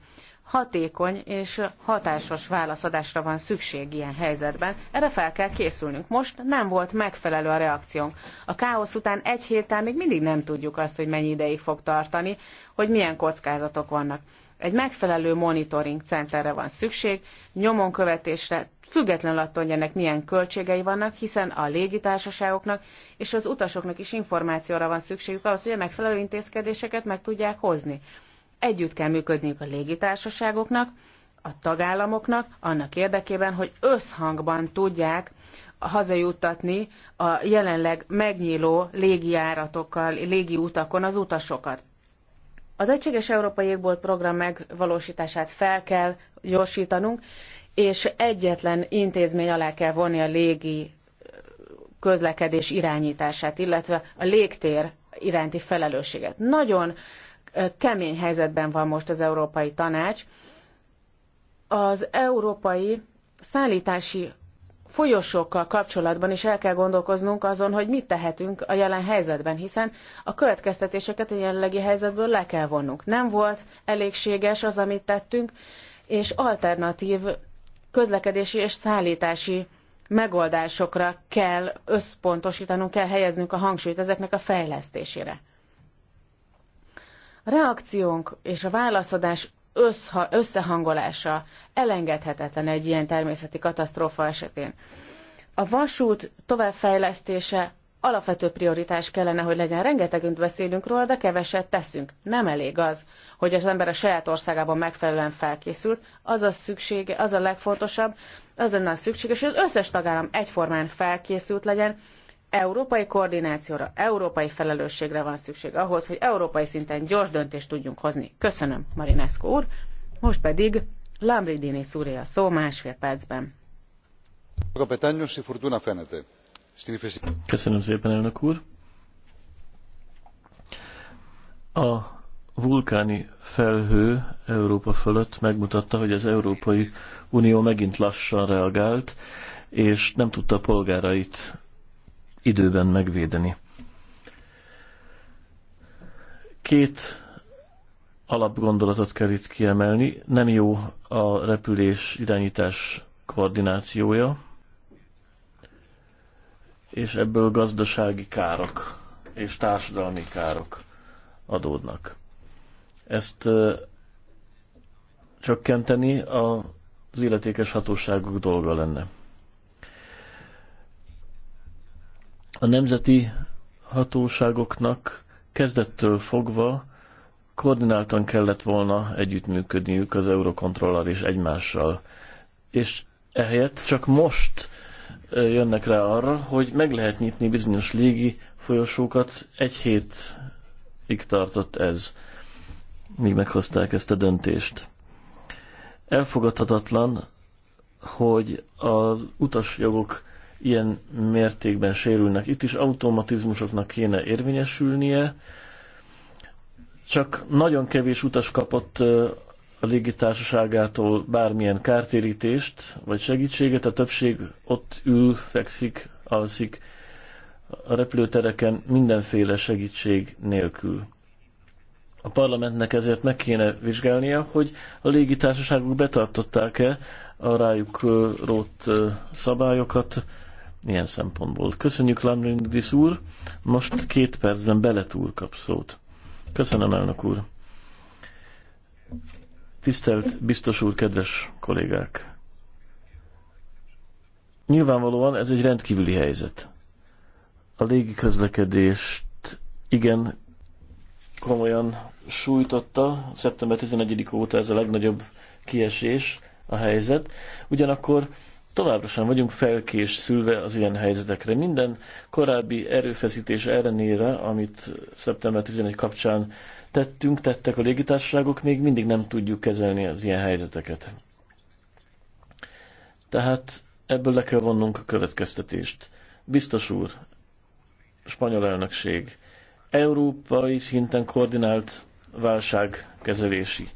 hatékony és hatásos válaszadásra van szükség ilyen helyzetben. Erre fel kell készülnünk. Most nem volt megfelelő a reakciónk. A káosz után egy héttel még mindig nem tudjuk azt, hogy mennyi ideig fog tartani, hogy milyen kockázatok vannak. Egy megfelelő monitoring centerre van szükség, nyomon követésre, függetlenül attól, hogy ennek milyen költségei vannak, hiszen a légitársaságoknak és az utasoknak is információra van szükségük ahhoz, hogy a megfelelő intézkedéseket meg tudják hozni. Együtt kell működniük a légitársaságoknak, a tagállamoknak annak érdekében, hogy összhangban tudják hazajuttatni a jelenleg megnyíló légijáratokkal, légiutakon az utasokat. Az Egységes Európai Égbolt program megvalósítását fel kell gyorsítanunk, és egyetlen intézmény alá kell vonni a légi közlekedés irányítását, illetve a légtér iránti felelősséget. Nagyon kemény helyzetben van most az Európai Tanács. Az európai szállítási folyosókkal kapcsolatban is el kell gondolkoznunk azon, hogy mit tehetünk a jelen helyzetben, hiszen a következtetéseket a jelenlegi helyzetből le kell vonnunk. Nem volt elégséges az, amit tettünk, és alternatív közlekedési és szállítási megoldásokra kell összpontosítanunk, kell helyeznünk a hangsúlyt ezeknek a fejlesztésére. A reakciónk és a válaszadás összha, összehangolása elengedhetetlen egy ilyen természeti katasztrófa esetén. A vasút továbbfejlesztése alapvető prioritás kellene, hogy legyen. Rengetegünk beszélünk róla, de keveset teszünk. Nem elég az, hogy az ember a saját országában megfelelően felkészült. Az a szüksége, az a legfontosabb, az lenne a szükséges, hogy az összes tagállam egyformán felkészült legyen, európai koordinációra, európai felelősségre van szükség ahhoz, hogy európai szinten gyors döntést tudjunk hozni. Köszönöm, Marinescu úr. Most pedig Lambridini szúré a szó másfél percben. Köszönöm szépen, elnök úr. A vulkáni felhő Európa fölött megmutatta, hogy az Európai Unió megint lassan reagált, és nem tudta a polgárait időben megvédeni. Két alapgondolatot kell itt kiemelni. Nem jó a repülés irányítás koordinációja, és ebből gazdasági károk és társadalmi károk adódnak. Ezt csökkenteni az illetékes hatóságok dolga lenne. A nemzeti hatóságoknak kezdettől fogva koordináltan kellett volna együttműködniük az Eurocontrollal és egymással. És ehelyett csak most jönnek rá arra, hogy meg lehet nyitni bizonyos légi folyosókat. Egy hétig tartott ez, míg meghozták ezt a döntést. Elfogadhatatlan, hogy az utasjogok ilyen mértékben sérülnek. Itt is automatizmusoknak kéne érvényesülnie, csak nagyon kevés utas kapott a légitársaságától bármilyen kártérítést vagy segítséget, a többség ott ül, fekszik, alszik a repülőtereken mindenféle segítség nélkül. A parlamentnek ezért meg kéne vizsgálnia, hogy a légitársaságok betartották-e a rájuk rót szabályokat, ilyen szempontból. Köszönjük Lamrindis úr, most két percben beletúr kap szót. Köszönöm, elnök úr. Tisztelt biztos úr, kedves kollégák! Nyilvánvalóan ez egy rendkívüli helyzet. A légi közlekedést igen komolyan sújtotta. Szeptember 11 óta ez a legnagyobb kiesés a helyzet. Ugyanakkor továbbra sem vagyunk felkészülve az ilyen helyzetekre. Minden korábbi erőfeszítés ellenére, amit szeptember 11 kapcsán tettünk, tettek a légitársaságok, még mindig nem tudjuk kezelni az ilyen helyzeteket. Tehát ebből le kell vonnunk a következtetést. Biztos úr, spanyol elnökség, európai szinten koordinált válságkezelési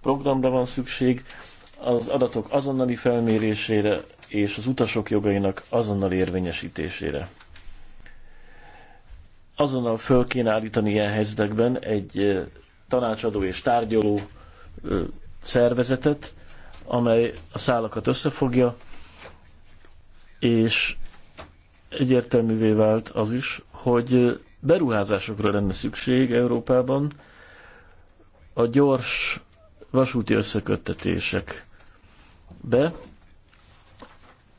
programra van szükség, az adatok azonnali felmérésére és az utasok jogainak azonnali érvényesítésére. Azonnal föl kéne állítani ilyen helyzetekben egy eh, tanácsadó és tárgyaló eh, szervezetet, amely a szálakat összefogja, és egyértelművé vált az is, hogy eh, beruházásokra lenne szükség Európában, a gyors vasúti összeköttetések be.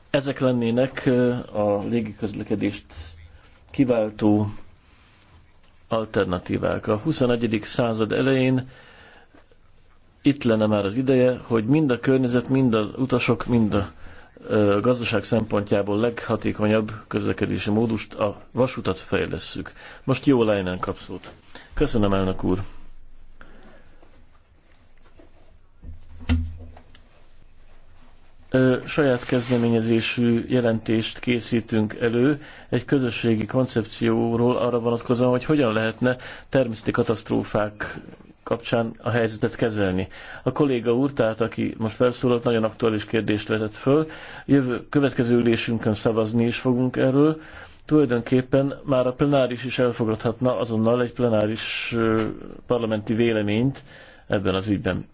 Ezek lennének a légiközlekedést kiváltó alternatívák. A 21. század elején itt lenne már az ideje, hogy mind a környezet, mind az utasok, mind a gazdaság szempontjából leghatékonyabb közlekedési módust, a vasutat fejlesszük. Most jó lejnen kapszót. Köszönöm, elnök úr! saját kezdeményezésű jelentést készítünk elő egy közösségi koncepcióról arra vonatkozóan, hogy hogyan lehetne természeti katasztrófák kapcsán a helyzetet kezelni. A kolléga úr, tehát aki most felszólalt, nagyon aktuális kérdést vetett föl. Jövő következő ülésünkön szavazni is fogunk erről. Tulajdonképpen már a plenáris is elfogadhatna azonnal egy plenáris parlamenti véleményt ebben az ügyben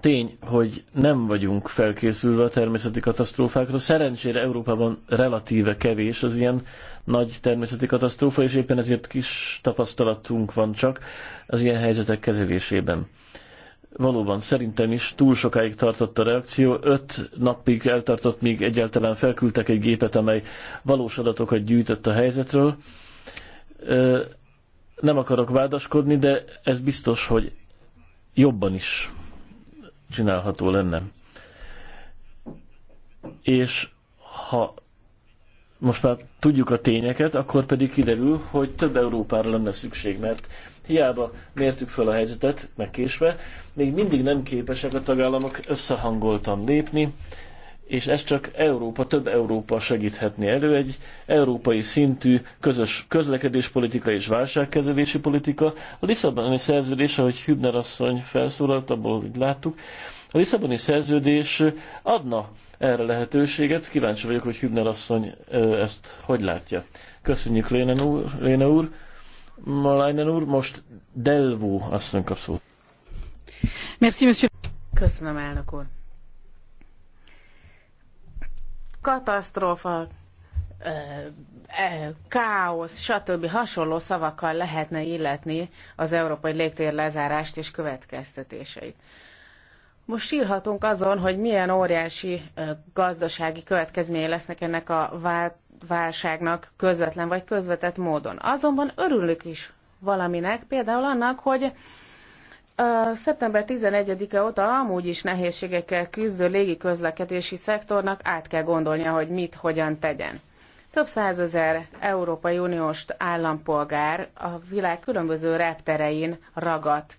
tény, hogy nem vagyunk felkészülve a természeti katasztrófákra. Szerencsére Európában relatíve kevés az ilyen nagy természeti katasztrófa, és éppen ezért kis tapasztalatunk van csak az ilyen helyzetek kezelésében. Valóban szerintem is túl sokáig tartott a reakció, öt napig eltartott, míg egyáltalán felküldtek egy gépet, amely valós adatokat gyűjtött a helyzetről. Nem akarok vádaskodni, de ez biztos, hogy jobban is csinálható lenne. És ha most már tudjuk a tényeket, akkor pedig kiderül, hogy több Európára lenne szükség, mert hiába mértük fel a helyzetet, megkésve, még mindig nem képesek a tagállamok összehangoltan lépni, és ez csak Európa, több Európa segíthetni elő, egy európai szintű közös közlekedéspolitika és válságkezelési politika. A Lisszaboni szerződés, ahogy Hübner asszony felszólalt, abból úgy láttuk, a Lisszaboni szerződés adna erre lehetőséget, kíváncsi vagyok, hogy Hübner asszony ezt hogy látja. Köszönjük Léne úr, Léne úr. Malajnen úr, most Delvó asszony kap szót. Köszönöm, elnök úr katasztrófa, káosz, stb. hasonló szavakkal lehetne illetni az európai légtér lezárást és következtetéseit. Most sírhatunk azon, hogy milyen óriási gazdasági következménye lesznek ennek a válságnak közvetlen vagy közvetett módon. Azonban örülök is valaminek, például annak, hogy a szeptember 11-e óta amúgy is nehézségekkel küzdő légiközlekedési szektornak át kell gondolnia, hogy mit, hogyan tegyen. Több százezer Európai Uniós állampolgár a világ különböző repterein ragadt.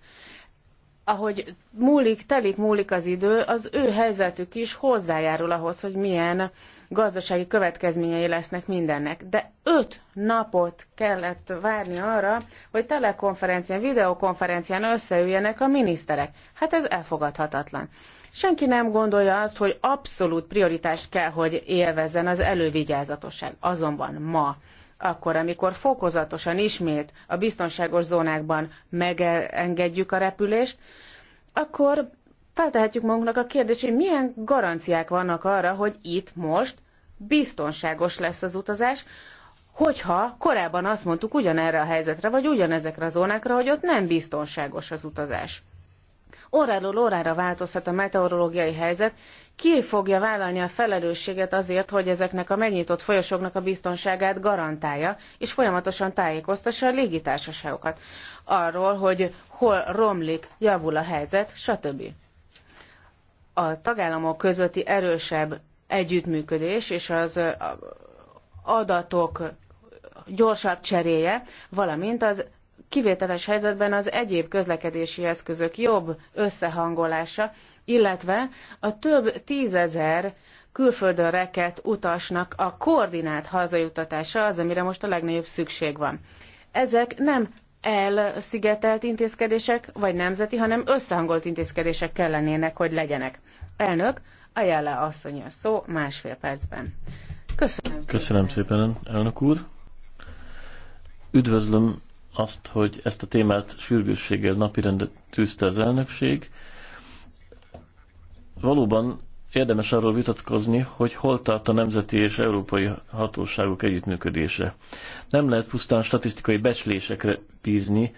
Ahogy múlik, telik múlik az idő, az ő helyzetük is hozzájárul ahhoz, hogy milyen gazdasági következményei lesznek mindennek. De öt napot kellett várni arra, hogy telekonferencián, videokonferencián összeüljenek a miniszterek. Hát ez elfogadhatatlan. Senki nem gondolja azt, hogy abszolút prioritást kell, hogy élvezzen az elővigyázatosság. Azonban ma akkor, amikor fokozatosan ismét a biztonságos zónákban megengedjük a repülést, akkor feltehetjük magunknak a kérdést, hogy milyen garanciák vannak arra, hogy itt most biztonságos lesz az utazás, hogyha korábban azt mondtuk ugyanerre a helyzetre, vagy ugyanezekre a zónákra, hogy ott nem biztonságos az utazás. Óráról órára változhat a meteorológiai helyzet, ki fogja vállalni a felelősséget azért, hogy ezeknek a megnyitott folyosóknak a biztonságát garantálja, és folyamatosan tájékoztassa a légitársaságokat arról, hogy hol romlik, javul a helyzet, stb. A tagállamok közötti erősebb együttműködés és az adatok gyorsabb cseréje, valamint az kivételes helyzetben az egyéb közlekedési eszközök jobb összehangolása, illetve a több tízezer külföldön rekett utasnak a koordinált hazajuttatása az, amire most a legnagyobb szükség van. Ezek nem elszigetelt intézkedések, vagy nemzeti, hanem összehangolt intézkedések kellenének, hogy legyenek. Elnök, Ajánlá asszony a szó másfél percben. Köszönöm szépen. Köszönöm szépen, elnök úr. Üdvözlöm azt, hogy ezt a témát sürgősséggel napirendre tűzte az elnökség. Valóban érdemes arról vitatkozni, hogy hol tart a nemzeti és európai hatóságok együttműködése. Nem lehet pusztán statisztikai becslésekre bízni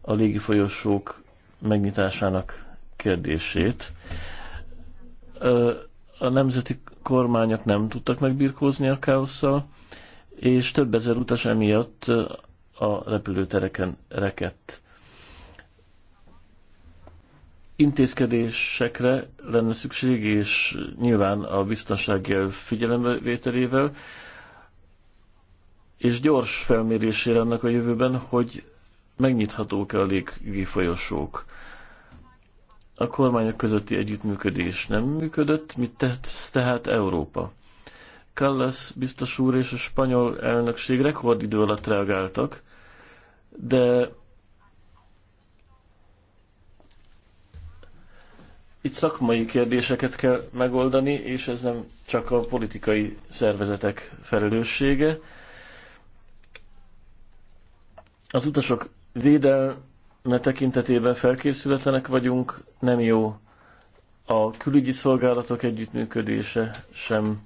a légifolyosók megnyitásának kérdését a nemzeti kormányok nem tudtak megbirkózni a káosszal, és több ezer utas emiatt a repülőtereken rekedt. Intézkedésekre lenne szükség, és nyilván a biztonság figyelemvételével, és gyors felmérésére annak a jövőben, hogy megnyithatók-e a légi folyosók a kormányok közötti együttműködés nem működött, mit tett tehát Európa? Kallas biztos úr és a spanyol elnökség rekordidő alatt reagáltak, de itt szakmai kérdéseket kell megoldani, és ez nem csak a politikai szervezetek felelőssége. Az utasok védelme ne tekintetében felkészületlenek vagyunk, nem jó a külügyi szolgálatok együttműködése sem.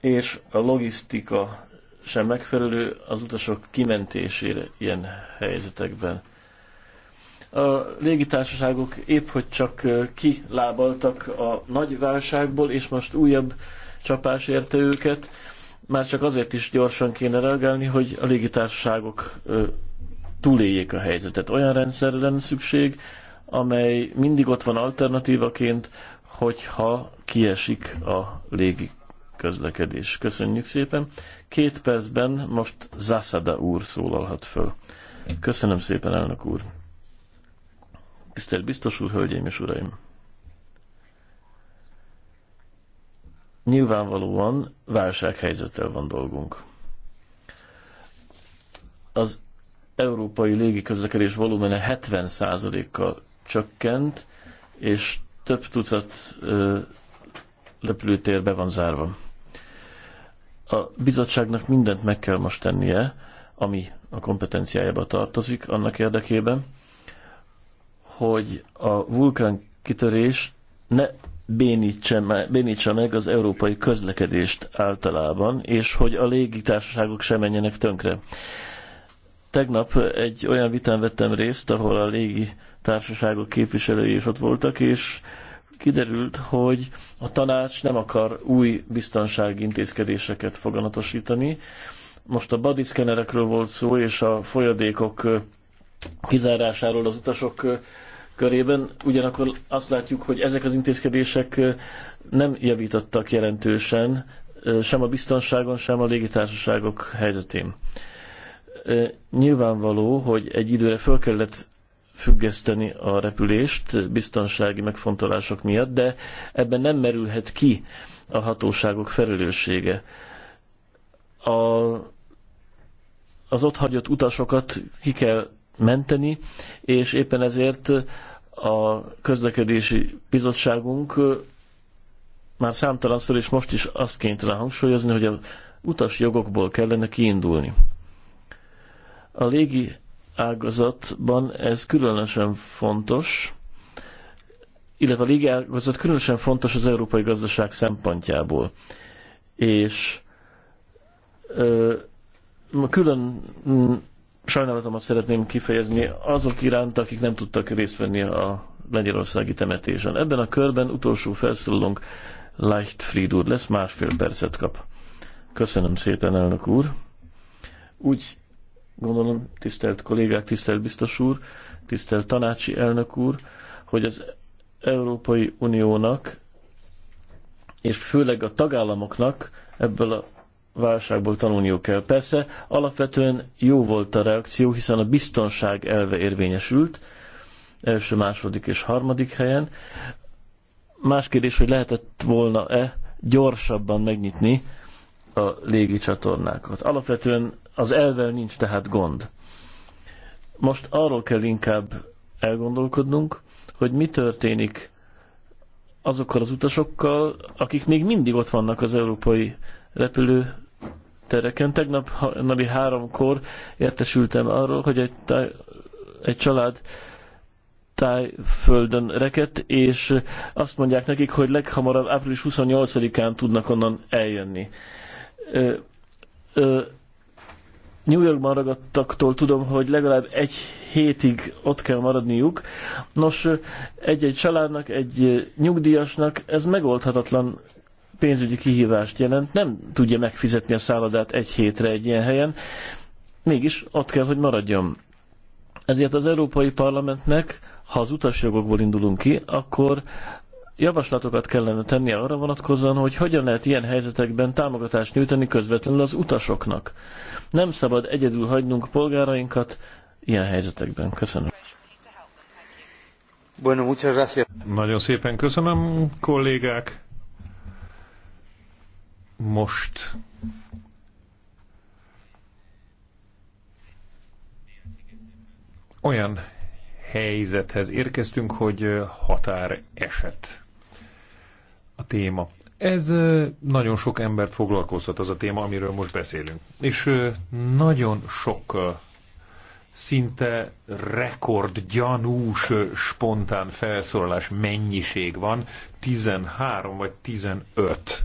És a logisztika sem megfelelő az utasok kimentésére ilyen helyzetekben. A légitársaságok épp hogy csak kilábaltak a nagy válságból, és most újabb csapás érte őket már csak azért is gyorsan kéne reagálni, hogy a légitársaságok túléljék a helyzetet. Olyan rendszerre lenne szükség, amely mindig ott van alternatívaként, hogyha kiesik a légi közlekedés. Köszönjük szépen. Két percben most Zászada úr szólalhat föl. Köszönöm szépen, elnök úr. Tisztelt biztos úr, hölgyeim és uraim! nyilvánvalóan válsághelyzettel van dolgunk. Az európai légiközlekedés volumene 70%-kal csökkent, és több tucat ö, repülőtér be van zárva. A bizottságnak mindent meg kell most tennie, ami a kompetenciájába tartozik annak érdekében, hogy a vulkán kitörés ne bénítse, bénítse meg az európai közlekedést általában, és hogy a légitársaságok sem menjenek tönkre. Tegnap egy olyan vitán vettem részt, ahol a légi társaságok képviselői is ott voltak, és kiderült, hogy a tanács nem akar új biztonsági intézkedéseket foganatosítani. Most a bodyszkenerekről volt szó, és a folyadékok kizárásáról az utasok körében, ugyanakkor azt látjuk, hogy ezek az intézkedések nem javítottak jelentősen sem a biztonságon, sem a légitársaságok helyzetén. Nyilvánvaló, hogy egy időre föl kellett függeszteni a repülést biztonsági megfontolások miatt, de ebben nem merülhet ki a hatóságok felelőssége. A, az ott hagyott utasokat ki kell menteni, és éppen ezért a közlekedési bizottságunk már számtalanszor és most is azt kénytelen hangsúlyozni, hogy a utas jogokból kellene kiindulni. A légi ágazatban ez különösen fontos, illetve a légi ágazat különösen fontos az európai gazdaság szempontjából. És ö, külön sajnálatomat szeretném kifejezni azok iránt, akik nem tudtak részt venni a lengyelországi temetésen. Ebben a körben utolsó felszólalónk Leichtfried úr lesz, másfél percet kap. Köszönöm szépen, elnök úr. Úgy gondolom, tisztelt kollégák, tisztelt biztos úr, tisztelt tanácsi elnök úr, hogy az Európai Uniónak és főleg a tagállamoknak ebből a válságból tanulniuk kell. Persze alapvetően jó volt a reakció, hiszen a biztonság elve érvényesült, első, második és harmadik helyen. Más kérdés, hogy lehetett volna-e gyorsabban megnyitni a légi csatornákat. Alapvetően az elvel nincs tehát gond. Most arról kell inkább elgondolkodnunk, hogy mi történik azokkal az utasokkal, akik még mindig ott vannak az európai repülő tereken. Tegnap napi háromkor értesültem arról, hogy egy, táj, egy család tájföldön rekett és azt mondják nekik, hogy leghamarabb április 28-án tudnak onnan eljönni. Ö, ö, New Yorkban ragadtaktól tudom, hogy legalább egy hétig ott kell maradniuk. Nos, egy-egy családnak, egy nyugdíjasnak ez megoldhatatlan pénzügyi kihívást jelent, nem tudja megfizetni a szállodát egy hétre egy ilyen helyen, mégis ott kell, hogy maradjon. Ezért az Európai Parlamentnek, ha az utasjogokból indulunk ki, akkor javaslatokat kellene tenni arra vonatkozóan, hogy hogyan lehet ilyen helyzetekben támogatást nyújtani közvetlenül az utasoknak. Nem szabad egyedül hagynunk polgárainkat ilyen helyzetekben. Köszönöm. Bueno, muchas gracias. Nagyon szépen köszönöm, kollégák. Most olyan helyzethez érkeztünk, hogy határ eset a téma. Ez nagyon sok embert foglalkoztat az a téma, amiről most beszélünk. És nagyon sok szinte rekord, gyanús, spontán felszólalás mennyiség van, 13 vagy 15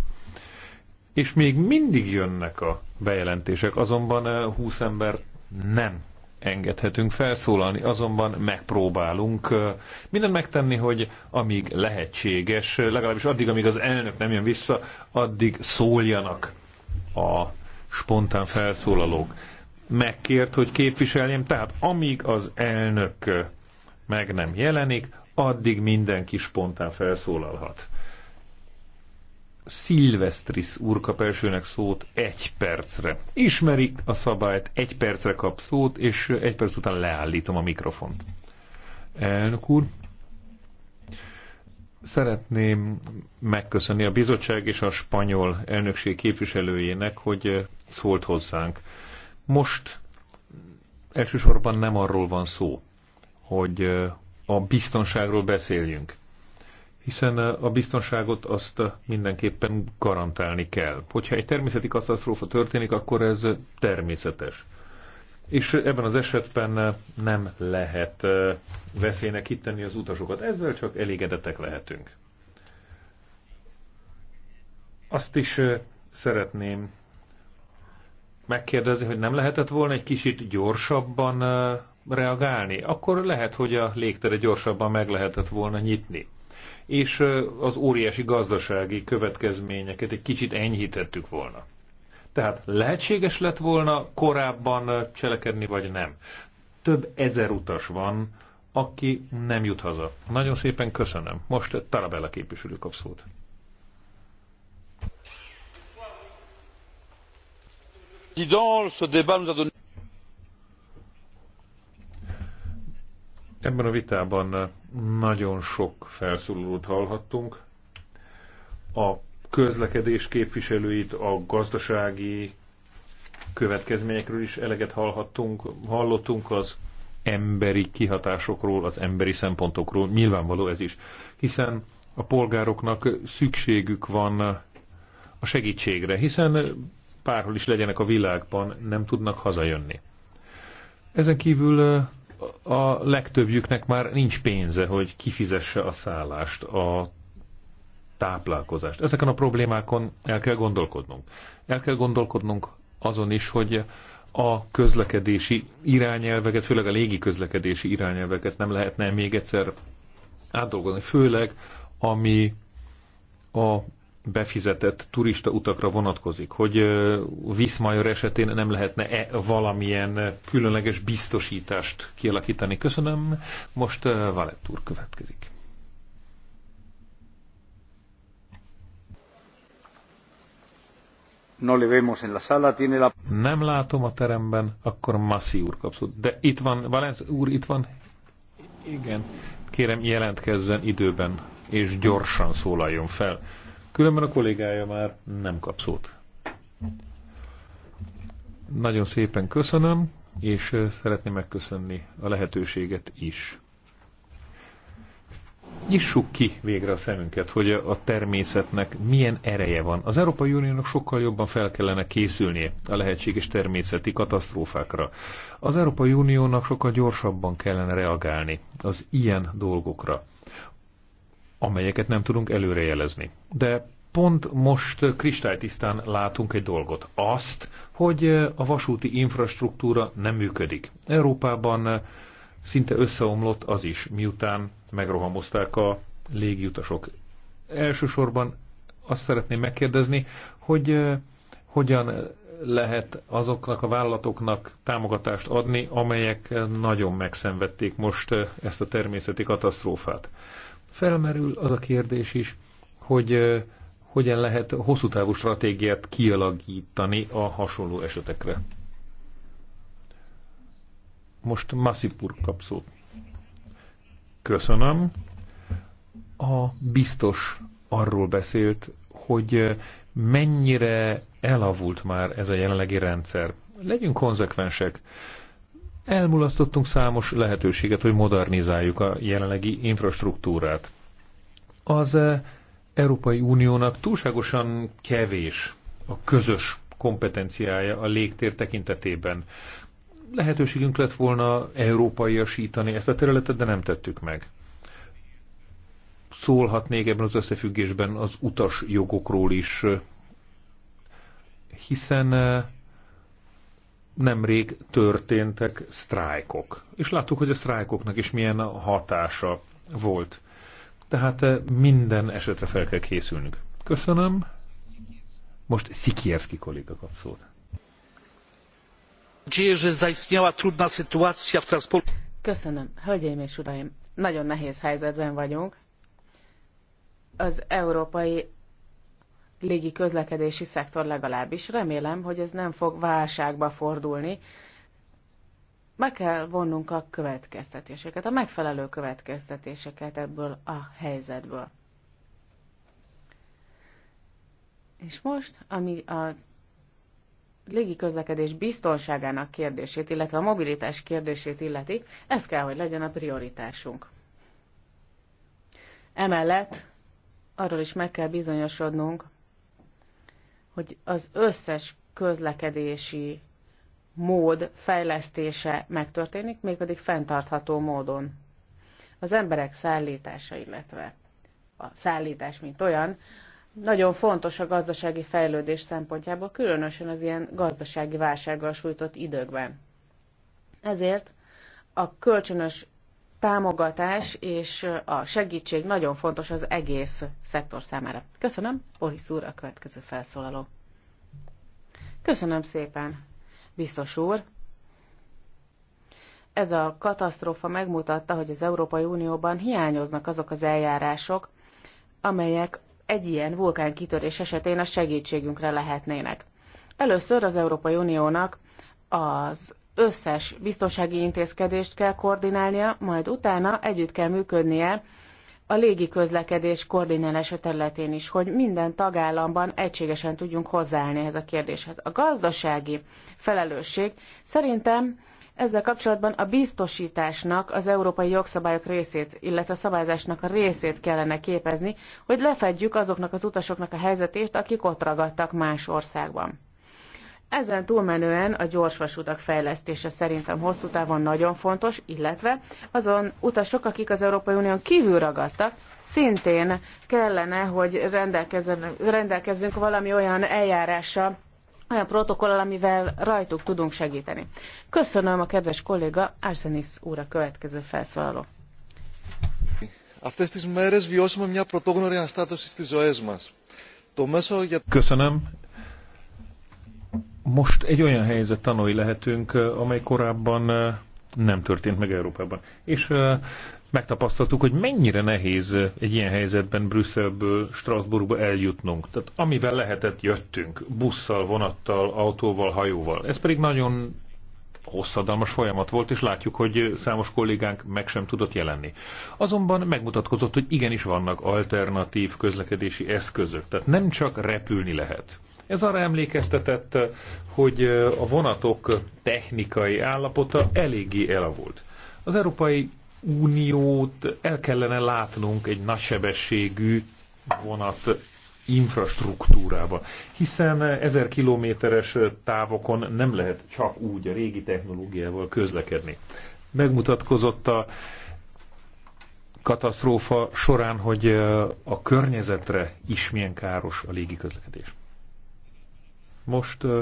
és még mindig jönnek a bejelentések, azonban 20 eh, ember nem engedhetünk felszólalni, azonban megpróbálunk eh, mindent megtenni, hogy amíg lehetséges, eh, legalábbis addig, amíg az elnök nem jön vissza, addig szóljanak a spontán felszólalók. Megkért, hogy képviseljem, tehát amíg az elnök meg nem jelenik, addig mindenki spontán felszólalhat. Szilvesztris úr kap elsőnek szót egy percre. Ismeri a szabályt, egy percre kap szót, és egy perc után leállítom a mikrofont. Elnök úr, szeretném megköszönni a bizottság és a spanyol elnökség képviselőjének, hogy szólt hozzánk. Most elsősorban nem arról van szó, hogy a biztonságról beszéljünk hiszen a biztonságot azt mindenképpen garantálni kell. Hogyha egy természeti katasztrófa történik, akkor ez természetes. És ebben az esetben nem lehet veszélynek hitteni az utasokat. Ezzel csak elégedetek lehetünk. Azt is szeretném megkérdezni, hogy nem lehetett volna egy kicsit gyorsabban reagálni? Akkor lehet, hogy a légtere gyorsabban meg lehetett volna nyitni és az óriási gazdasági következményeket egy kicsit enyhítettük volna. Tehát lehetséges lett volna korábban cselekedni, vagy nem. Több ezer utas van, aki nem jut haza. Nagyon szépen köszönöm. Most Tarabella képviselő kap szót. ce débat nous a donné... Ebben a vitában nagyon sok felszólalót hallhattunk. A közlekedés képviselőit, a gazdasági következményekről is eleget hallhattunk, hallottunk az emberi kihatásokról, az emberi szempontokról, nyilvánvaló ez is, hiszen a polgároknak szükségük van a segítségre, hiszen bárhol is legyenek a világban, nem tudnak hazajönni. Ezen kívül a legtöbbjüknek már nincs pénze, hogy kifizesse a szállást, a táplálkozást. Ezeken a problémákon el kell gondolkodnunk. El kell gondolkodnunk azon is, hogy a közlekedési irányelveket, főleg a légi közlekedési irányelveket nem lehetne még egyszer átdolgozni, főleg ami a befizetett turista utakra vonatkozik, hogy Viszmajor esetén nem lehetne-e valamilyen különleges biztosítást kialakítani. Köszönöm. Most Valett úr következik. No le vemos en la sala, tiene la... Nem látom a teremben, akkor Massi úr kapszott. De itt van, Valenc úr itt van. Igen. Kérem, jelentkezzen időben, és gyorsan szólaljon fel. Különben a kollégája már nem kap szót. Nagyon szépen köszönöm, és szeretném megköszönni a lehetőséget is. Nyissuk ki végre a szemünket, hogy a természetnek milyen ereje van. Az Európai Uniónak sokkal jobban fel kellene készülnie a lehetséges természeti katasztrófákra. Az Európai Uniónak sokkal gyorsabban kellene reagálni az ilyen dolgokra amelyeket nem tudunk előrejelezni. De pont most kristálytisztán látunk egy dolgot. Azt, hogy a vasúti infrastruktúra nem működik. Európában szinte összeomlott az is, miután megrohamozták a légiutasok. Elsősorban azt szeretném megkérdezni, hogy eh, hogyan lehet azoknak a vállalatoknak támogatást adni, amelyek nagyon megszenvedték most eh, ezt a természeti katasztrófát. Felmerül az a kérdés is, hogy hogyan lehet hosszú távú stratégiát kialakítani a hasonló esetekre. Most Massipur kap szót. Köszönöm. A biztos arról beszélt, hogy mennyire elavult már ez a jelenlegi rendszer. Legyünk konzekvensek. Elmulasztottunk számos lehetőséget, hogy modernizáljuk a jelenlegi infrastruktúrát. Az eh, Európai Uniónak túlságosan kevés a közös kompetenciája a légtér tekintetében. Lehetőségünk lett volna európaiasítani ezt a területet, de nem tettük meg. Szólhatnék ebben az összefüggésben az utas jogokról is, eh, hiszen eh, nemrég történtek sztrájkok. És láttuk, hogy a sztrájkoknak is milyen hatása volt. Tehát eh, minden esetre fel kell készülnünk. Köszönöm. Most Szikierszki kolléga kap szót. Köszönöm. Hölgyeim és uraim, nagyon nehéz helyzetben vagyunk. Az európai légi közlekedési szektor legalábbis. Remélem, hogy ez nem fog válságba fordulni. Meg kell vonnunk a következtetéseket, a megfelelő következtetéseket ebből a helyzetből. És most, ami a légi közlekedés biztonságának kérdését, illetve a mobilitás kérdését illeti, ez kell, hogy legyen a prioritásunk. Emellett arról is meg kell bizonyosodnunk, hogy az összes közlekedési mód fejlesztése megtörténik, mégpedig fenntartható módon. Az emberek szállítása, illetve a szállítás, mint olyan, nagyon fontos a gazdasági fejlődés szempontjából, különösen az ilyen gazdasági válsággal sújtott időkben. Ezért a kölcsönös támogatás és a segítség nagyon fontos az egész szektor számára. Köszönöm, Boris úr, a következő felszólaló. Köszönöm szépen, biztos úr. Ez a katasztrófa megmutatta, hogy az Európai Unióban hiányoznak azok az eljárások, amelyek egy ilyen vulkánkitörés esetén a segítségünkre lehetnének. Először az Európai Uniónak az összes biztonsági intézkedést kell koordinálnia, majd utána együtt kell működnie a légi közlekedés koordinálása területén is, hogy minden tagállamban egységesen tudjunk hozzáállni ehhez a kérdéshez. A gazdasági felelősség szerintem ezzel kapcsolatban a biztosításnak az európai jogszabályok részét, illetve a szabályzásnak a részét kellene képezni, hogy lefedjük azoknak az utasoknak a helyzetét, akik ott ragadtak más országban. Ezen túlmenően a gyorsvasutak fejlesztése szerintem hosszú távon nagyon fontos, illetve azon utasok, akik az Európai Unión kívül ragadtak, szintén kellene, hogy rendelkezzünk valami olyan eljárással, olyan protokollal, amivel rajtuk tudunk segíteni. Köszönöm a kedves kolléga Arsenis úr a következő felszólaló. Köszönöm, most egy olyan helyzet tanulni lehetünk, amely korábban nem történt meg Európában. És megtapasztaltuk, hogy mennyire nehéz egy ilyen helyzetben Brüsszelből, Strasbourgba eljutnunk. Tehát amivel lehetett, jöttünk. Busszal, vonattal, autóval, hajóval. Ez pedig nagyon hosszadalmas folyamat volt, és látjuk, hogy számos kollégánk meg sem tudott jelenni. Azonban megmutatkozott, hogy igenis vannak alternatív közlekedési eszközök, tehát nem csak repülni lehet. Ez arra emlékeztetett, hogy eh, a vonatok technikai állapota eléggé elavult. Az Európai Uniót el kellene látnunk egy nagysebességű vonat infrastruktúrába, hiszen ezer kilométeres távokon nem lehet csak úgy a régi technológiával közlekedni. Megmutatkozott a katasztrófa során, hogy eh, a környezetre is milyen káros a légiközlekedés. Most uh,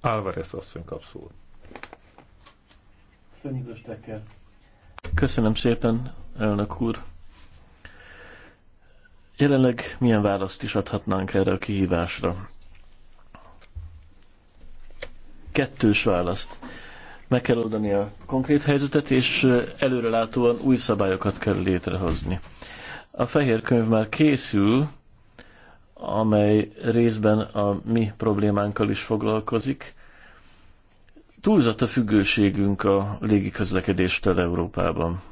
Álvarez asszony kap szót. Köszönöm szépen, elnök úr. Jelenleg milyen választ is adhatnánk erre a kihívásra? Kettős választ. Meg kell oldani a konkrét helyzetet, és előrelátóan új szabályokat kell létrehozni. A fehér könyv már készül, amely részben a mi problémánkkal is foglalkozik. Túlzott a függőségünk a légiközlekedéstől Európában.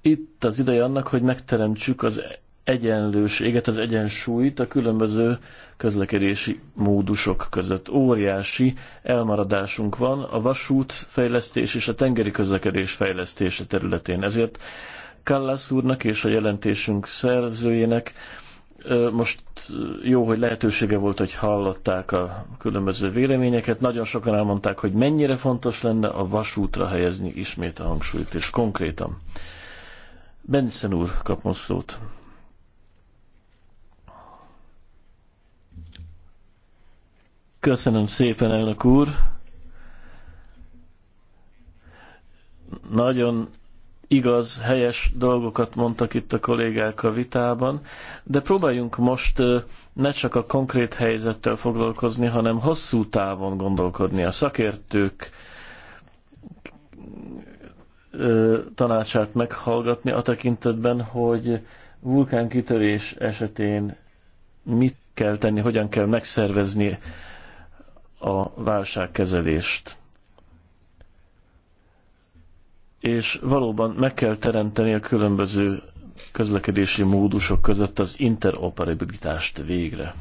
Itt az ideje annak, hogy megteremtsük az egyenlőséget, az egyensúlyt a különböző közlekedési módusok között. Óriási elmaradásunk van a vasút fejlesztés és a tengeri közlekedés fejlesztése területén. Ezért Kallas úrnak és a jelentésünk szerzőjének. Most jó, hogy lehetősége volt, hogy hallották a különböző véleményeket. Nagyon sokan elmondták, hogy mennyire fontos lenne a vasútra helyezni ismét a hangsúlyt, és konkrétan. Benszen úr kap most szót. Köszönöm szépen, elnök úr. Nagyon igaz, helyes dolgokat mondtak itt a kollégák a vitában, de próbáljunk most ne csak a konkrét helyzettel foglalkozni, hanem hosszú távon gondolkodni. A szakértők tanácsát meghallgatni a tekintetben, hogy vulkánkitörés esetén mit kell tenni, hogyan kell megszervezni a válságkezelést és valóban meg kell teremteni a különböző közlekedési módusok között az interoperabilitást végre.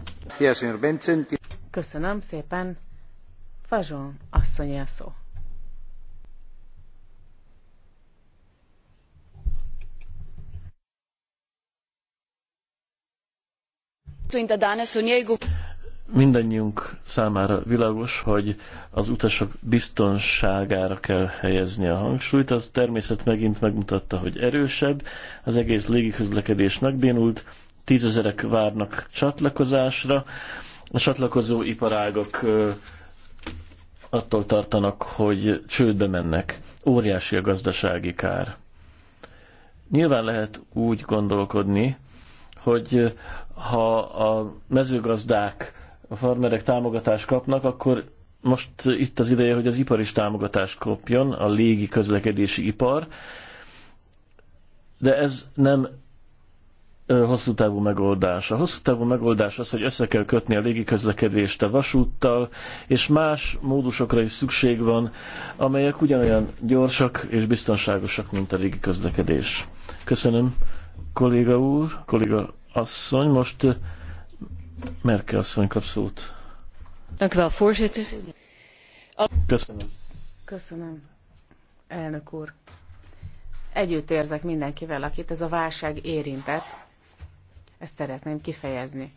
Köszönöm szépen. Fazson asszony a szó. danes o mindannyiunk számára világos, hogy az utasok biztonságára kell helyezni a hangsúlyt. A természet megint megmutatta, hogy erősebb, az egész légiközlekedés megbénult, tízezerek várnak csatlakozásra, a csatlakozó iparágok attól tartanak, hogy csődbe mennek. Óriási a gazdasági kár. Nyilván lehet úgy gondolkodni, hogy ha a mezőgazdák a farmerek támogatást kapnak, akkor most itt az ideje, hogy az ipar is támogatást kapjon, a légi közlekedési ipar, de ez nem hosszú távú megoldás. A hosszú távú megoldás az, hogy össze kell kötni a légiközlekedést a vasúttal, és más módusokra is szükség van, amelyek ugyanolyan gyorsak és biztonságosak, mint a légiközlekedés. Köszönöm, kolléga úr, kolléga asszony. Most Merkel asszony kap szót. Köszönöm. Köszönöm. Elnök úr. Együtt érzek mindenkivel, akit ez a válság érintett. Ezt szeretném kifejezni.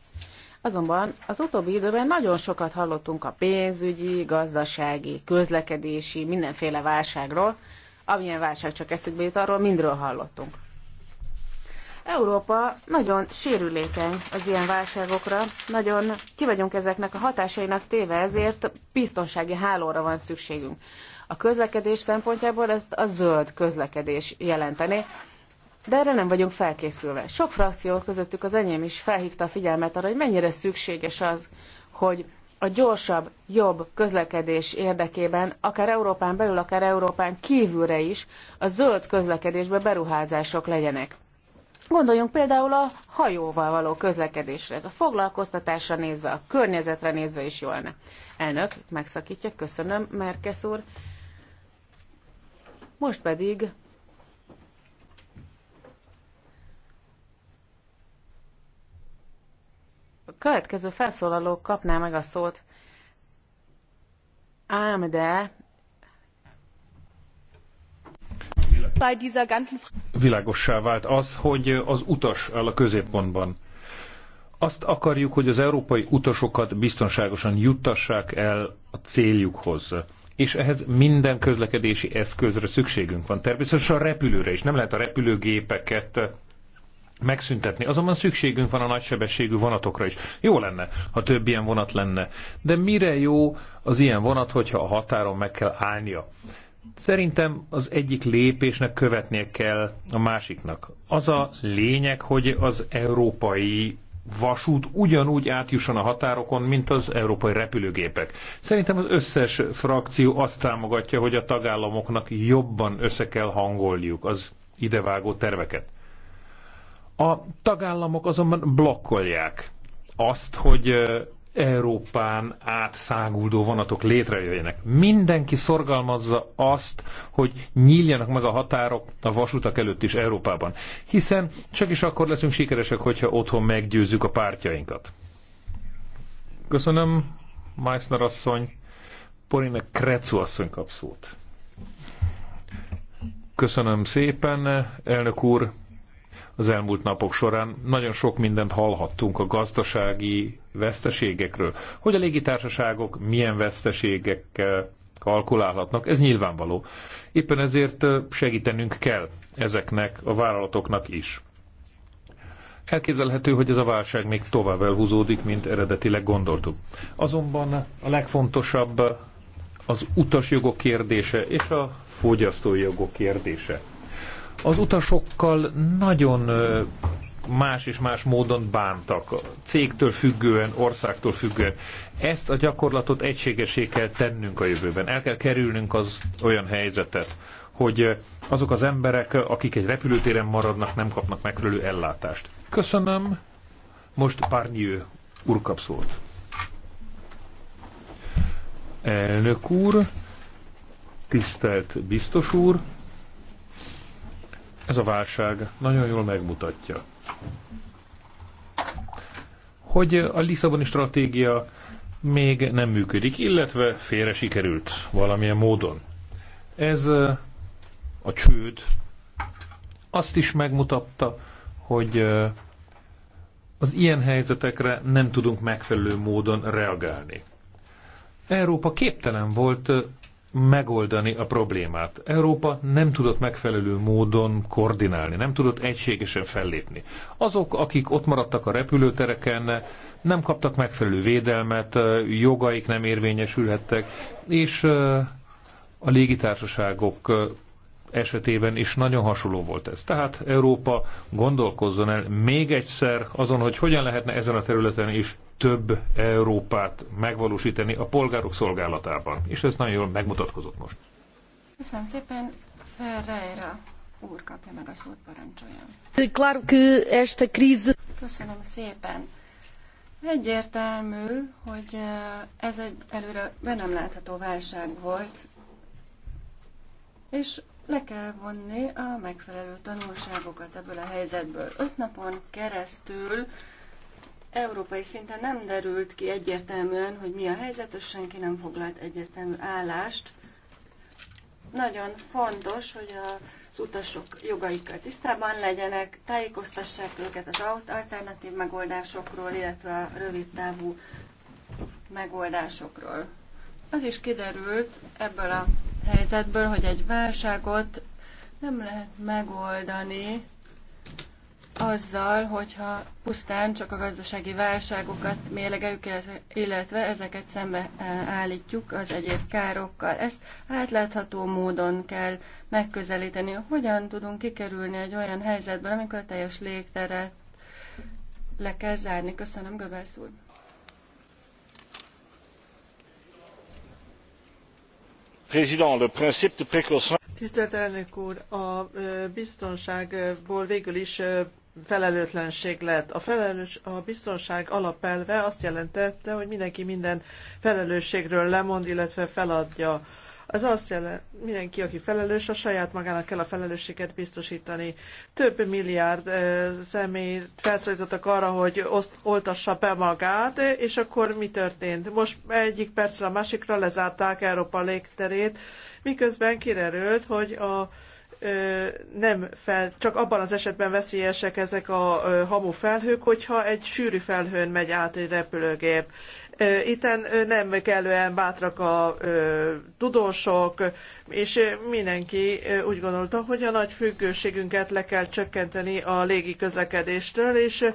Azonban az utóbbi időben nagyon sokat hallottunk a pénzügyi, gazdasági, közlekedési, mindenféle válságról. Amilyen válság csak eszükbe jut, arról mindről hallottunk. Európa nagyon sérülékeny az ilyen válságokra, nagyon ki vagyunk ezeknek a hatásainak téve, ezért biztonsági hálóra van szükségünk. A közlekedés szempontjából ezt a zöld közlekedés jelenteni, de erre nem vagyunk felkészülve. Sok frakció közöttük az enyém is felhívta a figyelmet arra, hogy mennyire szükséges az, hogy a gyorsabb, jobb közlekedés érdekében, akár Európán belül, akár Európán kívülre is, a zöld közlekedésbe beruházások legyenek. Gondoljunk például a hajóval való közlekedésre, ez a foglalkoztatásra nézve, a környezetre nézve is jól lenne. Elnök, megszakítja, köszönöm, Merkesz úr. Most pedig a következő felszólaló kapná meg a szót. Ám de Világossá vált az, hogy az utas áll a középpontban. Azt akarjuk, hogy az európai utasokat biztonságosan juttassák el a céljukhoz. És ehhez minden közlekedési eszközre szükségünk van. Természetesen a repülőre is. Nem lehet a repülőgépeket megszüntetni. Azonban szükségünk van a nagysebességű vonatokra is. Jó lenne, ha több ilyen vonat lenne. De mire jó az ilyen vonat, hogyha a határon meg kell állnia? Szerintem az egyik lépésnek követnie kell a másiknak. Az a lényeg, hogy az európai vasút ugyanúgy átjusson a határokon, mint az európai repülőgépek. Szerintem az összes frakció azt támogatja, hogy a tagállamoknak jobban össze kell hangolniuk az idevágó terveket. A tagállamok azonban blokkolják azt, hogy Európán átszáguldó vonatok létrejöjjenek. Mindenki szorgalmazza azt, hogy nyíljanak meg a határok a vasutak előtt is Európában. Hiszen csak is akkor leszünk sikeresek, hogyha otthon meggyőzzük a pártjainkat. Köszönöm, Meissner asszony. Porine Krecu asszony kap szót. Köszönöm szépen, elnök úr az elmúlt napok során. Nagyon sok mindent hallhattunk a gazdasági veszteségekről. Hogy a légitársaságok milyen veszteségekkel kalkulálhatnak, ez nyilvánvaló. Éppen ezért segítenünk kell ezeknek a vállalatoknak is. Elképzelhető, hogy ez a válság még tovább elhúzódik, mint eredetileg gondoltuk. Azonban a legfontosabb az utasjogok kérdése és a fogyasztói jogok kérdése. Az utasokkal nagyon más és más módon bántak, cégtől függően, országtól függően. Ezt a gyakorlatot egységesé kell tennünk a jövőben. El kell kerülnünk az olyan helyzetet, hogy azok az emberek, akik egy repülőtéren maradnak, nem kapnak megfelelő ellátást. Köszönöm. Most Párnyő úr kap szót. Elnök úr, tisztelt biztos úr, ez a válság nagyon jól megmutatja, hogy a Lisszaboni stratégia még nem működik, illetve félre sikerült valamilyen módon. Ez a csőd azt is megmutatta, hogy az ilyen helyzetekre nem tudunk megfelelő módon reagálni. Európa képtelen volt megoldani a problémát. Európa nem tudott megfelelő módon koordinálni, nem tudott egységesen fellépni. Azok, akik ott maradtak a repülőtereken, nem kaptak megfelelő védelmet, jogaik nem érvényesülhettek, és a légitársaságok esetében is nagyon hasonló volt ez. Tehát Európa gondolkozzon el még egyszer azon, hogy hogyan lehetne ezen a területen is több Európát megvalósítani a polgárok szolgálatában. És ez nagyon jól megmutatkozott most. Köszönöm szépen, Ferreira úr kapja meg a szót, parancsoljon. Claro que esta crise... Köszönöm szépen. Egyértelmű, hogy eh, ez egy előre be nem látható válság volt, és le kell vonni a megfelelő tanulságokat ebből a helyzetből. Öt napon keresztül európai szinten nem derült ki egyértelműen, hogy mi a helyzet, és senki nem foglalt egyértelmű állást. Nagyon fontos, hogy az utasok jogaikkal tisztában legyenek, tájékoztassák őket az alternatív megoldásokról, illetve a rövid távú megoldásokról. Az is kiderült ebből a helyzetből, hogy egy válságot nem lehet megoldani azzal, hogyha pusztán csak a gazdasági válságokat mélegeljük, illetve ezeket szembe eh, állítjuk az egyéb károkkal. Ezt átlátható módon kell megközelíteni. Hogyan tudunk kikerülni egy olyan helyzetből, amikor a teljes légteret le kell zárni? Köszönöm, Göbelsz úr. tisztelt elnök úr a biztonságból végül is felelőtlenség lett. A, felelős, a biztonság alapelve azt jelentette, hogy mindenki minden felelősségről lemond, illetve feladja az azt jelenti, mindenki, aki felelős, a saját magának kell a felelősséget biztosítani. Több milliárd személy felszólítottak arra, hogy oszt, oltassa be magát, és akkor mi történt? Most egyik percre a másikra lezárták Európa légterét, miközben kiderült, hogy a nem fel, csak abban az esetben veszélyesek ezek a hamu felhők, hogyha egy sűrű felhőn megy át egy repülőgép. Itten nem kellően bátrak a tudósok, és mindenki úgy gondolta, hogy a nagy függőségünket le kell csökkenteni a légi közlekedéstől, és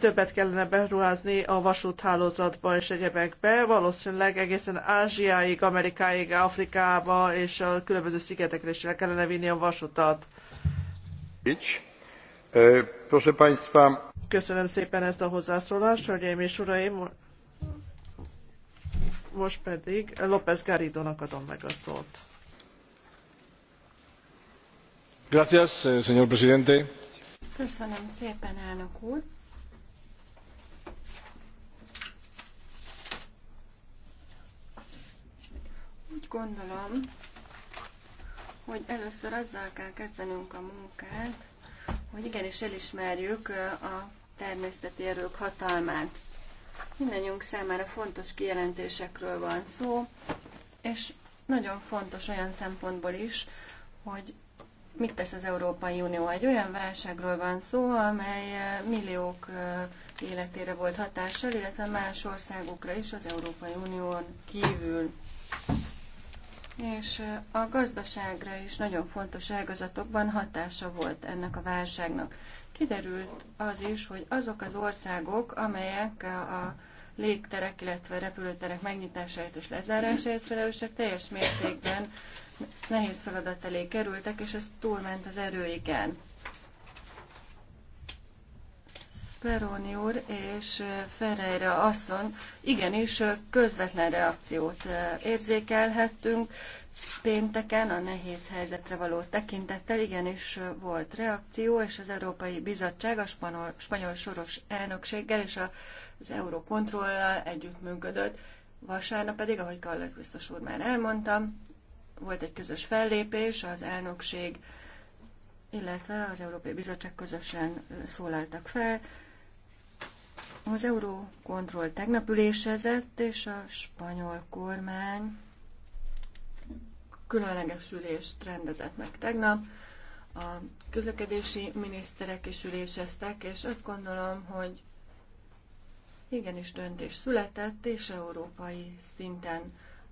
többet kellene beruházni a vasúthálózatba és egyebekbe, valószínűleg egészen Ázsiáig, Amerikáig, Afrikába és a különböző szigetekre is le kellene vinni a vasutat. Köszönöm szépen ezt a hozzászólást, hölgyeim és uraim! Most pedig López garrido adom meg a szót. Gracias, eh, señor presidente. Köszönöm szépen, elnök úr. Úgy gondolom, hogy először azzal kell kezdenünk a munkát, hogy igenis elismerjük eh, a természeti erők hatalmát. Mindennyiunk számára fontos kijelentésekről van szó, és nagyon fontos olyan szempontból is, hogy mit tesz az Európai Unió. Egy olyan válságról van szó, amely eh, milliók eh, életére volt hatással, illetve más országokra is az Európai Unión kívül. És eh, a gazdaságra is nagyon fontos ágazatokban hatása volt ennek a válságnak. Kiderült az is, hogy azok az országok, amelyek a légterek, illetve repülőterek megnyitásáért és lezárásáért felelősek, teljes mértékben nehéz feladat elé kerültek, és ez túlment az erőiken. Speroni úr és Ferreira asszon, igenis közvetlen reakciót eh, érzékelhettünk, pénteken a nehéz helyzetre való tekintettel igenis volt reakció, és az Európai Bizottság a spanyol, spanyol soros elnökséggel és az Eurokontrollal együttműködött. Vasárnap pedig, ahogy Kallat biztos úr már elmondtam, volt egy közös fellépés, az elnökség, illetve az Európai Bizottság közösen szólaltak fel. Az Eurokontroll tegnap ülésezett, és a spanyol kormány különleges ülést rendezett meg tegnap. A közlekedési miniszterek is üléseztek, és azt gondolom, hogy igenis döntés született, és európai szinten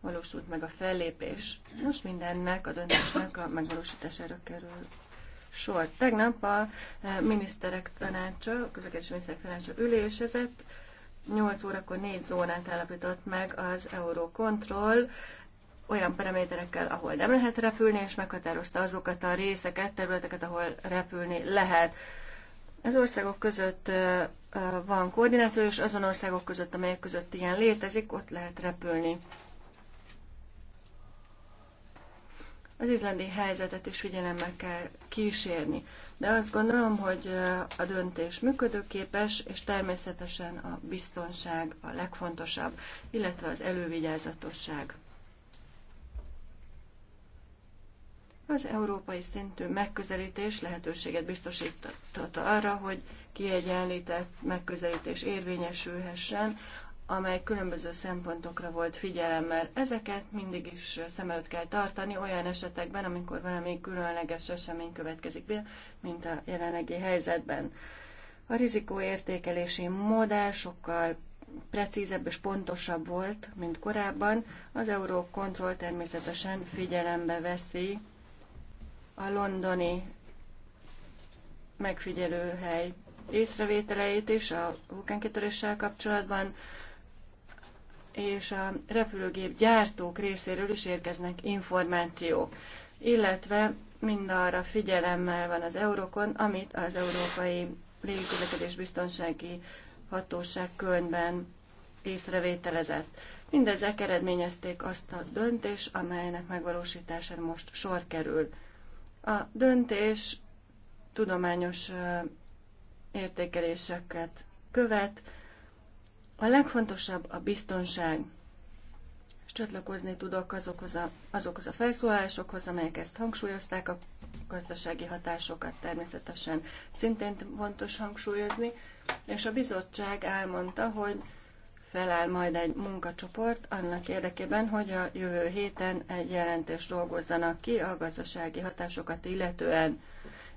valósult meg a fellépés. Most mindennek a döntésnek a megvalósítására kerül sor. Tegnap a e, miniszterek tanácsa, a közlekedési miniszterek tanácsa ülésezett, 8 órakor négy zónát állapított meg az Eurocontrol, olyan paraméterekkel, ahol nem lehet repülni, és meghatározta azokat a részeket, területeket, ahol repülni lehet. Az országok között van koordináció, és azon országok között, amelyek között ilyen létezik, ott lehet repülni. Az izlandi helyzetet is figyelemmel kell kísérni. De azt gondolom, hogy a döntés működőképes, és természetesen a biztonság a legfontosabb, illetve az elővigyázatosság. Az európai szintű megközelítés lehetőséget biztosította arra, hogy kiegyenlített megközelítés érvényesülhessen, amely különböző szempontokra volt figyelemmel. Ezeket mindig is szem előtt kell tartani olyan esetekben, amikor valami különleges esemény következik be, mint a jelenlegi helyzetben. A rizikóértékelési modell sokkal precízebb és pontosabb volt, mint korábban. Az Eurocontrol természetesen figyelembe veszi a londoni megfigyelőhely észrevételeit is a vulkánkitöréssel kapcsolatban, és a repülőgép gyártók részéről is érkeznek információk, illetve mindarra figyelemmel van az Eurokon, amit az Európai Légiközlekedés Biztonsági Hatóság könyvben észrevételezett. Mindezek eredményezték azt a döntés, amelynek megvalósítására most sor kerül. A döntés tudományos értékeléseket követ. A legfontosabb a biztonság. És csatlakozni tudok azokhoz a, azokhoz a felszólásokhoz, amelyek ezt hangsúlyozták, a gazdasági hatásokat természetesen szintén fontos hangsúlyozni, és a bizottság elmondta, hogy feláll majd egy munkacsoport annak érdekében, hogy a jövő héten egy jelentést dolgozzanak ki a gazdasági hatásokat illetően,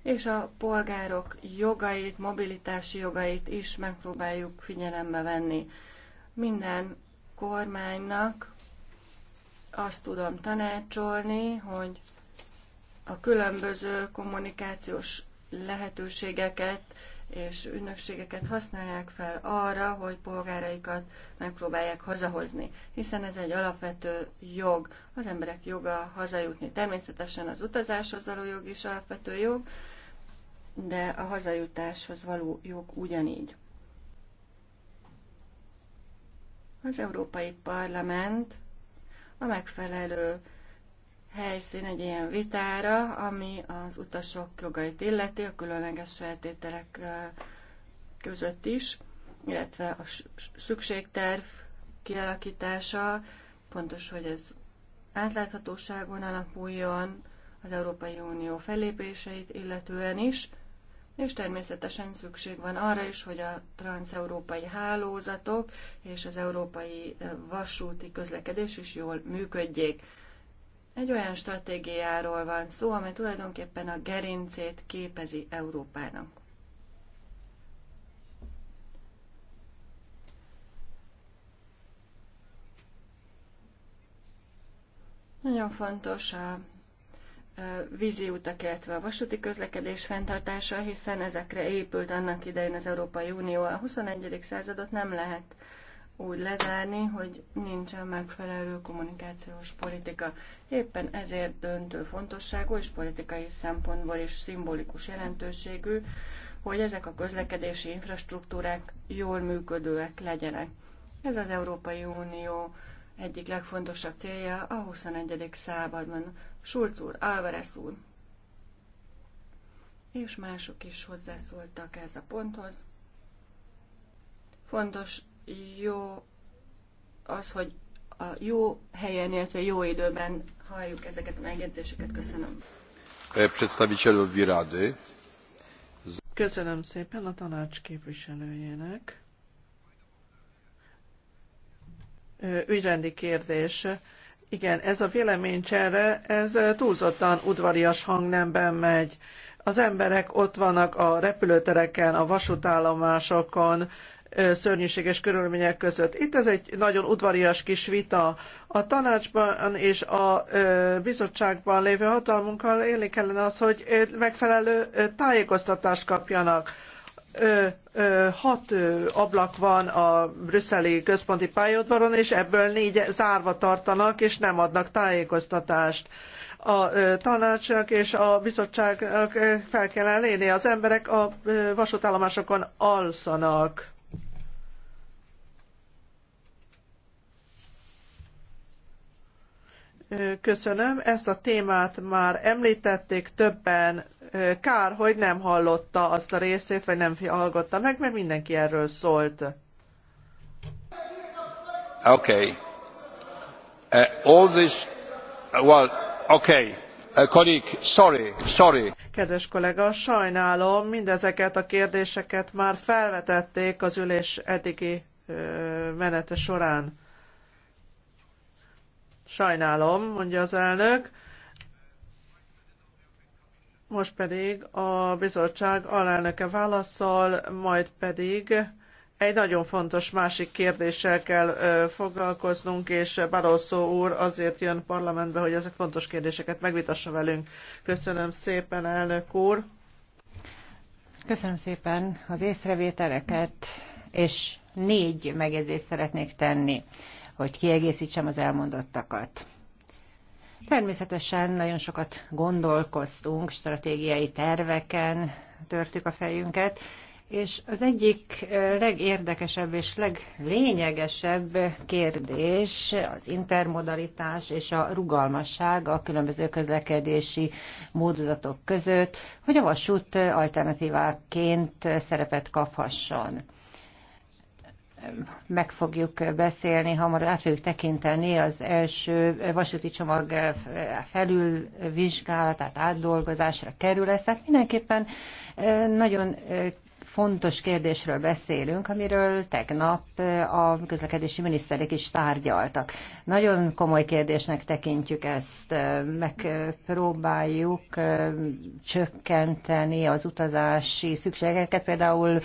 és a polgárok jogait, mobilitási jogait is megpróbáljuk figyelembe venni. Minden kormánynak azt tudom tanácsolni, hogy a különböző kommunikációs lehetőségeket és ügynökségeket használják fel arra, hogy polgáraikat megpróbálják hazahozni, hiszen ez egy alapvető jog. Az emberek joga hazajutni. Természetesen az utazáshoz való jog is alapvető jog, de a hazajutáshoz való jog ugyanígy. Az Európai Parlament a megfelelő helyszín egy ilyen vitára, ami az utasok jogait illeti, a különleges feltételek között is, illetve a szükségterv kialakítása, fontos, hogy ez átláthatóságon alapuljon, az Európai Unió fellépéseit illetően is, és természetesen szükség van arra is, hogy a transeurópai hálózatok és az európai vasúti közlekedés is jól működjék. Egy olyan stratégiáról van szó, amely tulajdonképpen a gerincét képezi Európának. Nagyon fontos a vízi utak, illetve a vasúti közlekedés fenntartása, hiszen ezekre épült annak idején az Európai Unió. A 21. századot nem lehet úgy lezárni, hogy nincsen megfelelő kommunikációs politika. Éppen ezért döntő fontosságú és politikai szempontból is szimbolikus jelentőségű, hogy ezek a közlekedési infrastruktúrák jól működőek legyenek. Ez az Európai Unió egyik legfontosabb célja a 21. században. Schulz úr, Alvarez úr és mások is hozzászóltak ez a ponthoz. Fontos jó az, hogy a jó helyen, illetve jó időben halljuk ezeket a megjegyzéseket. Köszönöm. E, Köszönöm szépen a tanács képviselőjének. Ügyrendi kérdés. Igen, ez a véleménycsere, ez túlzottan udvarias hangnemben megy. Az emberek ott vannak a repülőtereken, a vasútállomásokon, szörnyűséges körülmények között. Itt ez egy nagyon udvarias kis vita. A tanácsban és a bizottságban lévő hatalmunkkal élni kellene az, hogy megfelelő tájékoztatást kapjanak. hat ablak van a brüsszeli központi pályaudvaron, és ebből négy zárva tartanak, és nem adnak tájékoztatást a tanácsnak és a bizottságnak fel kell elérni, Az emberek a vasútállomásokon alszanak Köszönöm. Ezt a témát már említették többen. Kár, hogy nem hallotta azt a részét, vagy nem hallgatta meg, mert mindenki erről szólt. Okay. Uh, all this, uh, well, okay. Uh, colleague, sorry, sorry. Kedves kollega, sajnálom, mindezeket a kérdéseket már felvetették az ülés eddigi menete során. Sajnálom, mondja az elnök. Most pedig a bizottság alelnöke válaszol, majd pedig egy nagyon fontos másik kérdéssel kell foglalkoznunk, és Barroso úr azért jön parlamentbe, hogy ezek fontos kérdéseket megvitassa velünk. Köszönöm szépen, elnök úr! Köszönöm szépen az észrevételeket, és négy megjegyzést szeretnék tenni hogy kiegészítsem az elmondottakat. Természetesen nagyon sokat gondolkoztunk, stratégiai terveken törtük a fejünket, és az egyik eh, legérdekesebb és leglényegesebb kérdés az intermodalitás és a rugalmasság a különböző közlekedési módozatok között, hogy a vasút alternatíváként szerepet kaphasson meg fogjuk beszélni, hamar át fogjuk tekinteni az első vasúti csomag felülvizsgálatát, átdolgozásra kerül ez. Tehát mindenképpen eh, nagyon eh, fontos kérdésről beszélünk, amiről tegnap eh, a közlekedési miniszterek is tárgyaltak. Nagyon komoly kérdésnek tekintjük ezt, eh, megpróbáljuk eh, csökkenteni az utazási szükségeket, például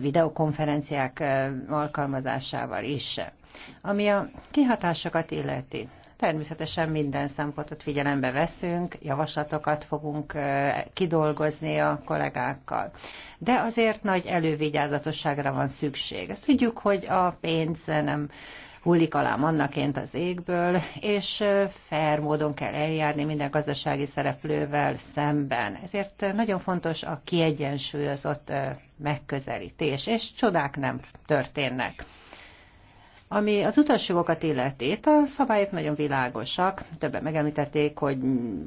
videokonferenciák alkalmazásával is. Ami a kihatásokat illeti, Természetesen minden szempontot figyelembe veszünk, javaslatokat fogunk kidolgozni a kollégákkal. De azért nagy elővigyázatosságra van szükség. Ezt tudjuk, hogy a pénz nem hullik alá mannaként az égből, és fair módon kell eljárni minden gazdasági szereplővel szemben. Ezért nagyon fontos a kiegyensúlyozott megközelítés, és csodák nem történnek. Ami az utasjogokat illetét, a szabályok nagyon világosak. Többen megemlítették, hogy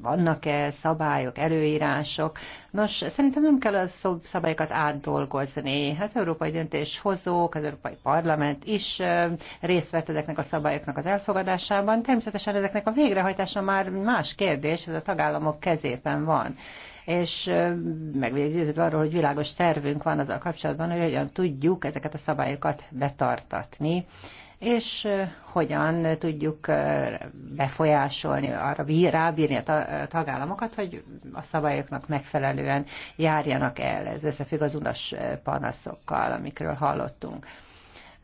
vannak-e szabályok, előírások. Nos, szerintem nem kell a szabályokat átdolgozni. Az európai döntéshozók, az Európai Parlament is részt vett ezeknek a szabályoknak az elfogadásában. Természetesen ezeknek a végrehajtása már más kérdés, ez a tagállamok kezében van és meggyőződve arról, hogy világos tervünk van azzal kapcsolatban, hogy hogyan tudjuk ezeket a szabályokat betartatni és hogyan tudjuk befolyásolni, arra rábírni a tagállamokat, hogy a szabályoknak megfelelően járjanak el. Ez összefügg az unas panaszokkal, amikről hallottunk.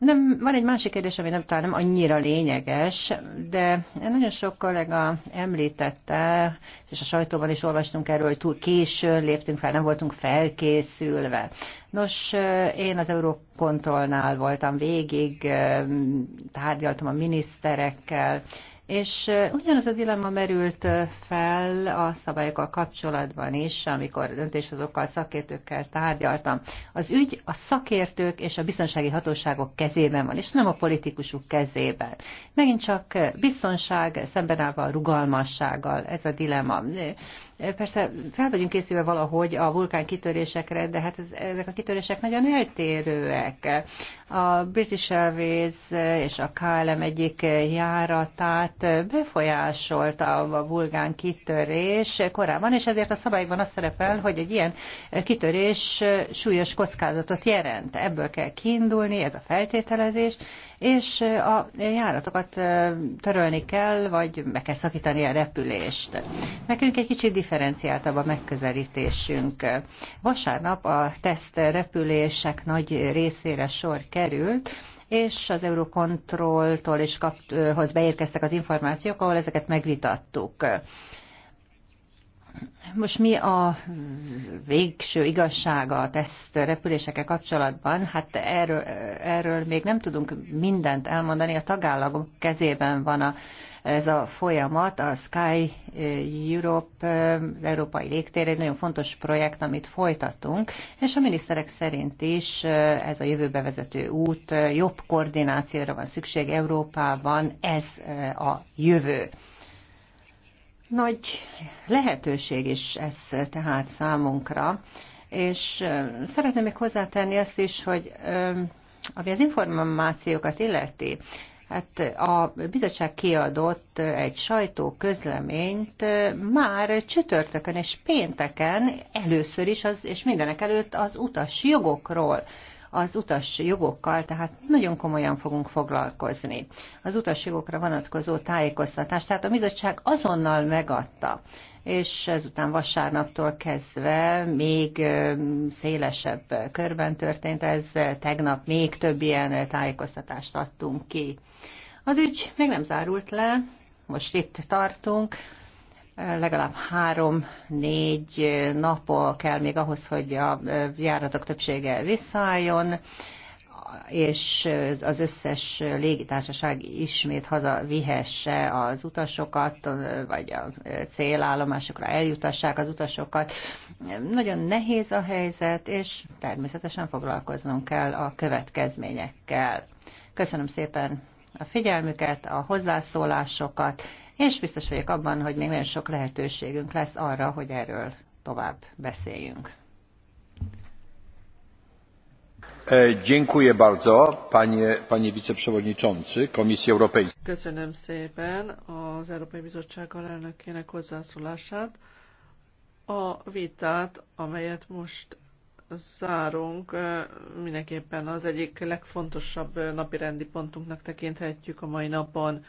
Nem, van egy másik kérdés, ami nem, talán nem annyira lényeges, de nagyon sok kollega említette, és a sajtóban is olvastunk erről, hogy túl későn léptünk fel, nem voltunk felkészülve. Nos, én az Eurokontrollnál voltam végig, tárgyaltam a miniszterekkel, és ugyanaz a dilemma merült fel a szabályokkal kapcsolatban is, amikor döntéshozókkal, szakértőkkel tárgyaltam. Az ügy a szakértők és a biztonsági hatóságok kezében van, és nem a politikusuk kezében. Megint csak biztonság szemben állva a rugalmassággal, ez a dilemma. Persze fel vagyunk készülve valahogy a vulkán kitörésekre, de hát ez, ezek a kitörések nagyon eltérőek. A British Airways és a KLM egyik járatát befolyásolta a vulkán kitörés korábban, és ezért a szabályban az szerepel, hogy egy ilyen kitörés súlyos kockázatot jelent. Ebből kell kiindulni, ez a feltételezés, és a járatokat törölni kell, vagy meg kell szakítani a repülést. Nekünk egy kicsit differenciáltabb a megközelítésünk. Vasárnap a teszt repülések nagy részére sor került, és az Eurocontroltól is kapt, hoz beérkeztek az információk, ahol ezeket megvitattuk. Most mi a végső igazsága a teszt repülésekkel kapcsolatban? Hát erről, erről még nem tudunk mindent elmondani. A tagállamok kezében van a, ez a folyamat, a Sky Europe, az Európai Légtér egy nagyon fontos projekt, amit folytatunk, és a miniszterek szerint is ez a jövőbe vezető út, jobb koordinációra van szükség Európában, ez a jövő. Nagy lehetőség is ez tehát számunkra, és szeretném még hozzátenni azt is, hogy ami az információkat illeti, Hát a bizottság kiadott egy sajtó közleményt már csütörtökön és pénteken először is, az, és mindenek előtt az utas jogokról az utas jogokkal, tehát nagyon komolyan fogunk foglalkozni. Az utas jogokra vonatkozó tájékoztatást, tehát a bizottság azonnal megadta és ezután vasárnaptól kezdve még szélesebb körben történt ez, tegnap még több ilyen tájékoztatást adtunk ki. Az ügy még nem zárult le, most itt tartunk, legalább három-négy napol kell még ahhoz, hogy a járatok többsége visszaálljon, és az összes légitársaság ismét vihesse az utasokat, vagy a célállomásokra eljutassák az utasokat. Nagyon nehéz a helyzet, és természetesen foglalkoznunk kell a következményekkel. Köszönöm szépen a figyelmüket, a hozzászólásokat, is biztos vagyok abban, hogy még nagyon sok lehetőségünk lesz arra, hogy erről tovább beszéljünk. E, dziękuję bardzo, panie, panie wiceprzewodniczący Komisji Europejskiej. Köszönöm szépen az Európai Bizottság alelnökének hozzászólását. A vitát, amelyet most zárunk, e, mindenképpen az egyik legfontosabb napirendi pontunknak tekinthetjük a mai napon.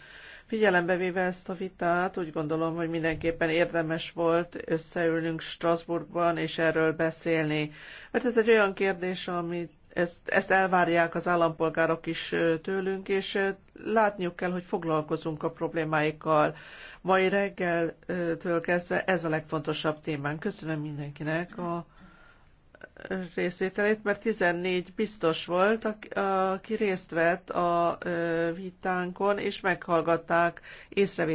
Figyelembe véve ezt a vitát, úgy gondolom, hogy mindenképpen érdemes volt összeülnünk Strasbourgban és erről beszélni. Mert ez egy olyan kérdés, amit ezt, ezt elvárják az állampolgárok is tőlünk, és látniuk kell, hogy foglalkozunk a problémáikkal. Mai reggeltől kezdve ez a legfontosabb témán. Köszönöm mindenkinek a részvételét, mert 14 biztos volt, aki részt vett a vitánkon, és meghallgatták észrevételét.